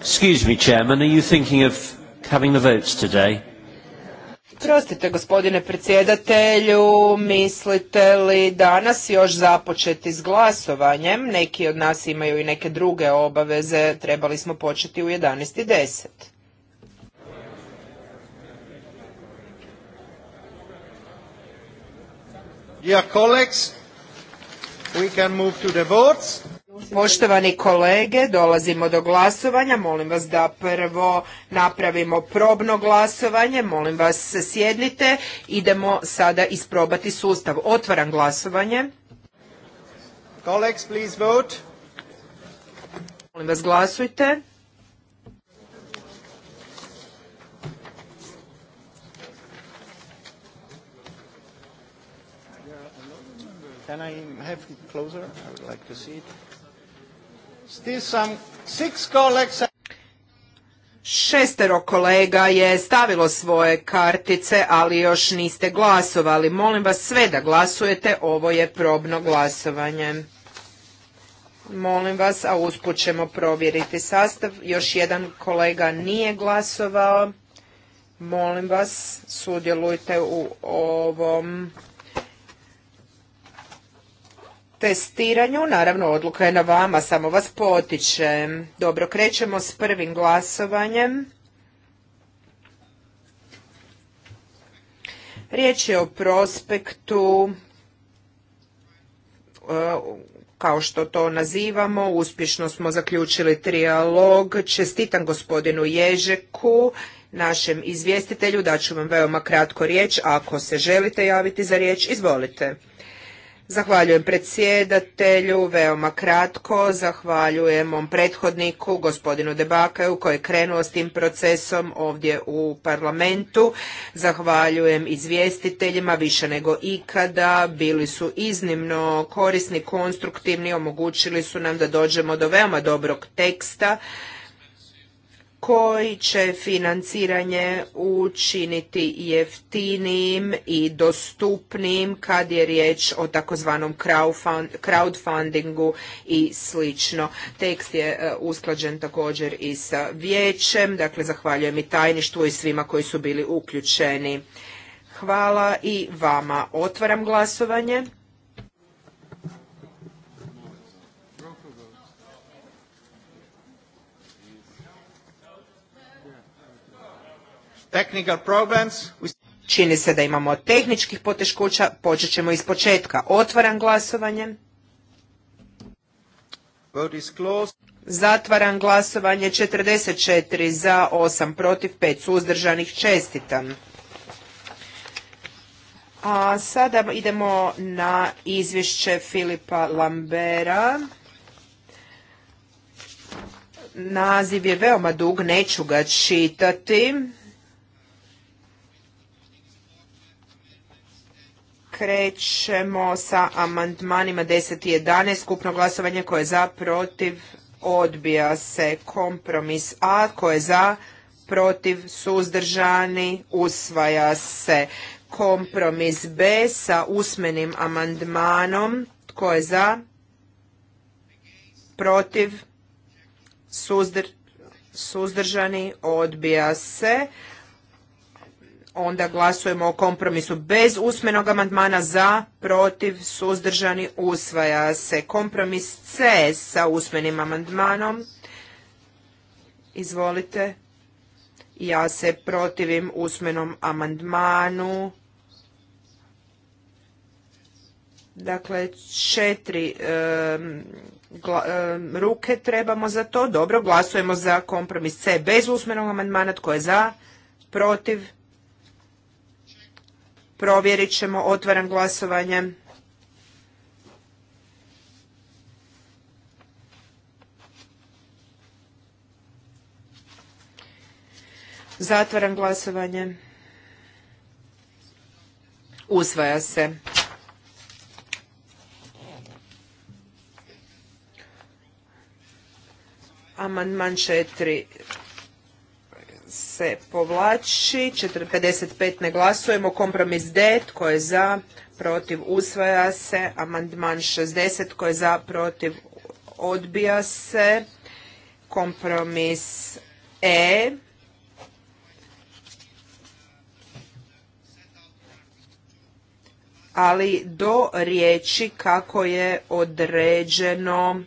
Excuse me, Chairman, are you thinking of having the votes today? Prostite, gospodine predsjedatelju, mislite li danas još započeti s glasovanjem? Neki od nas imaju i neke druge obaveze, trebali smo početi u 11.10. Dear colleagues, we can move to the votes. Poštovani kolege, dolazimo do glasovanja. Molim vas da prvo napravimo probno glasovanje. Molim vas sjednite. Idemo sada isprobati sustav. Otvaram glasovanje. Colleagues, please vote. Molim vas glasujte. Can I have it closer? I would like to see it. Šestero kolega je stavilo svoje kartice, ali još niste glasovali. Molim vas sve da glasujete, ovo je probno glasovanje. Molim vas, a usput ćemo provjeriti sastav. Još jedan kolega nije glasovao. Molim vas, sudjelujte u ovom testiranju. Naravno, odluka je na vama, samo vas potičem. Dobro, krećemo s prvim glasovanjem. Riječ je o prospektu, e, kao što to nazivamo, uspješno smo zaključili trijalog. Čestitam gospodinu Ježeku, našem izvjestitelju, daću vam veoma kratko riječ, ako se želite javiti za riječ, izvolite. Zahvaljujem predsjedatelju, veoma kratko, zahvaljujem mom prethodniku, gospodinu Debakaju, koji je krenuo s tim procesom ovdje u parlamentu. Zahvaljujem izvjestiteljima više nego ikada, bili su iznimno korisni, konstruktivni, omogućili su nam da dođemo do veoma dobrog teksta koji će financiranje učiniti jeftinijim i dostupnim kad je riječ o takozvanom crowdfundingu i slično. Tekst je e, usklađen također i sa vijećem, dakle zahvaljujem i tajništvu i svima koji su bili uključeni. Hvala i vama. Otvaram glasovanje. technical Čini se da imamo tehničkih poteškoća, počet ćemo iz početka. Otvaram glasovanje. Zatvaram glasovanje 44 za 8 protiv 5 suzdržanih čestitam. A sada idemo na izvješće Filipa Lambera. Naziv je veoma dug, neću ga čitati. krećemo sa amandmanima 10 i 11, skupno glasovanje koje je za, protiv, odbija se kompromis A, koje je za, protiv, suzdržani, usvaja se kompromis B sa usmenim amandmanom, koje je za, protiv, suzdržani, odbija se onda glasujemo o kompromisu bez usmenog amandmana za, protiv, suzdržani, usvaja se. Kompromis C sa usmenim amandmanom. Izvolite. Ja se protivim usmenom amandmanu. Dakle, četiri ruke trebamo za to. Dobro, glasujemo za kompromis C bez usmenog amandmana. Tko je za? Protiv? Provjerit ćemo. Otvaram glasovanje. Zatvaram glasovanje. Usvaja se. Amandman četiri se povlači, 55 ne glasujemo, kompromis D, tko je za, protiv, usvaja se, amandman 60, tko je za, protiv, odbija se, kompromis E, ali do riječi kako je određeno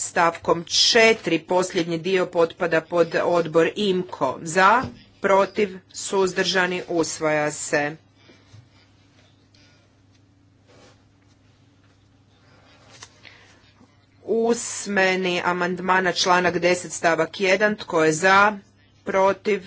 stavkom 4 posljednji dio potpada pod odbor IMKO. Za, protiv, suzdržani, usvaja se. Usmeni amandmana članak 10 stavak 1. Tko je za, protiv,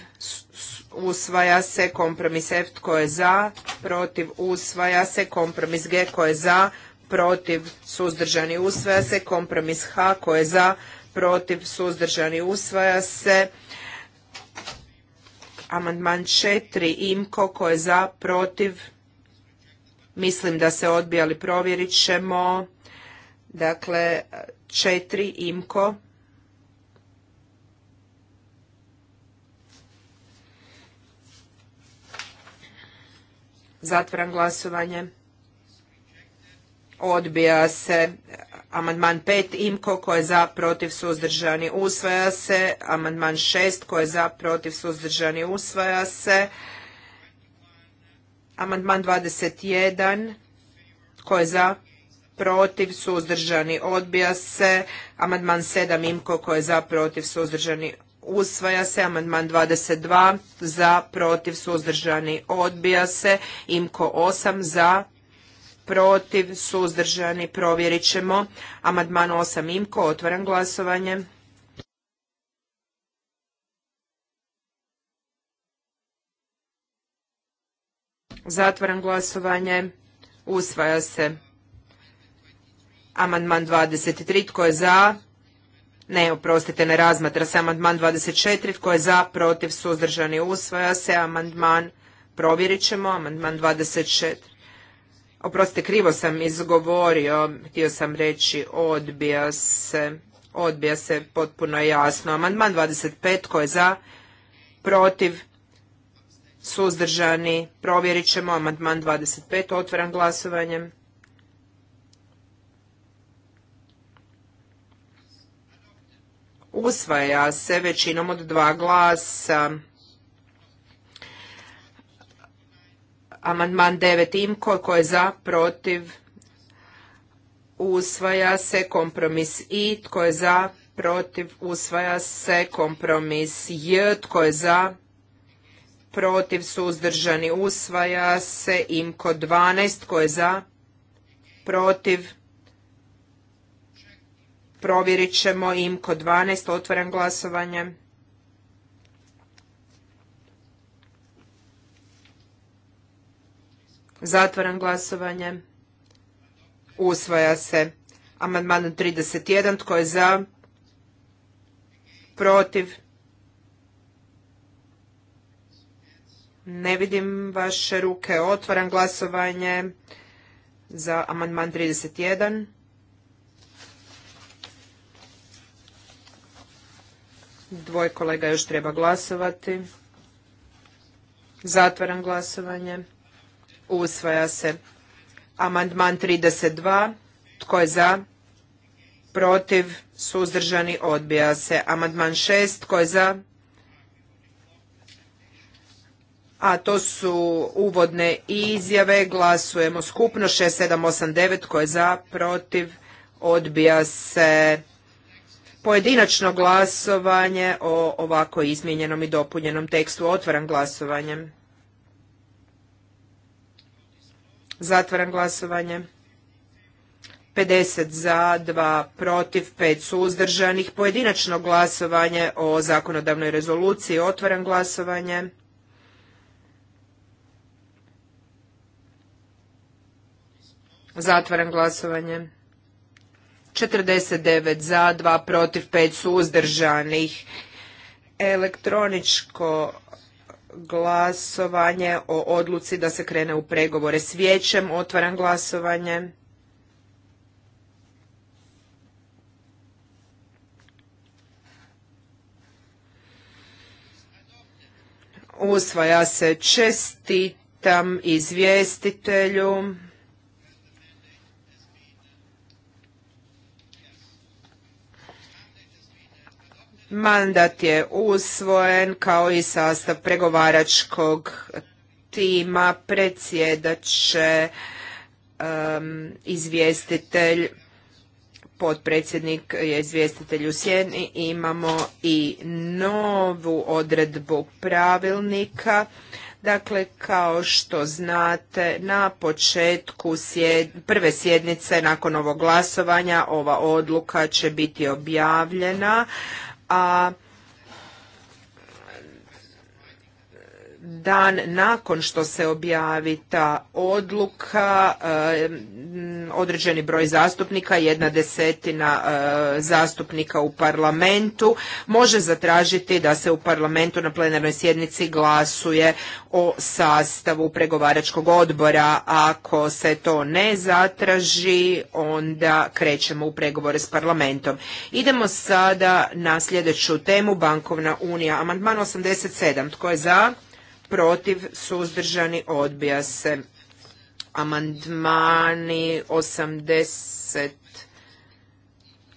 usvaja se kompromis F. Tko je za, protiv, usvaja se kompromis G. Tko je za, protiv, suzdržani, usvaja se. Kompromis H koje je za, protiv, suzdržani, usvaja se. Amandman 4 imko koje je za, protiv, mislim da se odbija, ali provjerit ćemo. Dakle, 4 imko. Zatvaram glasovanje odbija se amandman 5 imko koje je za protiv suzdržani usvaja se amandman 6 koje je za protiv suzdržani usvaja se amandman 21 koje je za protiv suzdržani odbija se amandman 7 imko koje je za protiv suzdržani usvaja se amandman 22 za protiv suzdržani odbija se imko 8 za protiv, suzdržani, provjerit ćemo. Amadman 8 imko, otvaram glasovanje. Zatvaram glasovanje. Usvaja se. Amandman 23. Tko je za? Ne, oprostite, ne razmatra se. Amandman 24. Tko je za? Protiv, suzdržani, usvaja se. Amandman, provjerit ćemo. Amandman 24. Oprostite, krivo sam izgovorio, htio sam reći odbija se, odbija se potpuno jasno. Amandman 25, ko je za, protiv, suzdržani, provjerit ćemo. Amandman 25, otvaram glasovanjem. Usvaja se većinom od dva glasa. Amandman 9 imko tko je za, protiv, usvaja se kompromis i tko je za, protiv, usvaja se kompromis j, tko je za, protiv, suzdržani, usvaja se imko 12, tko je za, protiv, provjerit ćemo imko 12, otvoren glasovanje. Zatvaram glasovanje. Usvaja se. Amandman 31. Tko je za? Protiv? Ne vidim vaše ruke. Otvaram glasovanje za amandman 31. Dvoje kolega još treba glasovati. Zatvaram glasovanje. Usvaja se. Amandman 32. Tko je za? Protiv? Suzdržani? Odbija se. Amandman 6. Tko je za? A to su uvodne izjave. Glasujemo skupno. 6, 7, 8, Tko je za? Protiv? Odbija se. Pojedinačno glasovanje o ovako izmijenjenom i dopunjenom tekstu. Otvaram glasovanjem. Zatvaram glasovanje. 50 za, 2 protiv, 5 suzdržanih. Pojedinačno glasovanje o zakonodavnoj rezoluciji. Otvaram glasovanje. Zatvaram glasovanje. 49 za, 2 protiv, 5 suzdržanih. Elektroničko glasovanje o odluci da se krene u pregovore s vijećem. Otvaram glasovanje. Usvaja se čestitam izvjestitelju. Mandat je usvojen kao i sastav pregovaračkog tima predsjedat će um, izvjestitelj potpredsjednik je izvjestitelj u sjedni Imamo i novu odredbu pravilnika. Dakle, kao što znate, na početku prve sjednice nakon ovog glasovanja ova odluka će biti objavljena a dan nakon što se objavi ta odluka eh, određeni broj zastupnika, jedna desetina eh, zastupnika u parlamentu može zatražiti da se u parlamentu na plenarnoj sjednici glasuje o sastavu pregovaračkog odbora. Ako se to ne zatraži, onda krećemo u pregovore s parlamentom. Idemo sada na sljedeću temu, bankovna unija. Amandman 87. Tko je za? protiv, suzdržani, odbija se. Amandmani 80,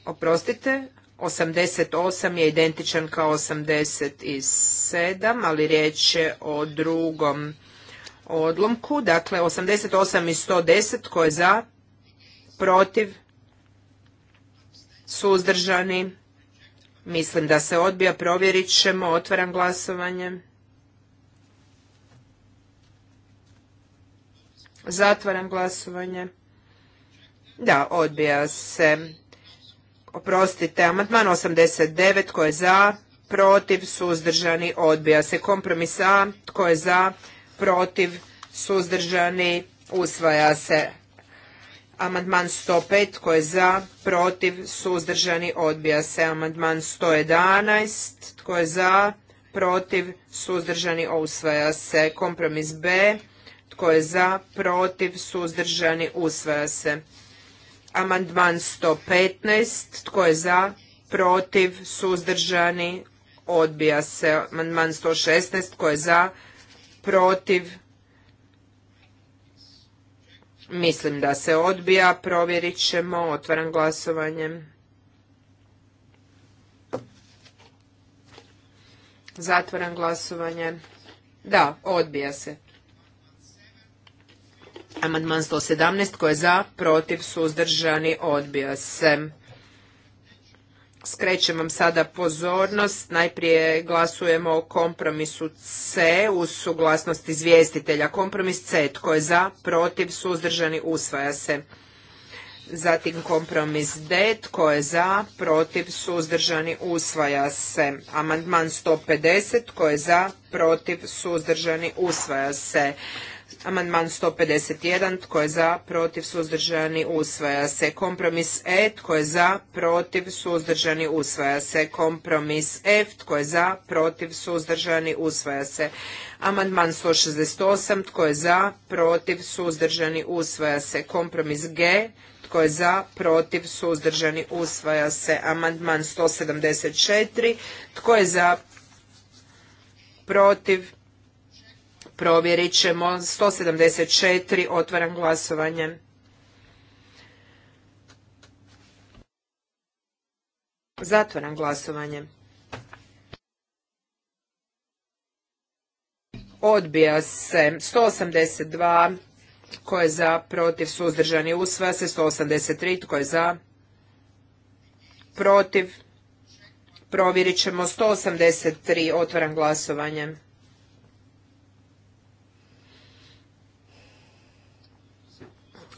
oprostite, 88 je identičan kao 87, ali riječ je o drugom odlomku. Dakle, 88 i 110 koje je za, protiv, suzdržani. Mislim da se odbija, provjerit ćemo, otvaram glasovanje. Zatvaram glasovanje. Da, odbija se. Oprostite, amandman 89, tko je za, protiv, suzdržani, odbija se. Kompromis A, tko je za, protiv, suzdržani, usvaja se. Amandman 105, tko je za, protiv, suzdržani, odbija se. Amandman 111, tko je za, protiv, suzdržani, usvaja se. Kompromis B, tko je za, protiv, suzdržani, usvaja se. Amandman 115. Tko je za, protiv, suzdržani, odbija se. Amandman 116. Tko je za, protiv, mislim da se odbija. Provjerit ćemo. Otvaram glasovanje. Zatvaram glasovanje. Da, odbija se. Amandman 117 tko je za, protiv, suzdržani, odbija se. Skrećem vam sada pozornost. Najprije glasujemo o kompromisu C uz suglasnost izvjestitelja. Kompromis C tko je za, protiv, suzdržani, usvaja se. Zatim kompromis D, tko je za, protiv, suzdržani, usvaja se. Amandman 150, tko je za, protiv, suzdržani, usvaja se. Amandman 151. Tko je za? Protiv? Suzdržani? Usvaja se. Kompromis E. Tko je za? Protiv? Suzdržani? Usvaja se. Kompromis F. Tko je za? Protiv? Suzdržani? Usvaja se. Amandman 168. Tko je za? Protiv? Suzdržani? Usvaja se. Kompromis G. Tko je za? Protiv? Suzdržani? Usvaja se. Amandman 174. Tko je za? Protiv? Provjerit ćemo 174. Otvaram glasovanje. Zatvaram glasovanje. Odbija se 182. Tko je za? Protiv. Suzdržani. Usvaja se 183. Tko je za? Protiv. Provjerit ćemo 183. Otvaram glasovanje.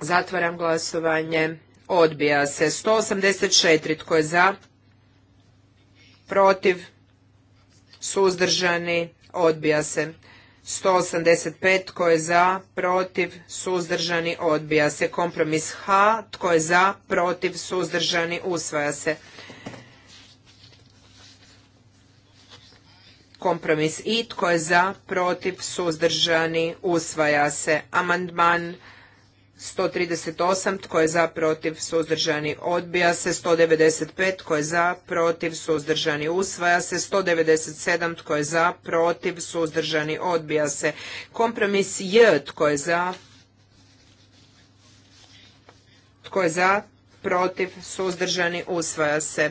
Zatvaram glasovanje. Odbija se. 184. Tko je za? Protiv? Suzdržani? Odbija se. 185. Tko je za? Protiv? Suzdržani? Odbija se. Kompromis H. Tko je za? Protiv? Suzdržani? Usvaja se. Kompromis I. Tko je za? Protiv? Suzdržani? Usvaja se. Amandman 138 tko je za, protiv, suzdržani, odbija se. 195 tko je za, protiv, suzdržani, usvaja se. 197 tko je za, protiv, suzdržani, odbija se. Kompromis J tko je za, tko je za, protiv, suzdržani, usvaja se.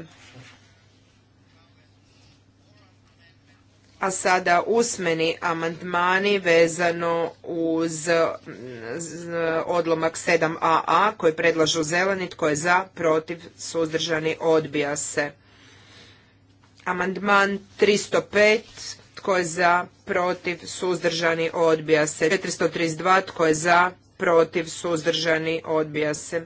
A sada usmeni amandmani vezano uz odlomak 7AA koji predlažu zeleni, tko je za, protiv, suzdržani, odbija se. Amandman 305, tko je za, protiv, suzdržani, odbija se. 432, tko je za, protiv, suzdržani, odbija se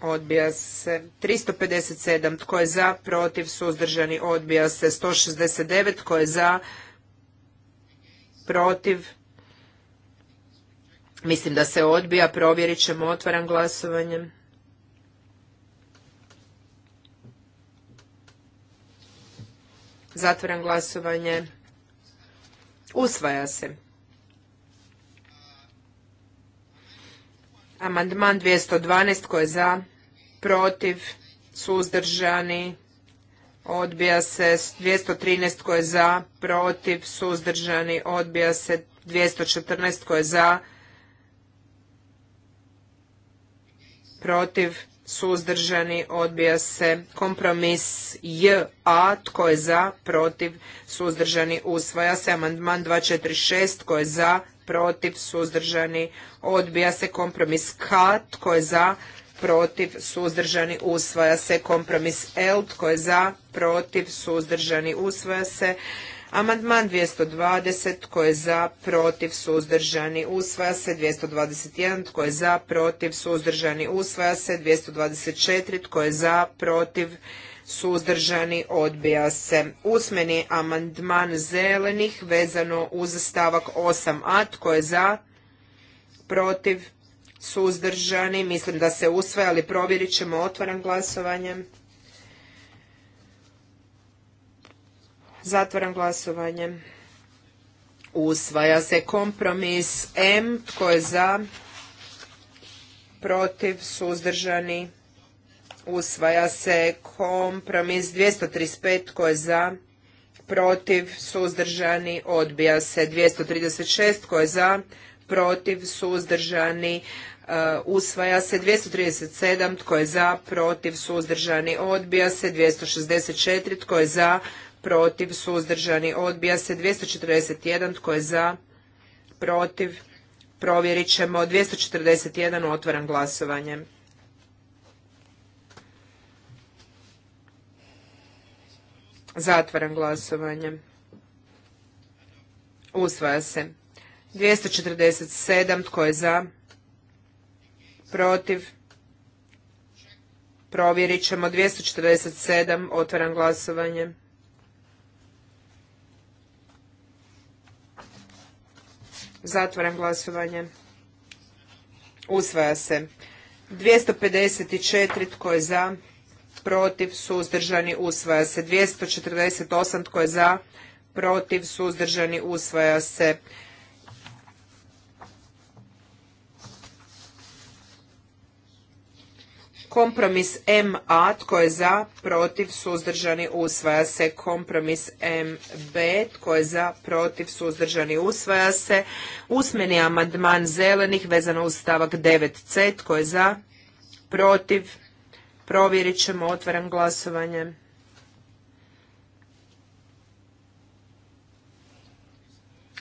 odbija se 357 tko je za protiv suzdržani odbija se 169 tko je za protiv mislim da se odbija provjerit ćemo otvaram glasovanje zatvaram glasovanje usvaja se Amandman 212 koji je za, protiv, suzdržani, odbija se 213 koji je za, protiv, suzdržani, odbija se 214 koji je za, protiv, suzdržani, odbija se kompromis J, a tko je za, protiv, suzdržani, usvaja se amandman 246 koji je za, protiv, suzdržani, odbija se kompromis kat, tko je za, protiv, suzdržani, usvaja se kompromis L, tko je za, protiv, suzdržani, usvaja se Amandman 220, tko je za, protiv, suzdržani, usvaja se. 221, tko je za, protiv, suzdržani, usvaja se. 224, tko je za, protiv, suzdržani, odbija se. Usmeni amandman zelenih vezano uz stavak 8a, tko je za, protiv, suzdržani, mislim da se usvaja, ali provjerit ćemo, otvoran glasovanje. Zatvaram glasovanje. Usvaja se kompromis M, tko je za, protiv, suzdržani, usvaja se kompromis 235 tko je za, protiv, suzdržani, odbija se 236 tko je za, protiv, suzdržani, uh, usvaja se 237 tko je za, protiv, suzdržani, odbija se 264 tko je za, protiv, suzdržani, odbija se 241 tko je za, protiv, provjerit ćemo 241 otvaram glasovanje. Zatvaram glasovanje. Usvaja se. 247. Tko je za? Protiv? Provjerit ćemo. 247. Otvaram glasovanje. Zatvaram glasovanje. Usvaja se. 254. Tko je za? protiv, suzdržani, usvaja se. 248 tko je za, protiv, suzdržani, usvaja se. Kompromis MA, tko je za, protiv, suzdržani, usvaja se. Kompromis MB, tko je za, protiv, suzdržani, usvaja se. Usmeni amandman zelenih vezano uz stavak 9c, tko je za, protiv, Provjerit ćemo, otvaram glasovanje.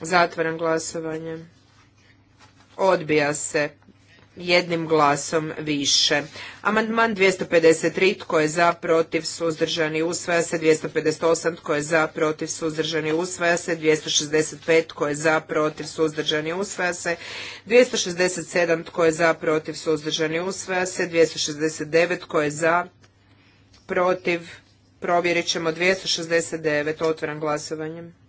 Zatvaram glasovanje. Odbija se jednim glasom više. Amandman 253 tko je za, protiv, suzdržani, usvaja se 258 tko je za, protiv, suzdržani, usvaja se 265 tko je za, protiv, suzdržani, usvaja se 267 tko je za, protiv, suzdržani, usvaja se 269 tko je za, protiv, provjerit ćemo 269 otvoram glasovanjem.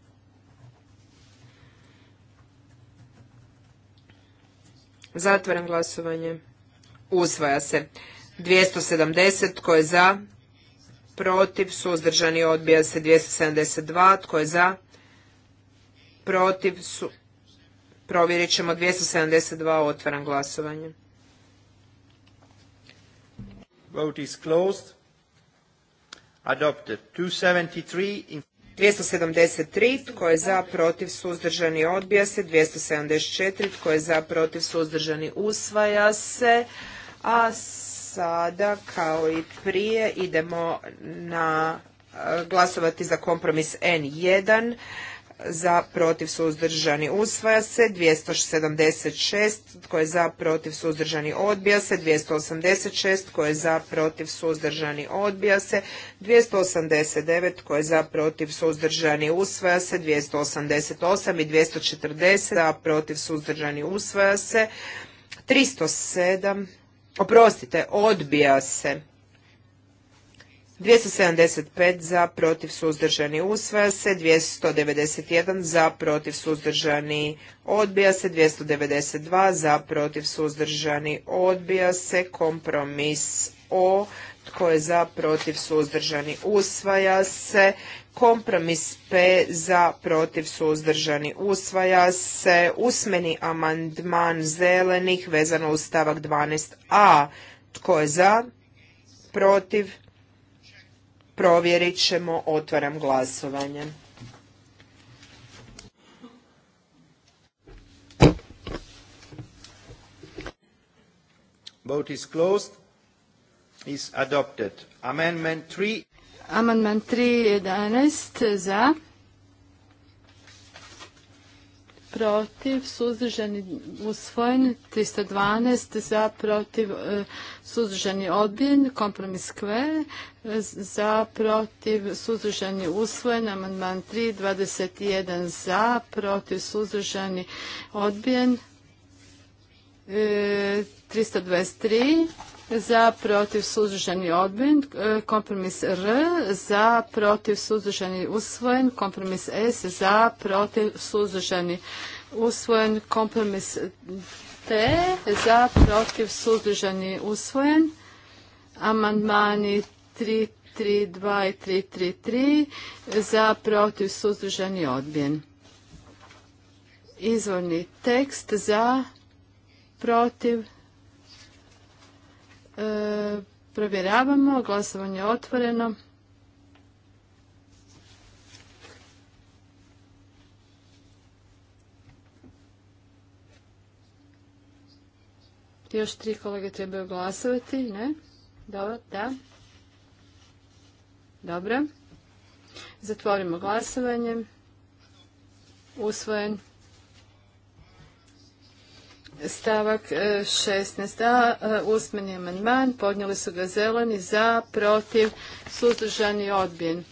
Zatvaram glasovanje. Usvaja se. 270. Tko je za? Protiv. Suzdržani odbija se. 272. Tko je za? Protiv. Provjerit ćemo. 272. Otvaram glasovanje. Vote is closed. Adopted. 273. In... 273. Tko je za, protiv, suzdržani, odbija se. 274. Tko je za, protiv, suzdržani, usvaja se. A sada, kao i prije, idemo na glasovati za kompromis N1 za protiv suzdržani usvaja se, 276 tko je za protiv suzdržani odbija se, 286 tko je za protiv suzdržani odbija se, 289 tko je za protiv suzdržani usvaja se, 288 i 240 za protiv suzdržani usvaja se, 307, oprostite, odbija se. 275 za protiv suzdržani usvaja se, 291 za protiv suzdržani odbija se, 292 za protiv suzdržani odbija se, kompromis O, tko je za protiv suzdržani usvaja se, kompromis P za protiv suzdržani usvaja se, usmeni amandman zelenih vezano u stavak 12a, tko je za protiv Provjerit ćemo, otvaram glasovanje. Vote is closed. Is adopted. Amendment 3. Amendment 3.11 za protiv, suzdržani usvojen, 312 za, protiv, e, suzdržani odbijen, kompromis kve. za, protiv, suzdržani usvojen, amandman 3, 21 za, protiv, suzdržani odbijen, 323 e, za protiv suzdržani odbijen, e, kompromis R za protiv suzdržani usvojen, kompromis S za protiv suzdržani usvojen, kompromis T za protiv suzdržani usvojen, amandmani 3.3.2 i 3.3.3. za protiv suzdržani odbijen. Izvorni tekst za protiv E, provjeravamo, glasovanje je otvoreno. Još tri kolege trebaju glasovati, ne? Dobro, da. Dobro. Zatvorimo glasovanje. Usvojen. Stavak 16a, e, e, usmeni amandman, podnijeli su ga zeleni za, protiv, suzdržani odbijen.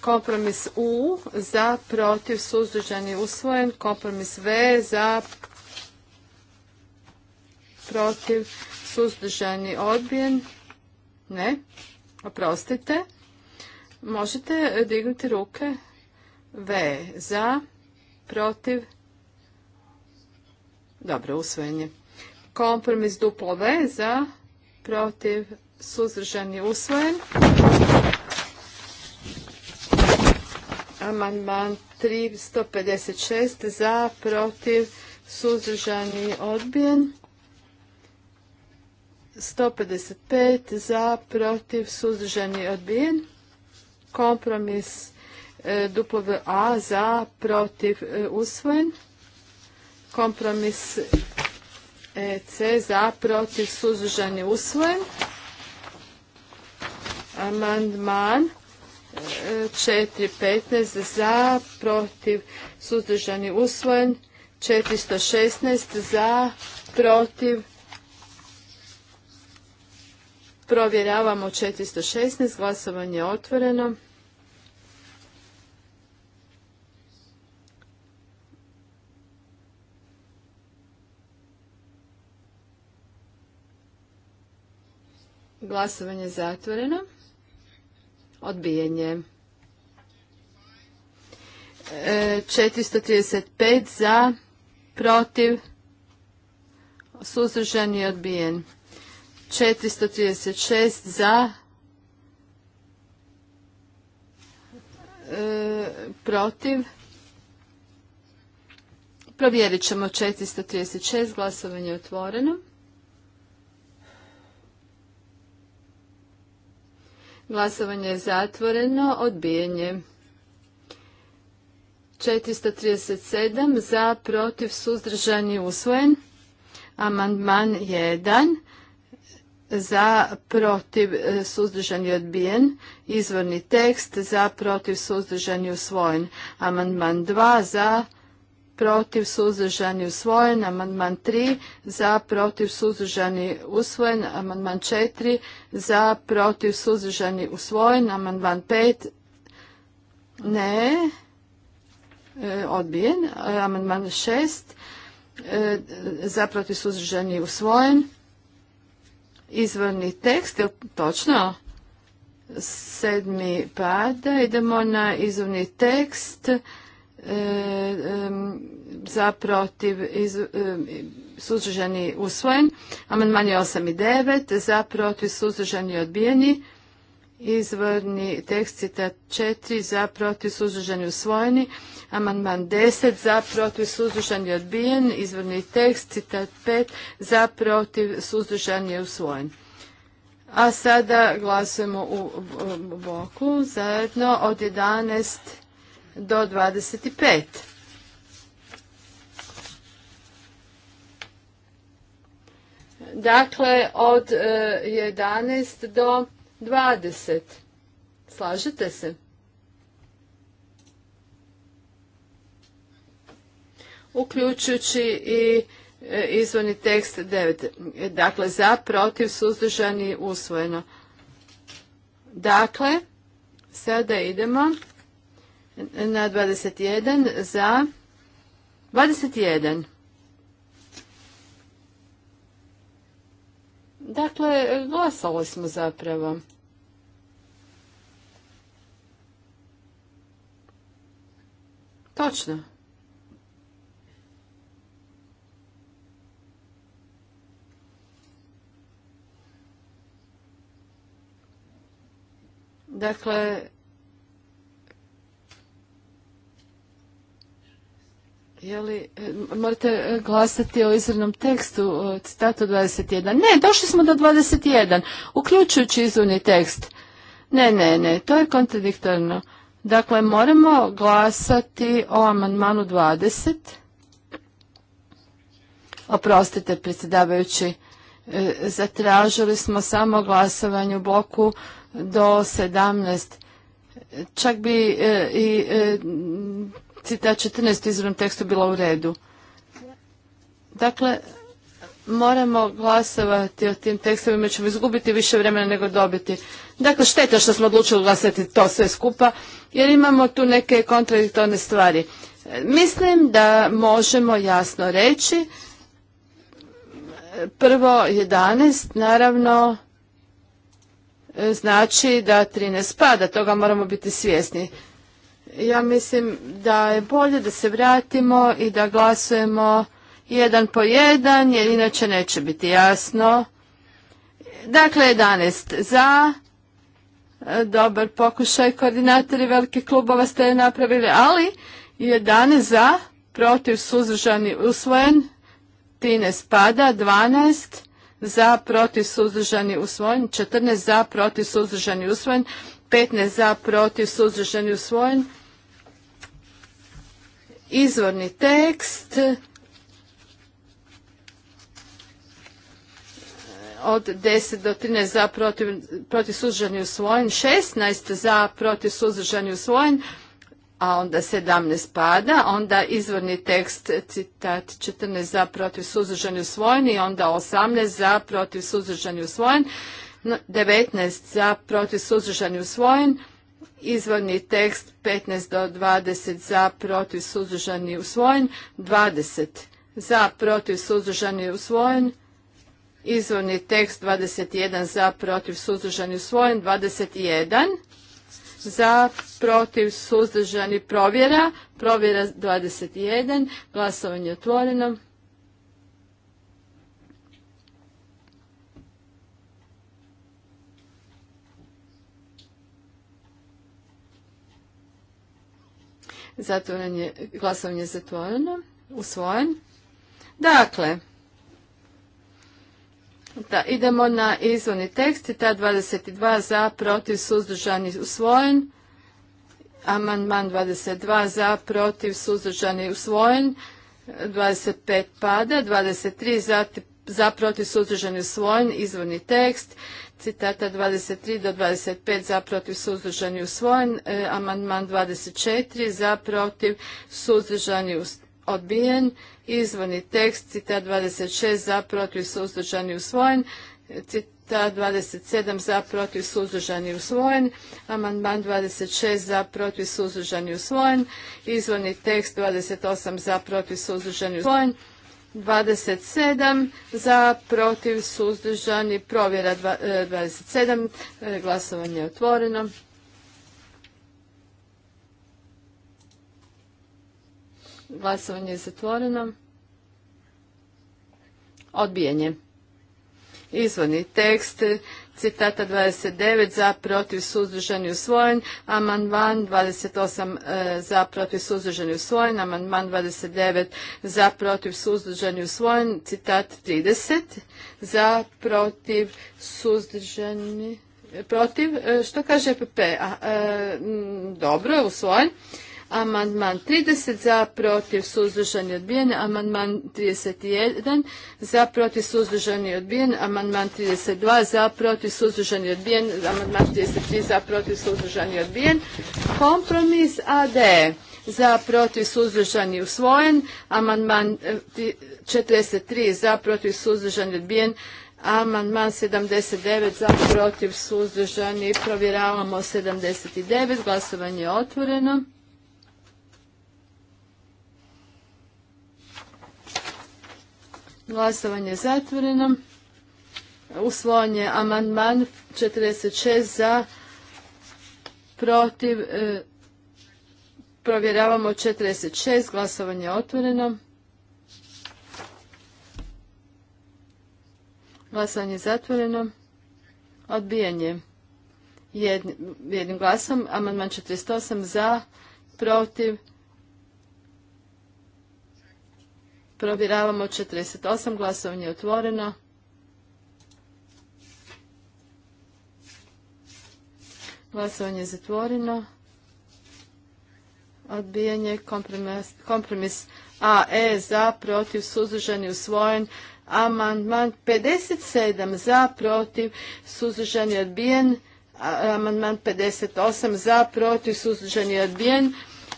Kompromis U za, protiv, suzdržani usvojen. Kompromis V za, protiv, suzdržani odbijen. Ne, oprostite. Možete dignuti ruke. V za, protiv, dobro, je. Kompromis duplo V za, protiv, suzdržani usvojen. Amandman 356 za, protiv, suzdržan je odbijen. 155 za, protiv, suzdržani odbijen. Kompromis e, duplo A za, protiv, e, usvojen. Kompromis EC za protiv suzdržani usvojen. Amandman 4.15 za protiv suzdržani usvojen. 416 za protiv Provjeravamo 416, glasovanje je otvoreno. Glasovanje zatvoreno. Odbijenje. 435 e, za, protiv, suzržan i odbijen. 436 za, e, protiv. Provjerit ćemo 436, glasovanje je otvoreno. Glasovanje je zatvoreno. Odbijenje. 437 za, protiv, suzdržani, usvojen. Amandman 1 za, protiv, suzdržani, odbijen. Izvorni tekst za, protiv, suzdržani, usvojen. Amandman 2 za, protiv suzdržani usvojen, amandman 3 za protiv suzdržani usvojen, amandman 4 za protiv suzdržani usvojen, amandman 5 ne, e, odbijen, e, amandman 6 e, za protiv suzdržani usvojen, izvorni tekst, je točno? Sedmi pada, idemo na izvorni tekst. E, e, za protiv e, suzdržani usvojen. Amandman je 8 i 9 za protiv suzdržani odbijeni. Izvorni tekst citat 4 za protiv suzdržani usvojeni. Amandman 10 za protiv suzdržani odbijen. Izvorni tekst citat 5 za protiv suzdržani usvojen. A sada glasujemo u boku. zajedno od 11 do 25. Dakle, od 11 e, do 20. Slažete se? Uključujući i e, izvodni tekst 9. Dakle, za, protiv, suzdržani, usvojeno. Dakle, sada idemo na 21 za 21. Dakle, glasali smo zapravo. Točno. Dakle, Je li, e, morate e, glasati o izvrnom tekstu, citatu 21. Ne, došli smo do 21, uključujući izvorni tekst. Ne, ne, ne, to je kontradiktorno. Dakle, moramo glasati o amandmanu 20. Oprostite, predsjedavajući, e, zatražili smo samo glasovanje u bloku do 17. Čak bi i cita 14 izvornom tekstu bila u redu. Dakle, moramo glasovati o tim tekstovima, ćemo izgubiti više vremena nego dobiti. Dakle, šteta što smo odlučili glasati to sve skupa, jer imamo tu neke kontradiktorne stvari. Mislim da možemo jasno reći, prvo 11, naravno, e, znači da 13 pada, toga moramo biti svjesni. Ja mislim da je bolje da se vratimo i da glasujemo jedan po jedan, jer inače neće biti jasno. Dakle, 11 za, e, dobar pokušaj koordinatori velikih klubova ste napravili, ali 11 za, protiv suzdržani usvojen, 13 pada, 12 za, protiv suzdržani usvojen, 14 za, protiv suzdržani usvojen, 15 za, protiv suzdržani usvojen, izvorni tekst od 10 do 13 za protiv, protiv suzdržani usvojen, 16 za protiv suzdržani usvojen, a onda 17 pada, onda izvorni tekst citat 14 za protiv suzdržani usvojen i onda 18 za protiv suzdržani usvojen, 19 za protiv suzdržani usvojen, izvorni tekst 15 do 20 za protiv suzdržani usvojen, 20 za protiv suzdržani usvojen, izvorni tekst 21 za protiv suzdržani usvojen, 21 za protiv suzdržani provjera, provjera 21, glasovanje otvoreno. je, glasovanje je zatvoreno, usvojen. Dakle, da, idemo na izvorni tekst i ta 22 za, protiv, suzdržani, usvojen. Amandman 22 za, protiv, suzdržani, usvojen. 25 pada, 23 za, za protiv, suzdržani, usvojen. Izvorni tekst, citata 23 do 25 e, za protiv suzdržani usvojen, amandman amandman 24 za protiv suzdržani odbijen, izvorni tekst citat 26 za protiv suzdržani usvojen, citat 27 za protiv suzdržani usvojen, amandman 26 za protiv suzdržani usvojen, izvorni tekst 28 za protiv suzdržani usvojen, 27 za, protiv, suzdržani, provjera 27, e, e, glasovanje je otvoreno. Glasovanje je zatvoreno. Odbijanje. je. Izvorni tekst citata 29 za protiv suzdržani usvojen, amandman 28 e, za protiv suzdržani usvojen, amandman 29 za protiv suzdržani usvojen, citat 30 za protiv suzdržani e, protiv, e, što kaže PP? A, a, dobro, usvojen. Amandman 30 za protiv suzdržani odbijen. Amandman 31 za protiv suzdržani odbijen. Amandman 32 za protiv suzdržani odbijen. Amandman 33 za protiv suzdržani odbijen. Kompromis AD za protiv suzdržani usvojen. Amandman 43 za protiv suzdržani odbijen. Amandman 79 za protiv suzdržani. Provjeravamo 79. Glasovanje je otvoreno. Glasovanje je zatvoreno. Usvojen je amandman 46 za, protiv, e, provjeravamo 46, glasovanje je otvoreno. Glasovanje je zatvoreno. Odbijanje jednim glasom. Amandman 48 za, protiv, Provjeravamo 48. Glasovanje je otvoreno. Glasovanje je zatvoreno. Odbijanje kompromis, kompromis A, e, za, protiv, suzdržani, usvojen. Amandman 57 za, protiv, suzdržani, odbijen. Amandman 58 za, protiv, suzdržani, odbijen.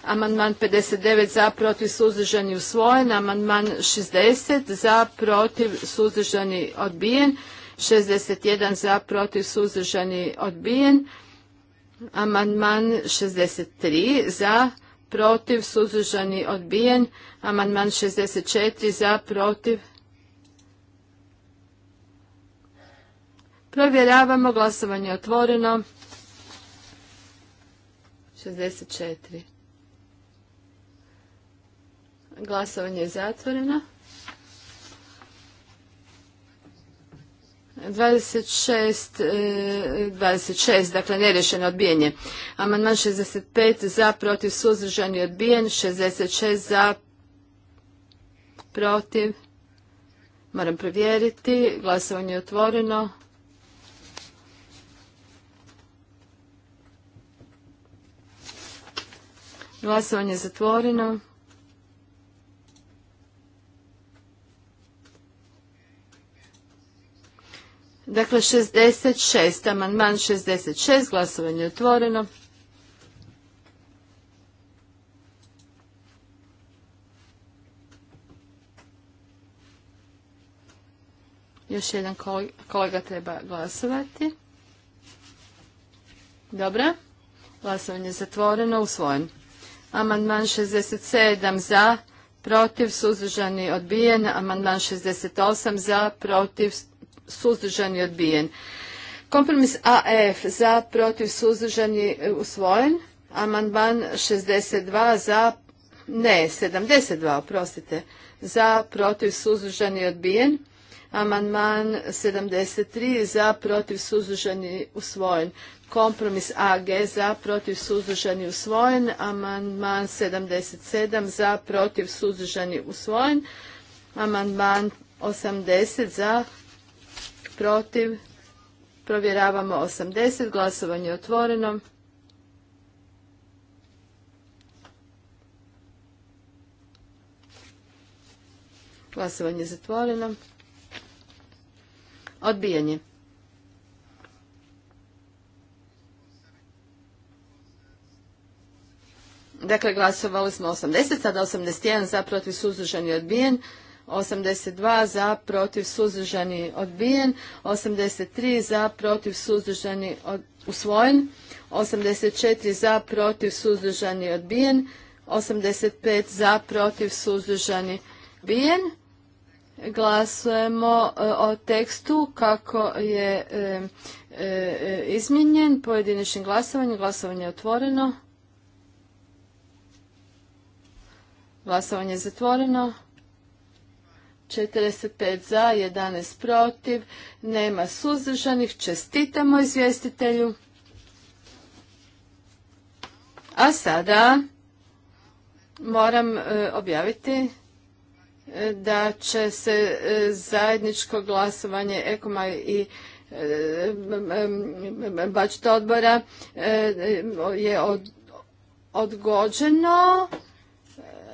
Amandman 59 za, protiv, suzdržani, usvojen. Amandman 60 za, protiv, suzdržani, odbijen. 61 za, protiv, suzdržani, odbijen. Amandman 63 za, protiv, suzdržani, odbijen. Amandman 64 za, protiv. Provjeravamo, glasovanje je otvoreno. 64. Glasovanje je zatvoreno. 26, e, dakle nerješeno odbijenje. Amandman 65 za, protiv, suzdržan je odbijen. 66 za, protiv. Moram provjeriti. Glasovanje je otvoreno. Glasovanje je zatvoreno. Dakle, 66, amandman 66, glasovanje je otvoreno. Još jedan kolega treba glasovati. Dobro. Glasovanje je zatvoreno, usvojen. Amandman 67 za, protiv, suzdržani, odbijen. Amandman 68 za, protiv, suzdržani odbijen. Kompromis AF za protiv suzdržani e, usvojen. Amandman 62 za, ne, 72, oprostite, za protiv suzdržani odbijen. Amandman 73 za protiv suzdržani usvojen. Kompromis AG za protiv suzdržani usvojen. Amandman 77 za protiv suzdržani usvojen. Amandman 80 za protiv, provjeravamo 80, glasovanje je otvoreno. Glasovanje je zatvoreno. Odbijanje. Dakle, glasovali smo 80, sada 81 za protiv suzdržan i odbijen. 82 za, protiv, suzdržani, odbijen. 83 za, protiv, suzdržani, usvojen. 84 za, protiv, suzdržani, odbijen. 85 za, protiv, suzdržani, odbijen. Glasujemo e, o tekstu kako je izmjenjen, pojedinečnim izmijenjen glasovanjem. Glasovanje je otvoreno. Glasovanje je zatvoreno. 45 za, 11 protiv, nema suzdržanih. Čestitamo izvjestitelju. A sada moram e, objaviti e, da će se e, zajedničko glasovanje Ekoma i Bačta odbora je odgođeno.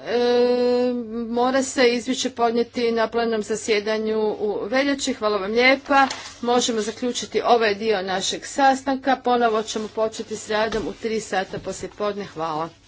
E, mora se izvješće podnijeti na plenom zasjedanju u veljači. Hvala vam lijepa. Možemo zaključiti ovaj dio našeg sastanka. Ponovo ćemo početi s radom u 3 sata poslije podne. Hvala.